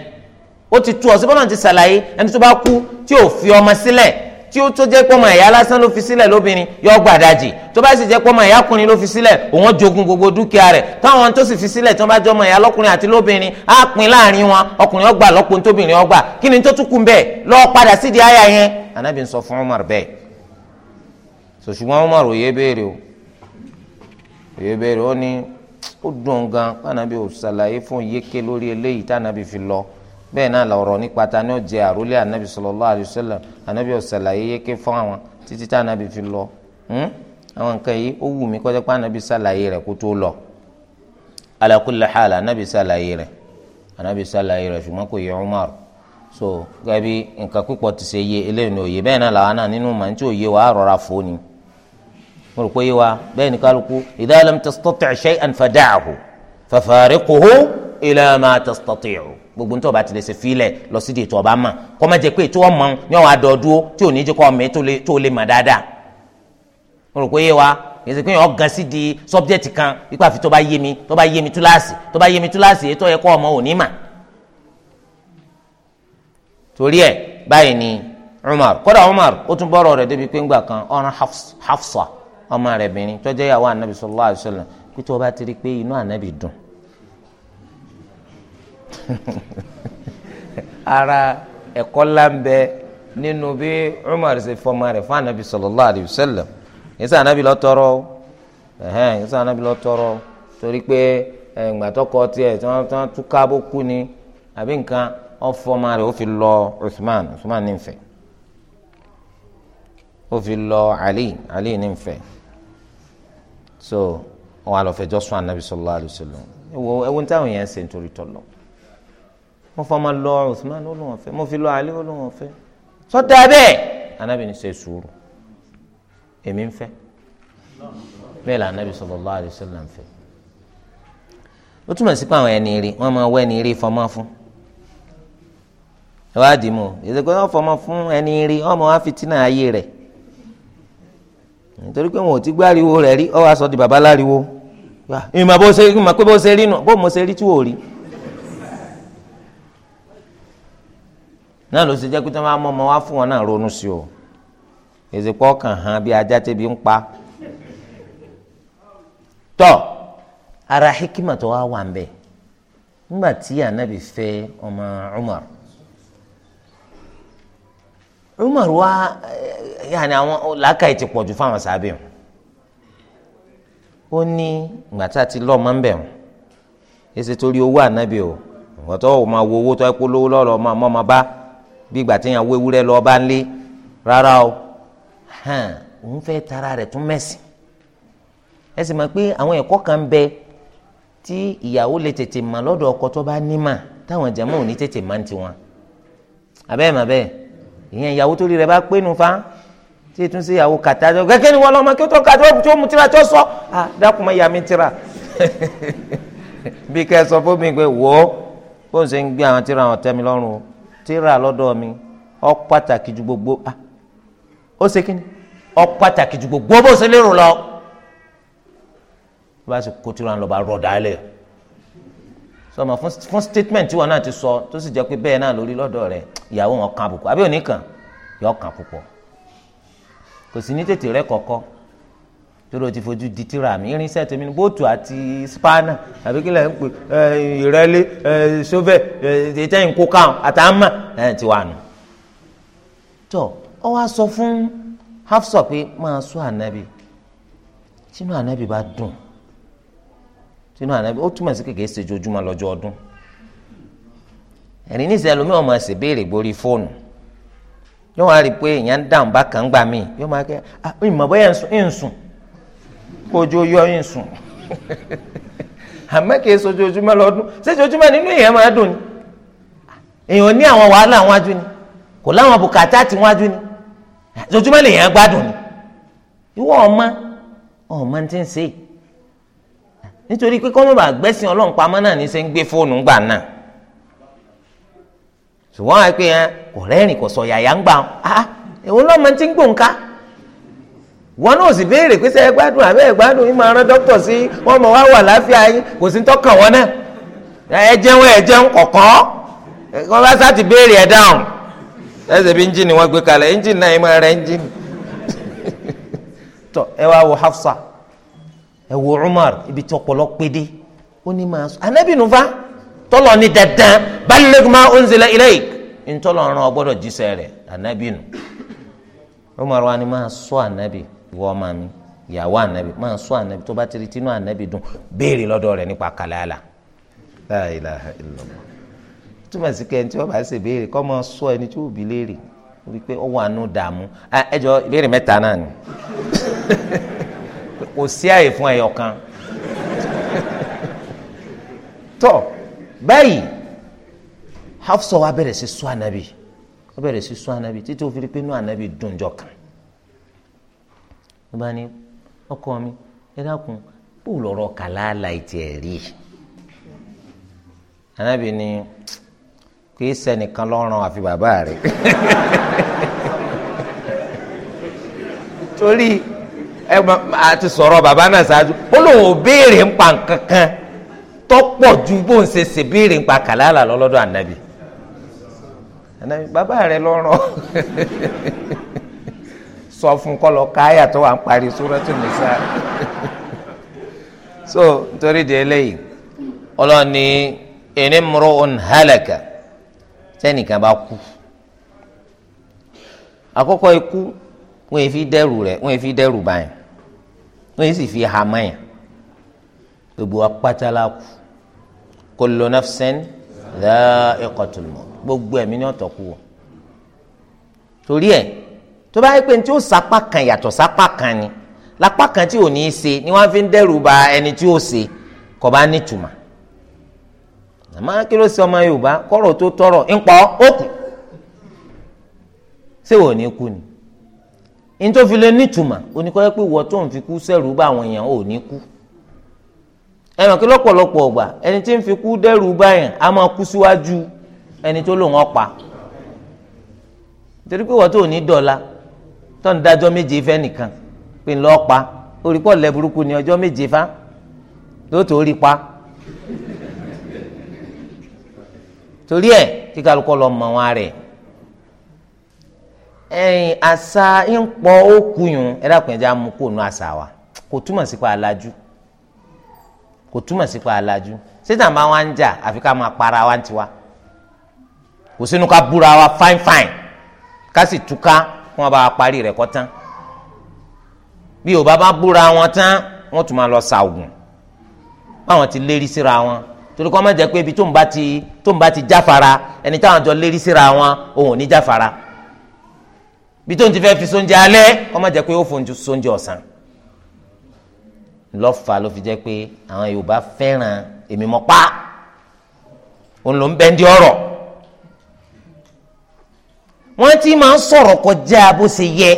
ó ti tú ọ sí bọ́lá ti ṣàlàyé ẹni tó bá kú tí ò fi ọmọ sílẹ̀ tí ó tó jẹ́ pọ́mọ ẹ̀yà lásán ló fi sílẹ̀ lóbìnrin yọ gbàdájì tó bá sì jẹ́ pọ́mọ ẹ̀yà kùnrin ló fi sílẹ̀ òun jogun gbogbo dúkìá rẹ̀ táwọn tó sì fi sílẹ̀ tí wọ́n bá jọmọ ẹ̀yà lọ́kùnrin àti lóbìnrin á pin láàrin wọn ọkùnrin ọgbà lọ́kùnrin tóbìnrin ọgbà kí ni tó tún kún bẹ́ẹ̀ padà sídìí àyà yẹn Ànábì ń sọ fún Umar bẹ́ẹ̀ sòṣùgbọ́n Umar òye béèrè o òye béèrè ó ní ó dùn gan pànàbí ò ṣàlàyé fún yéké lórí eléyìí tànàbí fi lọ bẹ́ẹ̀ náà lọ̀rọ̀ nípa ta ni ó jẹ àrólé ànábì sallallahu alaihi wasallam ànábì ò ṣàlàyé yéké fún àwọn títí tànàbí fi lọ hmm? àwọn nǹkan yìí ó wù mí kọjá pànàbí ṣàlàyé rẹ̀ kó tó lọ ala kulli hal ṣàlàyé rẹ̀ ànábì ṣàlàyé rẹ̀ ṣùgbọ́n kò yẹ Umar so gẹ́gẹ́ bí nǹkan púpọ̀ ti ṣe yé eléyìí ni òye bẹ́ẹ̀ náà làwọn náà nínú màá ní tí òye wàá rọra fò mo rò pé yé wa bẹ́ẹ̀ ni kálukú idha lam tastati' shay'an fada'hu fafariquhu ila ma tastati'u gbogbo nítorí ọba ti lè ṣe filẹ̀ lọ sí di ètò ọba mọ̀ kọ́ má jẹ́ pé ètò ọmọ ní ọ̀hún adọ́dúró tí ò ní jẹ́ kọ́ ọmọ tó lè mọ̀ dáadáa mo rò pé yé wa yẹsẹ pé yàn gan sí di sọbjẹtì kan ipa fi tó yé mi tó yé mi túláàsì tó yé mi túláàsì ètò ẹ̀kọ́ ọmọ òní mà. torí ẹ̀ báyìí ni Umar kódà Umar ó tún bọ́rọ̀ rẹ̀ débi pé ńgbà kan ọ̀ràn Hafsa ọmọ rẹ̀ bìnrin tó jẹ́ ìyàwó ànábì sallallahu alaihi wasallam pé tó o bá ti rí i pé inú ànábì dùn ara ẹ̀kọ́ láńbẹ nínú bí Umar ṣe fọmọ rẹ̀ fún ànábì sallallahu alaihi wasallam ìsà ànábì lọ tọrọ ìsà ànábì lọ tọrọ torí pé eh, ìgbà tọkọ tiẹ̀ tí wọ́n tún ká kú ni àbí nǹkan ọ̀fọ̀mọ rẹ̀ ó fi lọ Usman Usman nífẹ̀ẹ́ ó fi lọ ali ali ní nfẹ so wọn àlọ fẹjọ́ sùn anabi sallallahu alaihi wasallam ẹwọ ẹwọ ní táwọn yẹn ń ṣe nítorí tọlọ wọn fọmọ lọ Usman olóhùn ọfẹ mo fi lọ ali olóhùn ọfẹ sọdá bẹ́ẹ̀ anabi ní ṣe sùúrù èmi ń fẹ́ bẹ́ẹ̀ la anabi sallallahu alaihi wasallam ń fẹ́ ó túmọ̀ sí pé àwọn ẹni rí wọn máa wọ ẹni rí fọmọ fún ẹ wá dì mọ ìdẹ́gbẹ́ wọn fọmọ fún ẹni rí ọmọ wa fitinà ayé rẹ̀ nítorí pé wọn ò ti gbáriwo rẹ̀ rí ọ wá di baba láriwo ìmọ̀ bó ṣe ìmọ̀ pé bó ṣe rí nù bó mo ṣe rí tí wò rí. náà ló ṣe jẹ́ pé tí wọ́n wọn náà ronú sí o kàn hàn bí ajá tẹ́bi ń pa. tọ́ ara hikima tó wá wà ń bẹ̀ tí anabi fẹ́ ọmọ Umar Umar wa eh, yàní àwọn làákàyè ti pọ̀jù fáwọn sábẹ́ wọn ó ní ìgbà tá a ti lọ́ọ́ máa ń bẹ̀ wọn èsì torí owó ànábì o ìwọ́n tó o máa wo owó tó ẹ kó lówó lọ́rọ̀ máa mọ́ máa bá bí ìgbà tí yàn wó ewúrẹ́ lọ́ọ́ bá ń lé rárá o òun fẹ́ tara rẹ̀ tún mẹ́sìn ẹ sì pé àwọn ẹ̀kọ́ kan bẹ tí ìyàwó lè tètè mọ̀ lọ́dọ̀ ọkọ tó bá ní mà táwọn jàmọ́ ò tètè máa ń tiwọn àbẹ́ẹ̀ mà bẹ́ẹ̀ ìyẹn ìyàwó tó rí rẹ bá pé nu fa tí ètò sí ìyàwó kàtà jọ gẹ́gẹ́ ni wọn lọ́mọ kí ó tó kàtà tó mu tira tó sọ à dákun mọ́ ìyá mi tira bí kẹ́ ẹ sọ fún mi pé wò ó bó ń ṣe ń gbé àwọn tira àwọn tẹ́mi lọ́rùn o tira lọ́dọ̀ mi ó pàtàkì ju gbogbo à ó ṣe kíni ó pàtàkì ju gbogbo bó ṣe lérò lọ bá a sì kó tira lọ bá rọ̀ dálẹ̀ sọmọ fún statement tí wọn náà ti sọ tó sì jẹ pé bẹ́ẹ̀ náà lórí lọ́dọ̀ rẹ̀ ìyàwó wọn kan àbùkù àbí oníkan yọ kan púpọ̀ kò sí ní tètè rẹ kọ̀kọ́ tóró ti fojú di tíra mi irinṣẹ́ tèmi ní bóòtù àti spana àbí kílẹ̀ ń pè ìrẹ́lé sóvẹ̀ ìtẹ́yìn kókà àtàmà ẹ̀ ti wà nù. tó ọ wá sọ fún Hafsa pé máa sọ ànábì sínú ànábì bá dùn sínú ànábì ó túmọ̀ sí kékeré ṣèjọjúmọ́ lọ́jọ́ ọdún ẹ̀rín ní ìsẹ́lómi ọmọ ẹ̀sẹ̀ béèrè gborí fóònù yóò wá rí i pé èèyàn ń dáhùn bákan ń gbà mí yóò máa kẹ́ ah ìmọ̀ bóyá ń sùn ń sùn kó ojú yọ ń sùn àmọ́ kì í ṣojoojúmọ́ lọ́dún ṣéjoojúmọ́ nínú èèyàn máa dùn ni èèyàn ní àwọn wàhálà wájú ni kò láwọn bùkátà tí wájú ni ṣojoojúmọ́ lèèyàn gbádùn ni ìwọ ọmọ ọmọ ti ń ṣe é nítorí pé kọ́mọ̀bà gbẹ́sìn ọlọ́run pamọ́ náà ní í ṣe ń gbé fóònù gbà náà ṣùgbọ́n àwọn ẹgbẹ́ yẹn kò rẹ́rìn kò sọ yàyà ń gbà ah òun lọ́mọ tí ń gbòǹkà wọn náà sì béèrè pé ṣe ẹ gbádùn àbẹ́ ẹ gbádùn yín máa rán dókítà sí wọn mọ̀ wá wà láfíà yín kò sí tọ́kàn wọn náà ẹ jẹun ẹ jẹun kọ̀ọ̀kan wọn bá sá ti béèrè ẹ dáhùn ẹ ṣe bí ẹ́ńjìnì wọn gbé kalẹ̀ ẹ́ńjìnì náà ẹ máa rẹ ẹ́ńjìnì tọ ẹ wá wo Hafsa ẹ wo Umar ibi tí ọpọlọ pé dé ó ní máa sọ anabi nufa tọlọ ni dandan baligh ma unzila ilayk ntọlọ ọràn ọgbọdọ jíṣẹ́ rẹ̀ anabinu nu Umar wa ni máa sọ anabi ìwọ ọmọ mi ìyàwó anabi máa sọ anabi tó bá ti tinú anabi dùn béèrè lọ́dọ̀ rẹ̀ nípa kàlàlà la ilaha illallah túmọ̀ sí kẹ́hìn tí wọ́n bá ṣe béèrè kọ́ máa sọ ẹni tí ó bi léèrè wípé ó wà nù dààmú ẹ jọ ìbéèrè mẹ́ta náà ni. kò sí àyè fún ẹyọ kan tó báyìí Hafsa wa bẹ̀rẹ̀ sí sọ ànábì ó bẹ̀rẹ̀ sí sọ ànábì títí ó fi rí pé inú ànábì dùn jọ kan ló bá ní ọkọ mi ẹ dákun bó lọ̀rọ̀ kàlàlà ìtẹ̀ rí ànábì ni kì í ṣẹnìkan lọ́rùn àfi bàbá rẹ̀ torí. ẹ a ti sọ̀rọ̀ bàbá náà ṣáájú ó lóun ò béèrè ń pa nǹkan kan tó pọ̀ ju bó ń ṣe ṣe béèrè ń pa kàlálà lọ́lọ́dọ̀ ànábì ànábì bàbá rẹ lọ́rọ̀ sọ fún kọ́ lọ káyà tó wà ń parí sórọ́tò nìsa so nítorí di eléyìí ọlọ́ni ìnímúrò ń hálàkà sẹ́nìkan bá kú àkọ́kọ́ ikú wọ́n yẹn fi dẹ́rù rẹ̀ wọ́n yẹn fi dẹ́rù báyìí wọ́n yìí sì fi ha mayà gbogbo apátálá kù kullu nafsin dha'iqatul maut gbogbo ẹ̀mí ni ọ̀tọ̀ kú wọ̀ torí ẹ̀ tó bá yẹ pé tí ó sapá kan yàtọ̀ sapá kan ni lápá kan tí ò ní í ṣe ni wọ́n fi ń dẹ́rù ba ẹni tí ó ṣe kò bá nítumọ̀ àmọ́ kí ló ṣe ọmọ Yorùbá kọ́rọ̀ tó tọrọ̀ ń pọ̀ ó kù ṣé wò ní kú ni ntòfilẹ nítumà oníkọ́yẹ́ pé wọ́n tó ń fi kú sẹ́rù bá àwọn èèyàn ò ní kú ẹ mọ̀ kí lọ́pọ̀lọpọ̀ ọ̀gbà ẹni tí ń fi kú dẹ́rù báyẹn á máa kú síwájú ẹni tó lò wọ́n pa torí pé wọ́n tó ní dọ́la tó ń dájọ́ méje fẹ́ nìkan pé ń lọ́ọ́ pa orípọ̀ lẹ́ ni ọjọ́ méje fá lóòótọ́ orí pa torí ẹ̀ kíkálukọ́ lọ mọ̀ wọn rẹ̀ ẹ̀yìn àṣà ń pọ̀ ó kuyùn ẹ dákun ẹ̀jẹ̀ amú kò nu àṣà wa kò túmọ̀ sí pa alájú kò túmọ̀ sí pa alájú sétan máa wá ń jà àfi ká máa para wa tiwa kò sínú ká búra wa fáin fáin ká sì túká kí wọ́n bá wa parí rẹ̀ kọ́ tán bí Yorùbá bá búra wọn tán wọ́n tún máa lọ ṣàwùn báwọn ti lérí síra wọn torí kọ́ máa jẹ́ pé ibi tó ń bá ti tó ń bá ti jáfara ẹni táwọn jọ lérí síra wọn òun ò ní jáfara bí tó ń ti fẹ́ fi sóúnjẹ alẹ́ kó má jẹ́ pé ó fòun sóúnjẹ ọ̀sán lọ́fà ló fi jẹ́ pé àwọn Yorùbá fẹ́ràn èmi mọ́ pa òun ló ń bẹ́ ń di ọ̀rọ̀ wọ́n ti máa ń sọ̀rọ̀ kọjá bó ṣe yẹ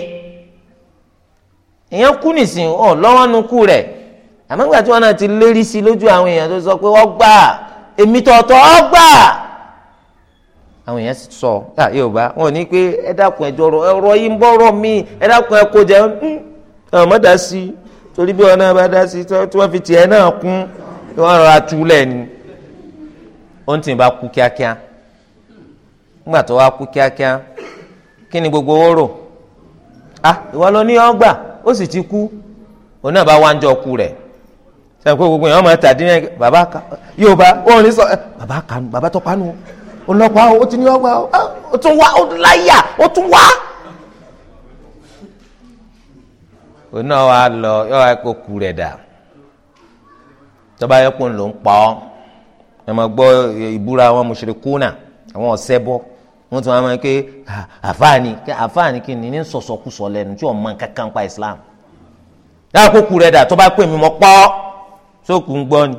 èèyàn kú nìsín ọ̀ lọ́wọ́ nu kú rẹ̀ àmọ́ ìgbà tí wọ́n náà ti lérí sí lójú àwọn èèyàn tó sọ pé wọ́n gbà èmi tọ̀ọ̀tọ̀ ọ́ gbà. àwọn èèyàn sì sọ à yorùbá wọn ò ní pé ẹ dákun ẹjọ rọ ọrọ yìí ń mi ẹ dákun ẹ kó jẹ ọ mọ dá sí i torí bí wọn náà bá dá sí i tí wọn fi náà kún kí wá kú kíákíá kí gbogbo owó rò ìwọ ló ní ti kú òun náà ku rẹ. pé gbogbo yẹn wọ́n máa tàdí ní bàbá yorùbá bàbá kanu bàbá ọlọ́pàá ó ti ní ọgbà ó tún wá ó tún láyà ó tún wá. òun náà lọ yọ wá kó ku rẹ̀ dà tọ́ba yẹ kó ń lò ń pa ọ́ ẹ máa gbọ́ ìbúra àwọn mushrikuna àwọn ọ̀sẹ́ bọ́ wọ́n tún wá máa ké àfáàní àfáàní kí ni ní sọ̀sọ̀kùsọ lẹ́nu tí wọ́n máa kankan pa Islam yàrá kó ku rẹ̀ dà tọ́ba pè mí mọ́ pọ́ sókùn gbọ́ ni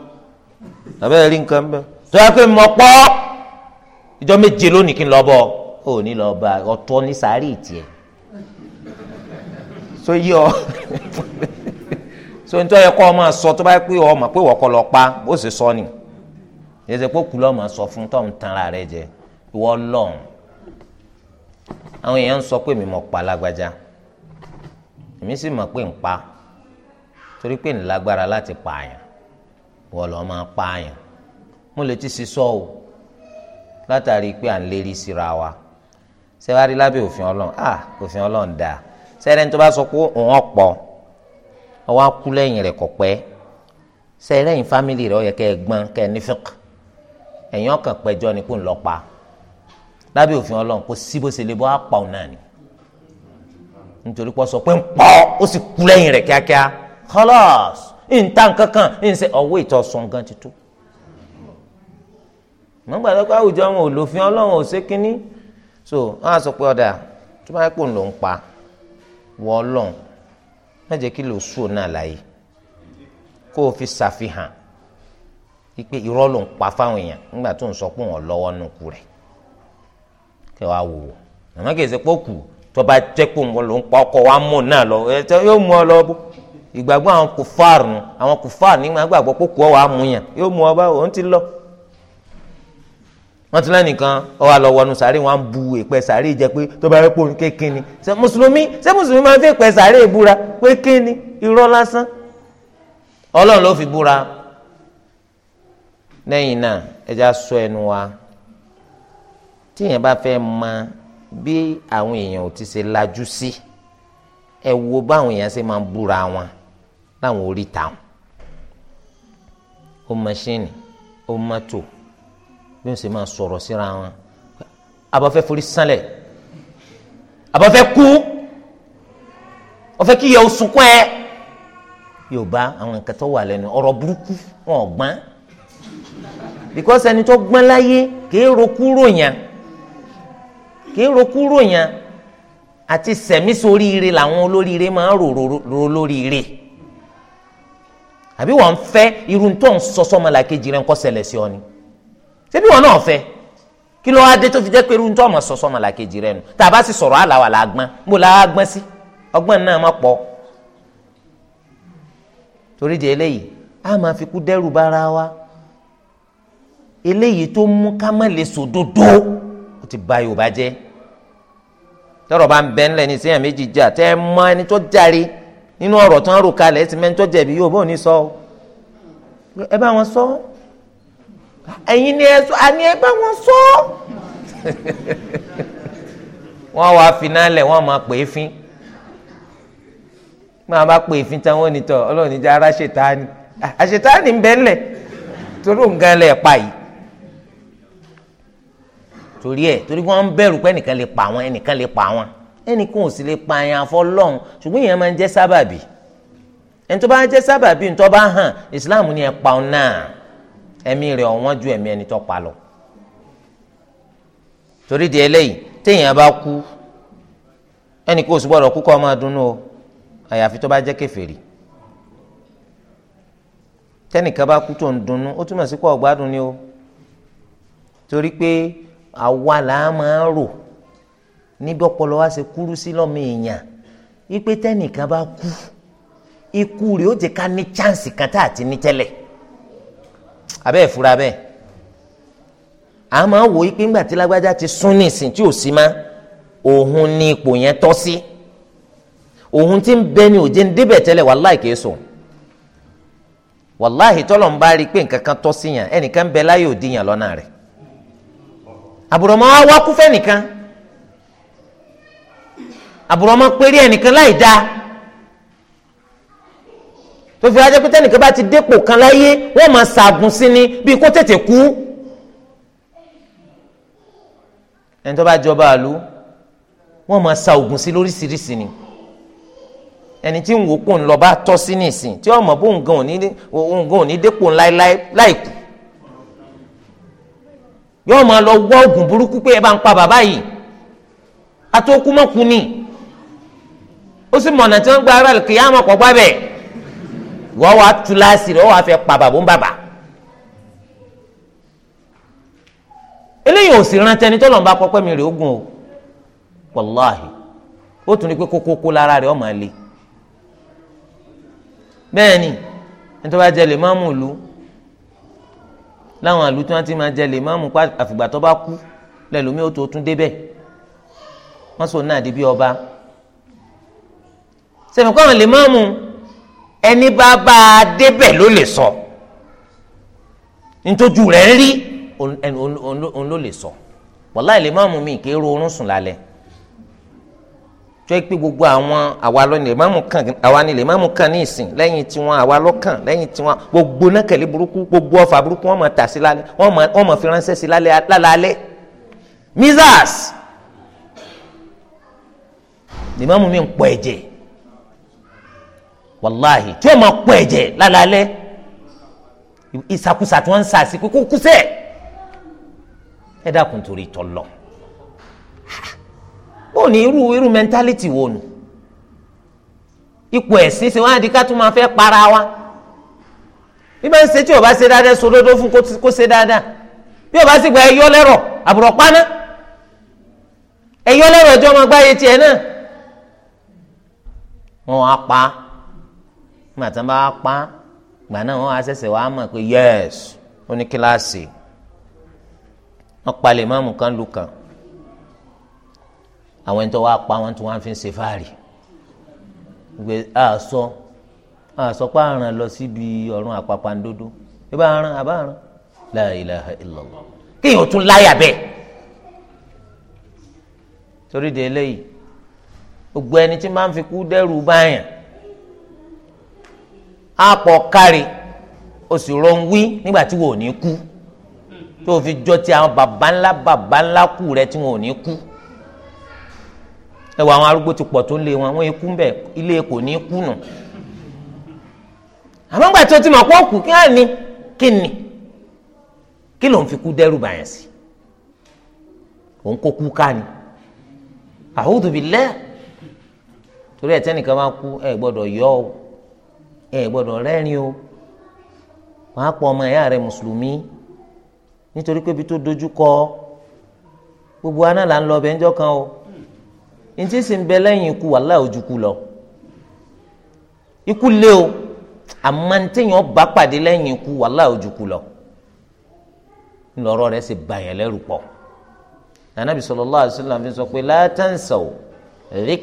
tàbí ẹ̀rí nǹkan bẹ́ẹ̀ tọ́ba pè mí mọ́ pọ́ ìjọ méje lónìí kí n lọ bọ ò ní lọ bá ọ̀tọ̀ ní sàárì tiẹ̀ so yí ọ so nítorí ẹkọ ọmọ sọ tó bá yẹ pé ọmọ pé wọkọ lọ pa ó sì sọ ni yẹsẹ pé kùlọ ọmọ sọ fún tọ́ ń tanra rẹ jẹ ìwọ lọ́n àwọn èèyàn ń sọ pé mi mọ̀ pa lágbájá èmi sì mọ̀ pé ń pa torí pé ń lágbára láti pààyàn wọ́n lọ́ọ́ máa pààyàn mo lè ti sì sọ o. So látàrí pé à ń lérí síra wa sẹwárí lábẹ́ òfin Ọlọ́run ah òfin Ọlọ́run dáa sẹrẹni tó bá sọ pé òun ọ̀pọ̀ ọwọ́ akú lẹ́yìn rẹ̀ kọ̀pẹ́ sẹrẹyìn fámìlì rẹ̀ ọyẹ kẹ́ ẹ gbọ́n kẹ́ ẹ nífẹk ẹ̀yìn ọkàn pẹjọ ni kò ń lọ pa lábẹ́ òfin Ọlọ́run kò sí bó ṣe lè bọ apá òun náà ni nítorí pé ó sọ pé ń pọ̀ ó sì kú lẹ́yìn rẹ̀ kíákíá kọlọs ń ta nǹkan kan ń sẹ ọwọ́ ìtọsùn mọ̀ gbàdọ́ pé àwùjọ wọn ò lòfin ọlọ́run ò ṣe kínní so wọn á sọ pé ọ̀dà tó bá yẹ kó ló ń pa wọ ọlọ́run má jẹ́ kí lò sùn náà láàyè kó o fi ṣàfihàn pé irọ́ ló ń pa fáwọn èèyàn nígbà tó ń sọ pé wọn lọ́wọ́ nù kú rẹ̀ kẹ́ wàá wò ó àmọ́ kì í ṣe pé tó bá jẹ́ pé òun ló ń pa ọkọ̀ wa mú náà lọ yóò mú ọ lọ bó ìgbàgbọ́ àwọn kò fáàrù àwọn kò fáàrù nígbà gbàgbọ́ pé ọ wọ́n ti lẹ́nìkan ọwọ́ àlọ́ wọnú sàárè wọn á bu èpẹ́ sàárè jẹ pé tó bá rẹ́ pòun kékeré ṣe mùsùlùmí ṣé mùsùlùmí máa ń fi èpẹ́ sàárè búra pé kéènì irọ́ lásán ọlọ́run ló fi búra lẹ́yìn náà ẹja sọ ẹnu wa tí èèyàn bá fẹ́ mọ bí àwọn èèyàn ò ti ṣe lajú sí ẹ wo báwọn èèyàn ṣe máa búra wọn láwọn orí táwọn ó mọṣíìnì ó mọ́tò bí wọ́n sì máa sọ̀rọ̀ síra wọn abọ́fẹ́ forí sánlẹ̀ abọ́fẹ́ kú ọfẹ́ kí yẹ osunkún ẹ yorùbá àwọn nǹkan tó wà lẹ́nu ọ̀rọ̀ burúkú wọn ò gbọ́n because ẹni tó gbọ́n láyé kì í roku ròyìn kì í roku ròyìn àti sẹ̀mí soríire làwọn olóríire máa ń rò lóríire àbí wọ́n ń fẹ́ irun tó ń sọ sọ́mọlàkejì rẹ̀ ń kọ́ ṣẹlẹ̀ sí ọ ni ṣebí wọn náà fẹ́ kí ló wá dé tó fi jẹ́ pé irú ọmọ sọ̀sọ́ ọmọ làkejì rẹ nù tá a bá sì sọ̀rọ̀ àlàwà làgbọ́n mo là á gbọ́n sí ọgbọ́n náà má pọ̀ torí di eléyìí a máa fi kú dẹ́rù bára wa eléyìí tó mú ká má lè sòdodo ó ti ba Yorùbá jẹ́ tọ́rọ̀ bá ń bẹ ńlẹ̀ ní sẹ́yìn méjì jà tẹ́ ẹ mọ ẹni tó járe nínú ọ̀rọ̀ tó ń rò kalẹ̀ ẹ ti mẹ́ni tó jẹ̀bi yóò bó ní sọ ẹ bá wọn sọ ọ́ ẹ̀yin ni ẹ sọ àní ẹ bá wọn sọ. wọ́n wá finalẹ̀ wọ́n máa pè é fín máa bá pè é fín tán wọ́n ní tọ́ ọlọ́run níjà ara ṣètáni àṣetáni ń bẹ́ ńlẹ̀ torí nǹkan lẹ̀ pa yìí torí ẹ̀ torí wọ́n ń bẹ̀rù pé ẹnìkan lè pa wọn ẹnìkan lè pa wọn ẹnìkan ò sì lè pa àyàn àfọlọ́hún ṣùgbọ́n ìyẹn máa ń jẹ́ sábàbí ẹni tó bá jẹ́ sábàbí ní tó bá hàn ìsìláàmù ni ẹ pa ọ náà ẹ̀mí rẹ̀ ọ̀wọ́n ju ẹ̀mí ẹni tó pa lọ torí di eléyìí téèyàn bá kú ẹnì kó o sì gbọ́dọ̀ kú kó o máa dunnú o àyàfi tó bá jẹ́ kèfèrí tẹnìkan bá kú tó ń dunnú ó túmọ̀ sí pé ọ̀gbádùn ni o torí pé àwa là á máa rò níbi ọpọlọ wa ṣe kúrú sí lọ́mọ èèyàn wípé tẹnìkan bá kú ikú rẹ̀ ó jẹ́ ká ní chance kan tá à ti ní tẹ́lẹ̀. abẹ́ ìfura bẹ́ẹ̀ àmọ́ wò ó pé ńgbà tí lágbájá ti sún nísìn tí ò sí ma Ohun ni ipò yẹn tọ́ sí ti ń bẹ ni òjé ń débẹ̀ tẹ́lẹ̀ wàláì kìí so. wàláì tọ́lọ̀ ń bá rí i pé nǹkan kan tọ́ sí yàn ẹnìkan ń bẹ láyé òdi yàn lọ́nà rẹ̀ àbùrọ̀mọ́ wa wá kú fẹ́ nìkan àbùrọ̀mọ́ péré ẹnìkan láì dáa. tó fi wájẹ́ pé tẹ́nìkan bá ti dépò kan láyé wọ́n máa ṣaagun sí ni bíi kó tètè kú. ẹni tó bá jọba àlú wọ́n máa sa oògùn sí lóríṣiríṣi ni ẹni tí ń wò kó ń lọ bá tọ́ sí nìsín tí ọmọ bó ń gan ò ní dépò láéláé láìkú yóò máa lọ wá oògùn burúkú pé ẹ bá ń pa bàbá yìí atókùmọ̀kù ni ó sì mọ̀nà tí wọ́n gba aráàlú kìí àmọ̀ pọ̀ gbábẹ́ẹ́ wọ́n wá tu láàsì rẹ̀ wọ́n wá fẹ́ pa bàbá ń bàbá. eléyìí ò sì rántí ẹni tó lọ́n bá kọ́kọ́ mi rè ogun o wàláhì ó tún ní pé kókókó lára rẹ̀ ọmọ ẹ̀lẹ́ bẹ́ẹ̀ ni ẹni tó bá jẹ lè má mú ìlú láwọn àlù tí wọ́n ti máa jẹ lè má mú pa àfìgbà tó bá kú lẹ́lòmí ó tó tún débẹ̀ wọ́n sọ náà di bí ọba sẹ́mi kọ́ àwọn lè má ẹni bá bá a débẹ̀ ló lè sọ ntójú rẹ̀ ń rí òun ló lè sọ wàláì lè má mú mi kí eru oorun sùn lálẹ́ tó yẹ pé gbogbo àwọn àwa lọ́nà ìmáàmù kan àwa ni ìmáàmù kan ní ìsìn lẹ́yìn tiwọn àwa lọ́kàn lẹ́yìn tiwọn gbogbo nákẹ́lẹ́ burúkú gbogbo ọ̀fà burúkú wọ́n máa tà sí lálẹ́ wọ́n máa fi ránṣẹ́ sí lálẹ́ lálẹ́ mizas ìmáàmù mi ń pọ̀ ẹ̀jẹ̀ wàláhì tí yóò máa kó ẹ̀jẹ̀ lálálẹ́ ìsàkúsà tí wọ́n ń sà sí kókó kúsẹ̀ ẹ dákun torí tọlọ ó ní irú irú mẹntálítì wo nù ipò ẹ̀sìn ṣe wọ́n á di ká tún máa fẹ́ para wa bí bá ń ṣe tí o bá ṣe dáadáa sódodo fún kó ṣe dáadáa bí o bá sì gba ẹyọ lẹ́rọ̀ àbúrò paná ẹyọ lẹ́rọ̀ ẹjọ́ máa gbáyé tiẹ̀ náà wọ́n á pa á nígbà tí wọ́n bá pa gbà náà wọ́n á ṣẹ̀ṣẹ̀ wá mọ̀ pé yẹ́s ó ní kíláàsì wọ́n palẹ̀ mọ́mù kan lù kàn àwọn ẹni tó wá pa wọn tí wọ́n fi ń ṣe fáàrí gbé àṣọ àṣọ pa lọ síbi ọ̀run àpàpàǹdodo ibà àràn àbá àràn la ilaha illallah kéèyàn tún láyà bẹ́ẹ̀ torí de eléyìí gbogbo ẹni tí máa ń fi kú dẹ́rù báyàn á pọ̀ kárí o sì rọ̀ǹwí nígbà tí wọn ò ní kú tó o fi jọ ti àwọn baba ńlá baba ńlá kù rẹ tí wọn ò ní kú ẹ wọ àwọn arúgbó ti pọ̀ tó lé wọn wọn ikú bẹ̀ ilé kò ní kú nù àmọ́ gbà tí o ti mọ̀ pọ́ kù kí á ní kí ni kí ló ń fi kú dẹ́rù bàyàn sí òun kó kú ká ni àhúdùbí lẹ́ẹ̀ torí ẹ̀ tẹ́nìkan máa kú ẹ gbọ́dọ̀ yọ ọ́ ẹ gbọdọ rẹ́rìn o wàá pọ̀ ọmọ ẹ̀yà rẹ mùsùlùmí nítorí pé ibi tó dojú kọ gbogbo aná là ń kan o ntí sì ń bẹ lẹ́yìn ikú wàhálà ojú kú lọ ikú o àmọ́ ntẹ̀yìn pàdé lẹ́yìn ikú wàhálà ojú kú lọ ńlọrọ̀ rẹ sì bàyàn lẹ́rù pọ̀ nànàbì sallallahu sọ pé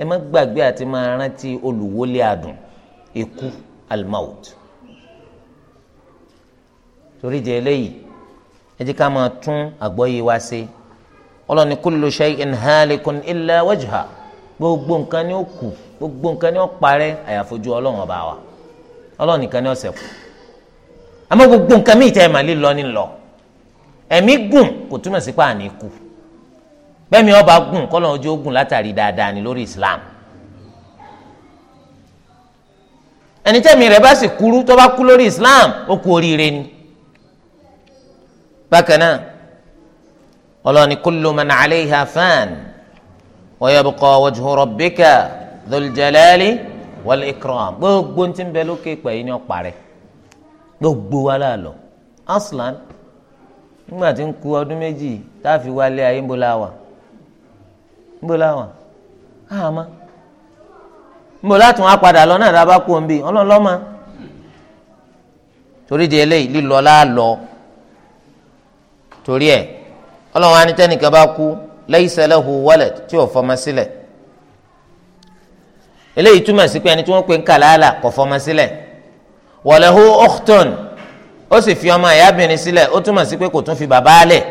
ẹ má gbàgbé àti máa rántí olùwọlé àdùn ikú almaut torí jẹ eléyìí ẹ jẹ́ ká máa tún àgbọ́yé wa ṣe ọlọ́ni kullu shay'in halikun illa wajha gbogbo nǹkan ni ó kù gbogbo nǹkan ni ó parẹ́ àyàfojú ọlọ́run ọba wa ọlọ́run nìkan ni ó ṣẹ́kù àmọ́ gbogbo nǹkan míì tẹ́ ẹ̀ máa lé lọ ní lọ ẹ̀mí gùn kò túmọ̀ sí pé kù bẹ́ẹ̀ mi ọba gùn kọ́lọ̀ ojú ogun látàrí dáadáa ni lórí Islam ẹni tẹ́mi rẹ̀ bá sì kúrú tó bá kú lórí Islam ó kú oríire ni bákan náà ọlọ́ni kullu man alayha fan wa yabqa wajhu rabbika dhul jalali wal gbogbo ti ń bẹ lókè pẹ̀ yìí ni ó parẹ́ gbogbo wa la lọ aslan nígbà tí ń ku ọdún méjì tá a fi wálé ayé ń bọ́ la níbo láwọn àmọ́ níbo láti wọn padà lọ náà dábàá kú òun bí ọlọ́run lọ́mọ torí di eléyìí lílọ láàlọ́ torí ẹ̀ ọlọ́run anitẹ́nìkan bá kú laysa lahu walad tí ò fọmọ sílẹ̀ eléyìí túmọ̀ sí pé ẹni tí wọ́n pe ń kà láàlà kò fọmọ sílẹ̀ walahu ukhtun ó sì fi ọmọ ìyábìnrin sílẹ̀ ó túmọ̀ sí pé kò tún fi bàbá lẹ̀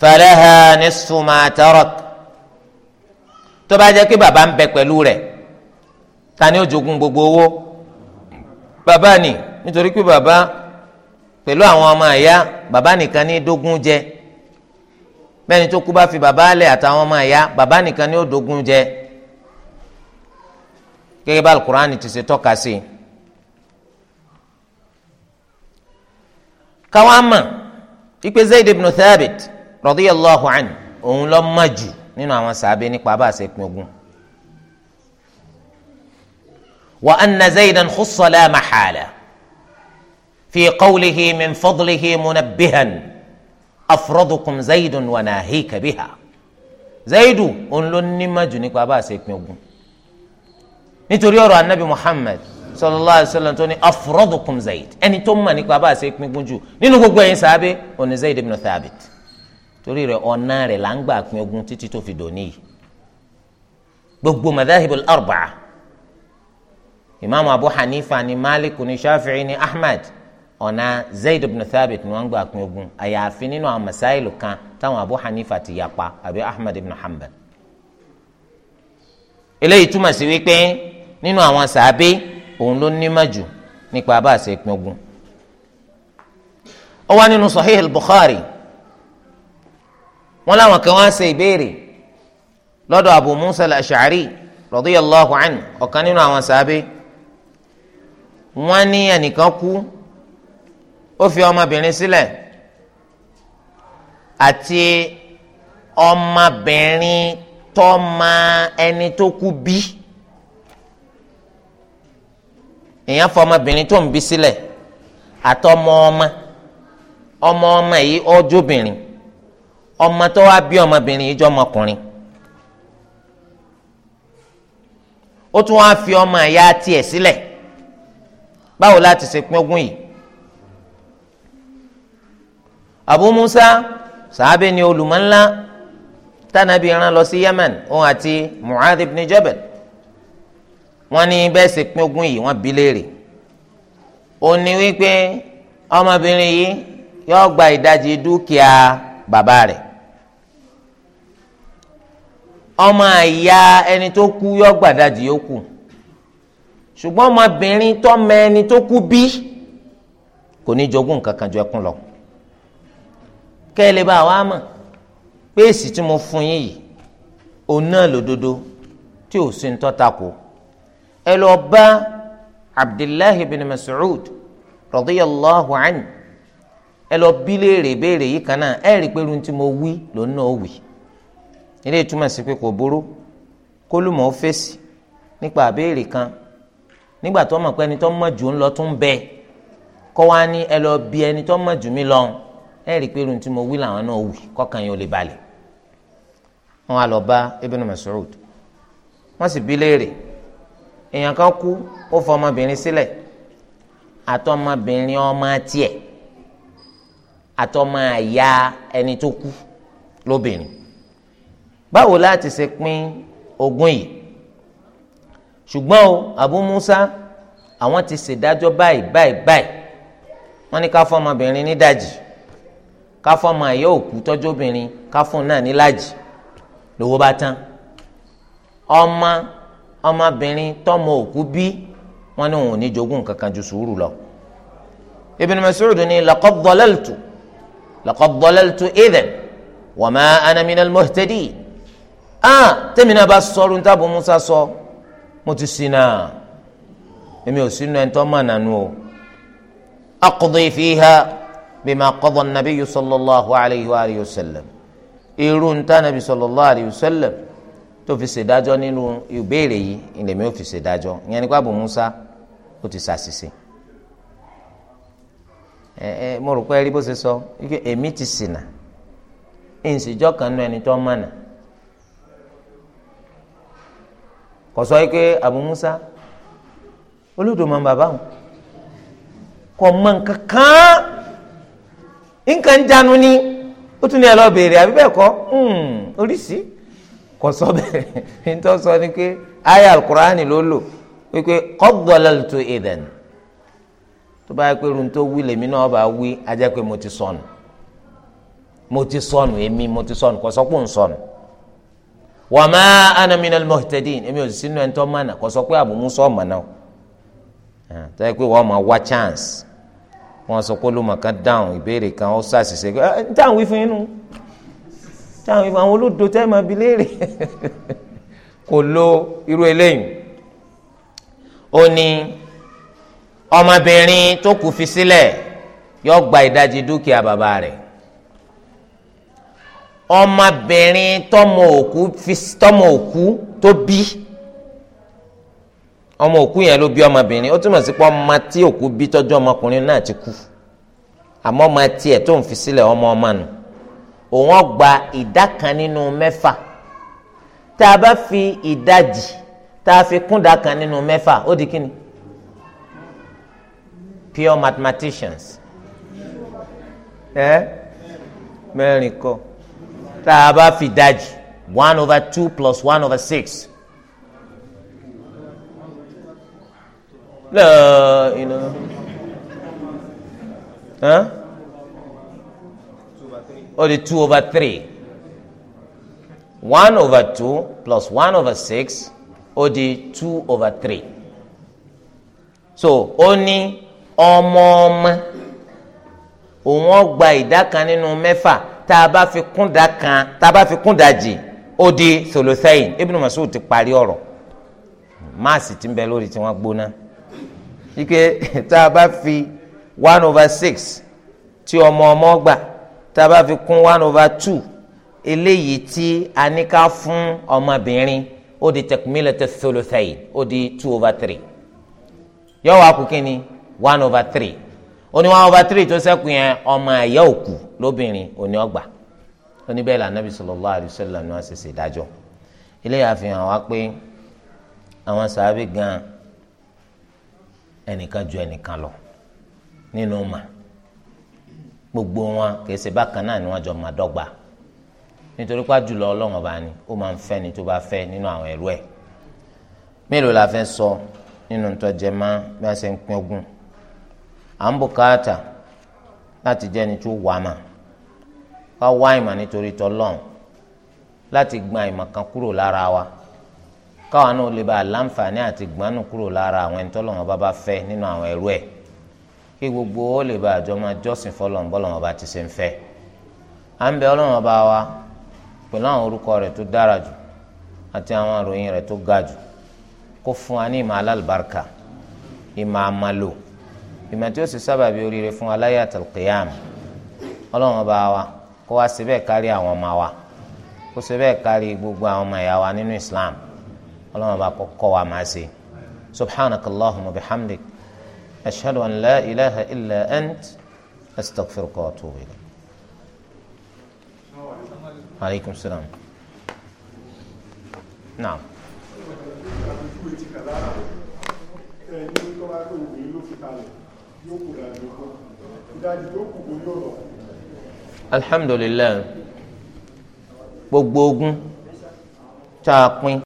falaha nisfu ma tarak tó bá jẹ́ pé bàbá ń bẹ pẹ̀lú rẹ̀ ta ni ó jogún gbogbo owó bàbá ni nítorí pé bàbá pẹ̀lú àwọn ọmọ àyà bàbá nìkan ní dógún jẹ bẹ́ẹ̀ni tó kú bá fi bàbá lẹ̀ àtàwọn ọmọ àyà bàbá nìkan ní ó dógún jẹ gẹ́gẹ́ bá alukuraani ti ṣe tọ́ka sí i. káwọn á mọ̀ ikpe Zayd ibn Thabit radiyallahu anhu òun ló mọ̀ jù nínú àwọn sàábé nípa bá a ṣe pín ogún. wa anna zaydan khussa la mahala fi qawlihi min fadlihi munabbihan afradukum zaydun wa nahika biha zayidu òun ló ní mọ̀ jù nípa bá a ṣe pín ogún. nítorí ọ̀rọ̀ anabi muhammad sallallahu alayhi tó ní afradukum zayid ẹni tó mọ̀ nípa bá a ṣe pín ogún jù nínú gbogbo ẹ̀yin sàábé òun ni zayid ibn thabit torí rẹ̀ ọ̀nà rẹ̀ là ń gbà pín ogún títí tó fi dòní yìí gbogbo madahibul arba'a imaamu abu hanifa ni malik ni shafi'i ni ahmad ọ̀nà zayd ibn thabit ni wọ́n ń gbà pín ogún àyàfi nínú àwọn masáìlù kan táwọn abu hanifa ti yapa àbí ahmad ibn hanbal eléyìí túmọ̀ sí wípé nínú àwọn sàábé òun ló ní màjù nípa bá pín ogún ó wà nínú sahih al-bukhari. wọn làwọn kan wá ṣe ìbéèrè lọ́dọ̀ abu musa al-ash'ari radiyallahu anhu ọ̀kan nínú àwọn sábẹ́ wọn ní ẹnìkan kú ó fi ọmọbìnrin sílẹ̀ àti ọmọbìnrin tọ́mọ ẹni tó kú bí èèyàn fọmọbìnrin tó ń bí sílẹ̀ àtọmọ ọmọ ọmọ ọmọ yìí ọjọ́bìnrin. ọmọ tó wá bí ọmọbìnrin yìí jọ ọmọkùnrin ó tún wá fi ọmọ ìyá tiẹ̀ sílẹ̀ báwo láti ṣe pín ogún yìí Abu Musa sàábẹ ni olùmọ̀ńlá tánàbí rán lọ sí Yemen òun àti Mu'adh ibn Jabal wọ́n ní bẹ́ẹ̀ ṣe pín ogún yìí wọ́n bi léèrè ó ní wípé ọmọbìnrin yìí yóò gba ìdajì dúkìá bàbá rẹ̀ ọmọ àyà ẹni tó kú yọ gbàdájì yòókù ṣùgbọ́n ọmọbìnrin tọ́mọ ẹni tó kú bí kò ní jogún kankan ju ẹkún lọ kẹ́lẹ́ bá wa mọ̀ pé èsì tí mo fún yín yìí òun náà lòdodo tí ò sí ń tọ́ta kó ẹ lọ bá Abdullahi bin Mas'ud radiyallahu anhu ẹ lọ bí léèrè béèrè yìí kan náà ẹ rí i pé irun tí mo wí lòun náà wí ilé ìtumọ̀ sí pé kò burú kólùmọ̀ ó fèsì nípa àbẹ́ẹ̀rẹ̀ kan nígbà tó mọ̀ pé ẹni tó mọ̀ jù ń lọ tún bẹ kọ́ wa ní ẹ lọ bí ẹni tó mọ̀ jù mí lọ ẹ rí i pé irun tí mo wí làwọn náà wì kọ́kàn yín ò lè balẹ̀ wọn á lọ bá Ibn Mas'ud wọn sì bí léèrè èèyàn kan kú ó fọ ọmọbìnrin sílẹ̀ àtọmọbìnrin ọmọ tiẹ̀ àtọmọ àyà ẹni tó kú lóbìnrin báwo láti ṣe pín ogún yìí ṣùgbọ́n o Abu Musa àwọn ti ṣèdájọ́ báyìí báyìí báyìí wọ́n ní ká fọmọbìnrin ní dájì ká fọmọ ẹ̀yọ́ òkú tọ́jú obìnrin ká fún un náà níláàjì lówó bá tán ọmọ ọmọbìnrin tọmọ òkú bí wọ́n ní òun ò ní jogún kankan ju sùúrù lọ Ibn Mas'ud ni laqad dalaltu laqad dalaltu idhan wa ma ana minal ah tẹ́mi náà bá sọ̀rọ̀ musa sọ mo ti sin náà èmi ò sínú ẹni tó mọ̀ nànú o aqdi bima qada an-nabiyyu sallallahu alayhi wa sallam irú níta nàbí sallallahu alayhi wa sallam tó fi ṣèdájọ́ nínú ìbéèrè yìí fi ṣèdájọ́ ìyẹn nípa musa ó ti ṣàṣìṣe ẹ ẹ mo rò pé rí bó ṣe ti kan náà ẹni kò sọ pé Abu Musa olódò máa ń bàbá wọn kò mọ nǹkan kan nǹkan ń jánu ni ó tún ní ẹ lọ béèrè àbí bẹ́ẹ̀ kọ́ hmm, oríṣi kò sọ bẹ́ẹ̀ nítorí sọ ni pé aya alukurani ló lò wípé qaddalaltu idhan tó bá yẹ pé irun tó wí lèmi náà bá wí ajẹ́ pé mo ti sọnù mo ti sọnù èmi mo ti sọnù kò sọ sọnù wa ma ana minal muhtadin èmi ò sì sínú ẹni tó mọ̀nà kò sọ pé Abu Musa mọ̀nà o ah, tó yẹ pé wọ́n máa wá chance wọ́n sọ pé olùmọ̀kan dáhùn ìbéèrè kan ó ṣàṣìṣe ẹ eh, táwọn wí fún inú táwọn wí fún àwọn olódo tẹ́ máa bi léèrè kò lo irú eléyìí ó ní ọmọbìnrin tó kù fi sílẹ̀ yọ gba ìdajì dúkìá bàbá rẹ̀ ọmọbìnrin tọmọ òkú tọmọ òkú tó bí ọmọ òkú yẹn ló bí ọmọbìnrin ó túmọ̀ sí pé ọmọ tí òkú bí tọ́jú ọmọkùnrin náà ti kú àmọ́ ọmọ tiẹ̀ tó ń fi sílẹ̀ ọmọ ọmọ nù òun ọgbà ìdá kan nínú mẹ́fà tá a bá fi ìdajì tá a fi kúndà kan nínú mẹ́fà ó di kíni pure mathematicians ẹ mẹ́rin kọ́ tá a bá fi dájì one over two plus one over six. lọ́ọ̀ iná. ó di two over three one over two plus one over six ó oh, di two over three so ó ní ọmọ ọmọ òun ọgbà ìdá kan nínú mẹ́fà tá a bá fi kún da kan tá a bá fi kún da jì ó di solosayin Ibn Mas'ud ti parí ọ̀rọ̀ máàsì ti ń bẹ lórí tí wọ́n gbóná ike tá a bá fi one over six tí ọmọ ọmọ gbà tá a bá fi kún one over two eléyìí tí a ní ká fún ọmọbìnrin ó di tẹkumílẹtẹ solosayin ó di two over three yọ wá kú kínní one over three ó ní one over three tó sẹ́kù yẹn ọmọ ẹ̀yà òkú lóbìnrin òní ọgbà ó ní bẹ́ẹ̀ là sallallahu alaihi wasallam ni wọ́n ṣe ṣe dájọ́ ilé àfihàn wa pé àwọn sàábì gan ẹnìkan ju ẹnìkan lọ nínú mà gbogbo wọn kì í ṣe bákan náà ni wọ́n jọ máa dọ́gba nítorí pé àjùlọ ọlọ́run ọba ni ó máa ń fẹ́ ni tó bá fẹ́ nínú àwọn ẹ̀rú ẹ̀ mélòó la fẹ́ sọ nínú tó jẹ bí wọ́n ṣe ń pín ogún. à ń bùkátà láti jẹ́ ẹni tó wà mà ká wá ìmọ̀ nítorí tọ́lọ́n láti gba ìmọ̀ kan kúrò lára wa káwọn náà lè ba àlàǹfààní àti gbanú kúrò lára àwọn ẹni tọ́lọ́wọ́n bá bá fẹ́ nínú àwọn ẹrú ẹ̀ kí gbogbo ó lè ba àjọ máa jọ́sìn fọlọ́n ti ṣe ń wa pẹ̀lú àwọn orúkọ rẹ̀ tó dára jù àti àwọn àròyìn rẹ̀ tó ga jù kó fún wa ní ìmọ̀ tí ó sì sábàbí oríire fún aláyé àtàlùkìyàm ọlọ́run ọba wa kó wá síbẹ̀ kárí àwọn ọmọ wa kó síbẹ̀ kárí gbogbo àwọn ọmọ ìyá wa nínú islam ọlọ́run ọba kọ́ wa máa ṣe subhanakallahumma bihamdik ashhadu an la ilaha illa ant astaghfiruka wa atubu ilayk. aleykum salaam. naam ẹni tó tó wù mí ló fi kalẹ̀ yókù làdógún ìdajì tó alhamdulilayi gbogbo ogun tá a pín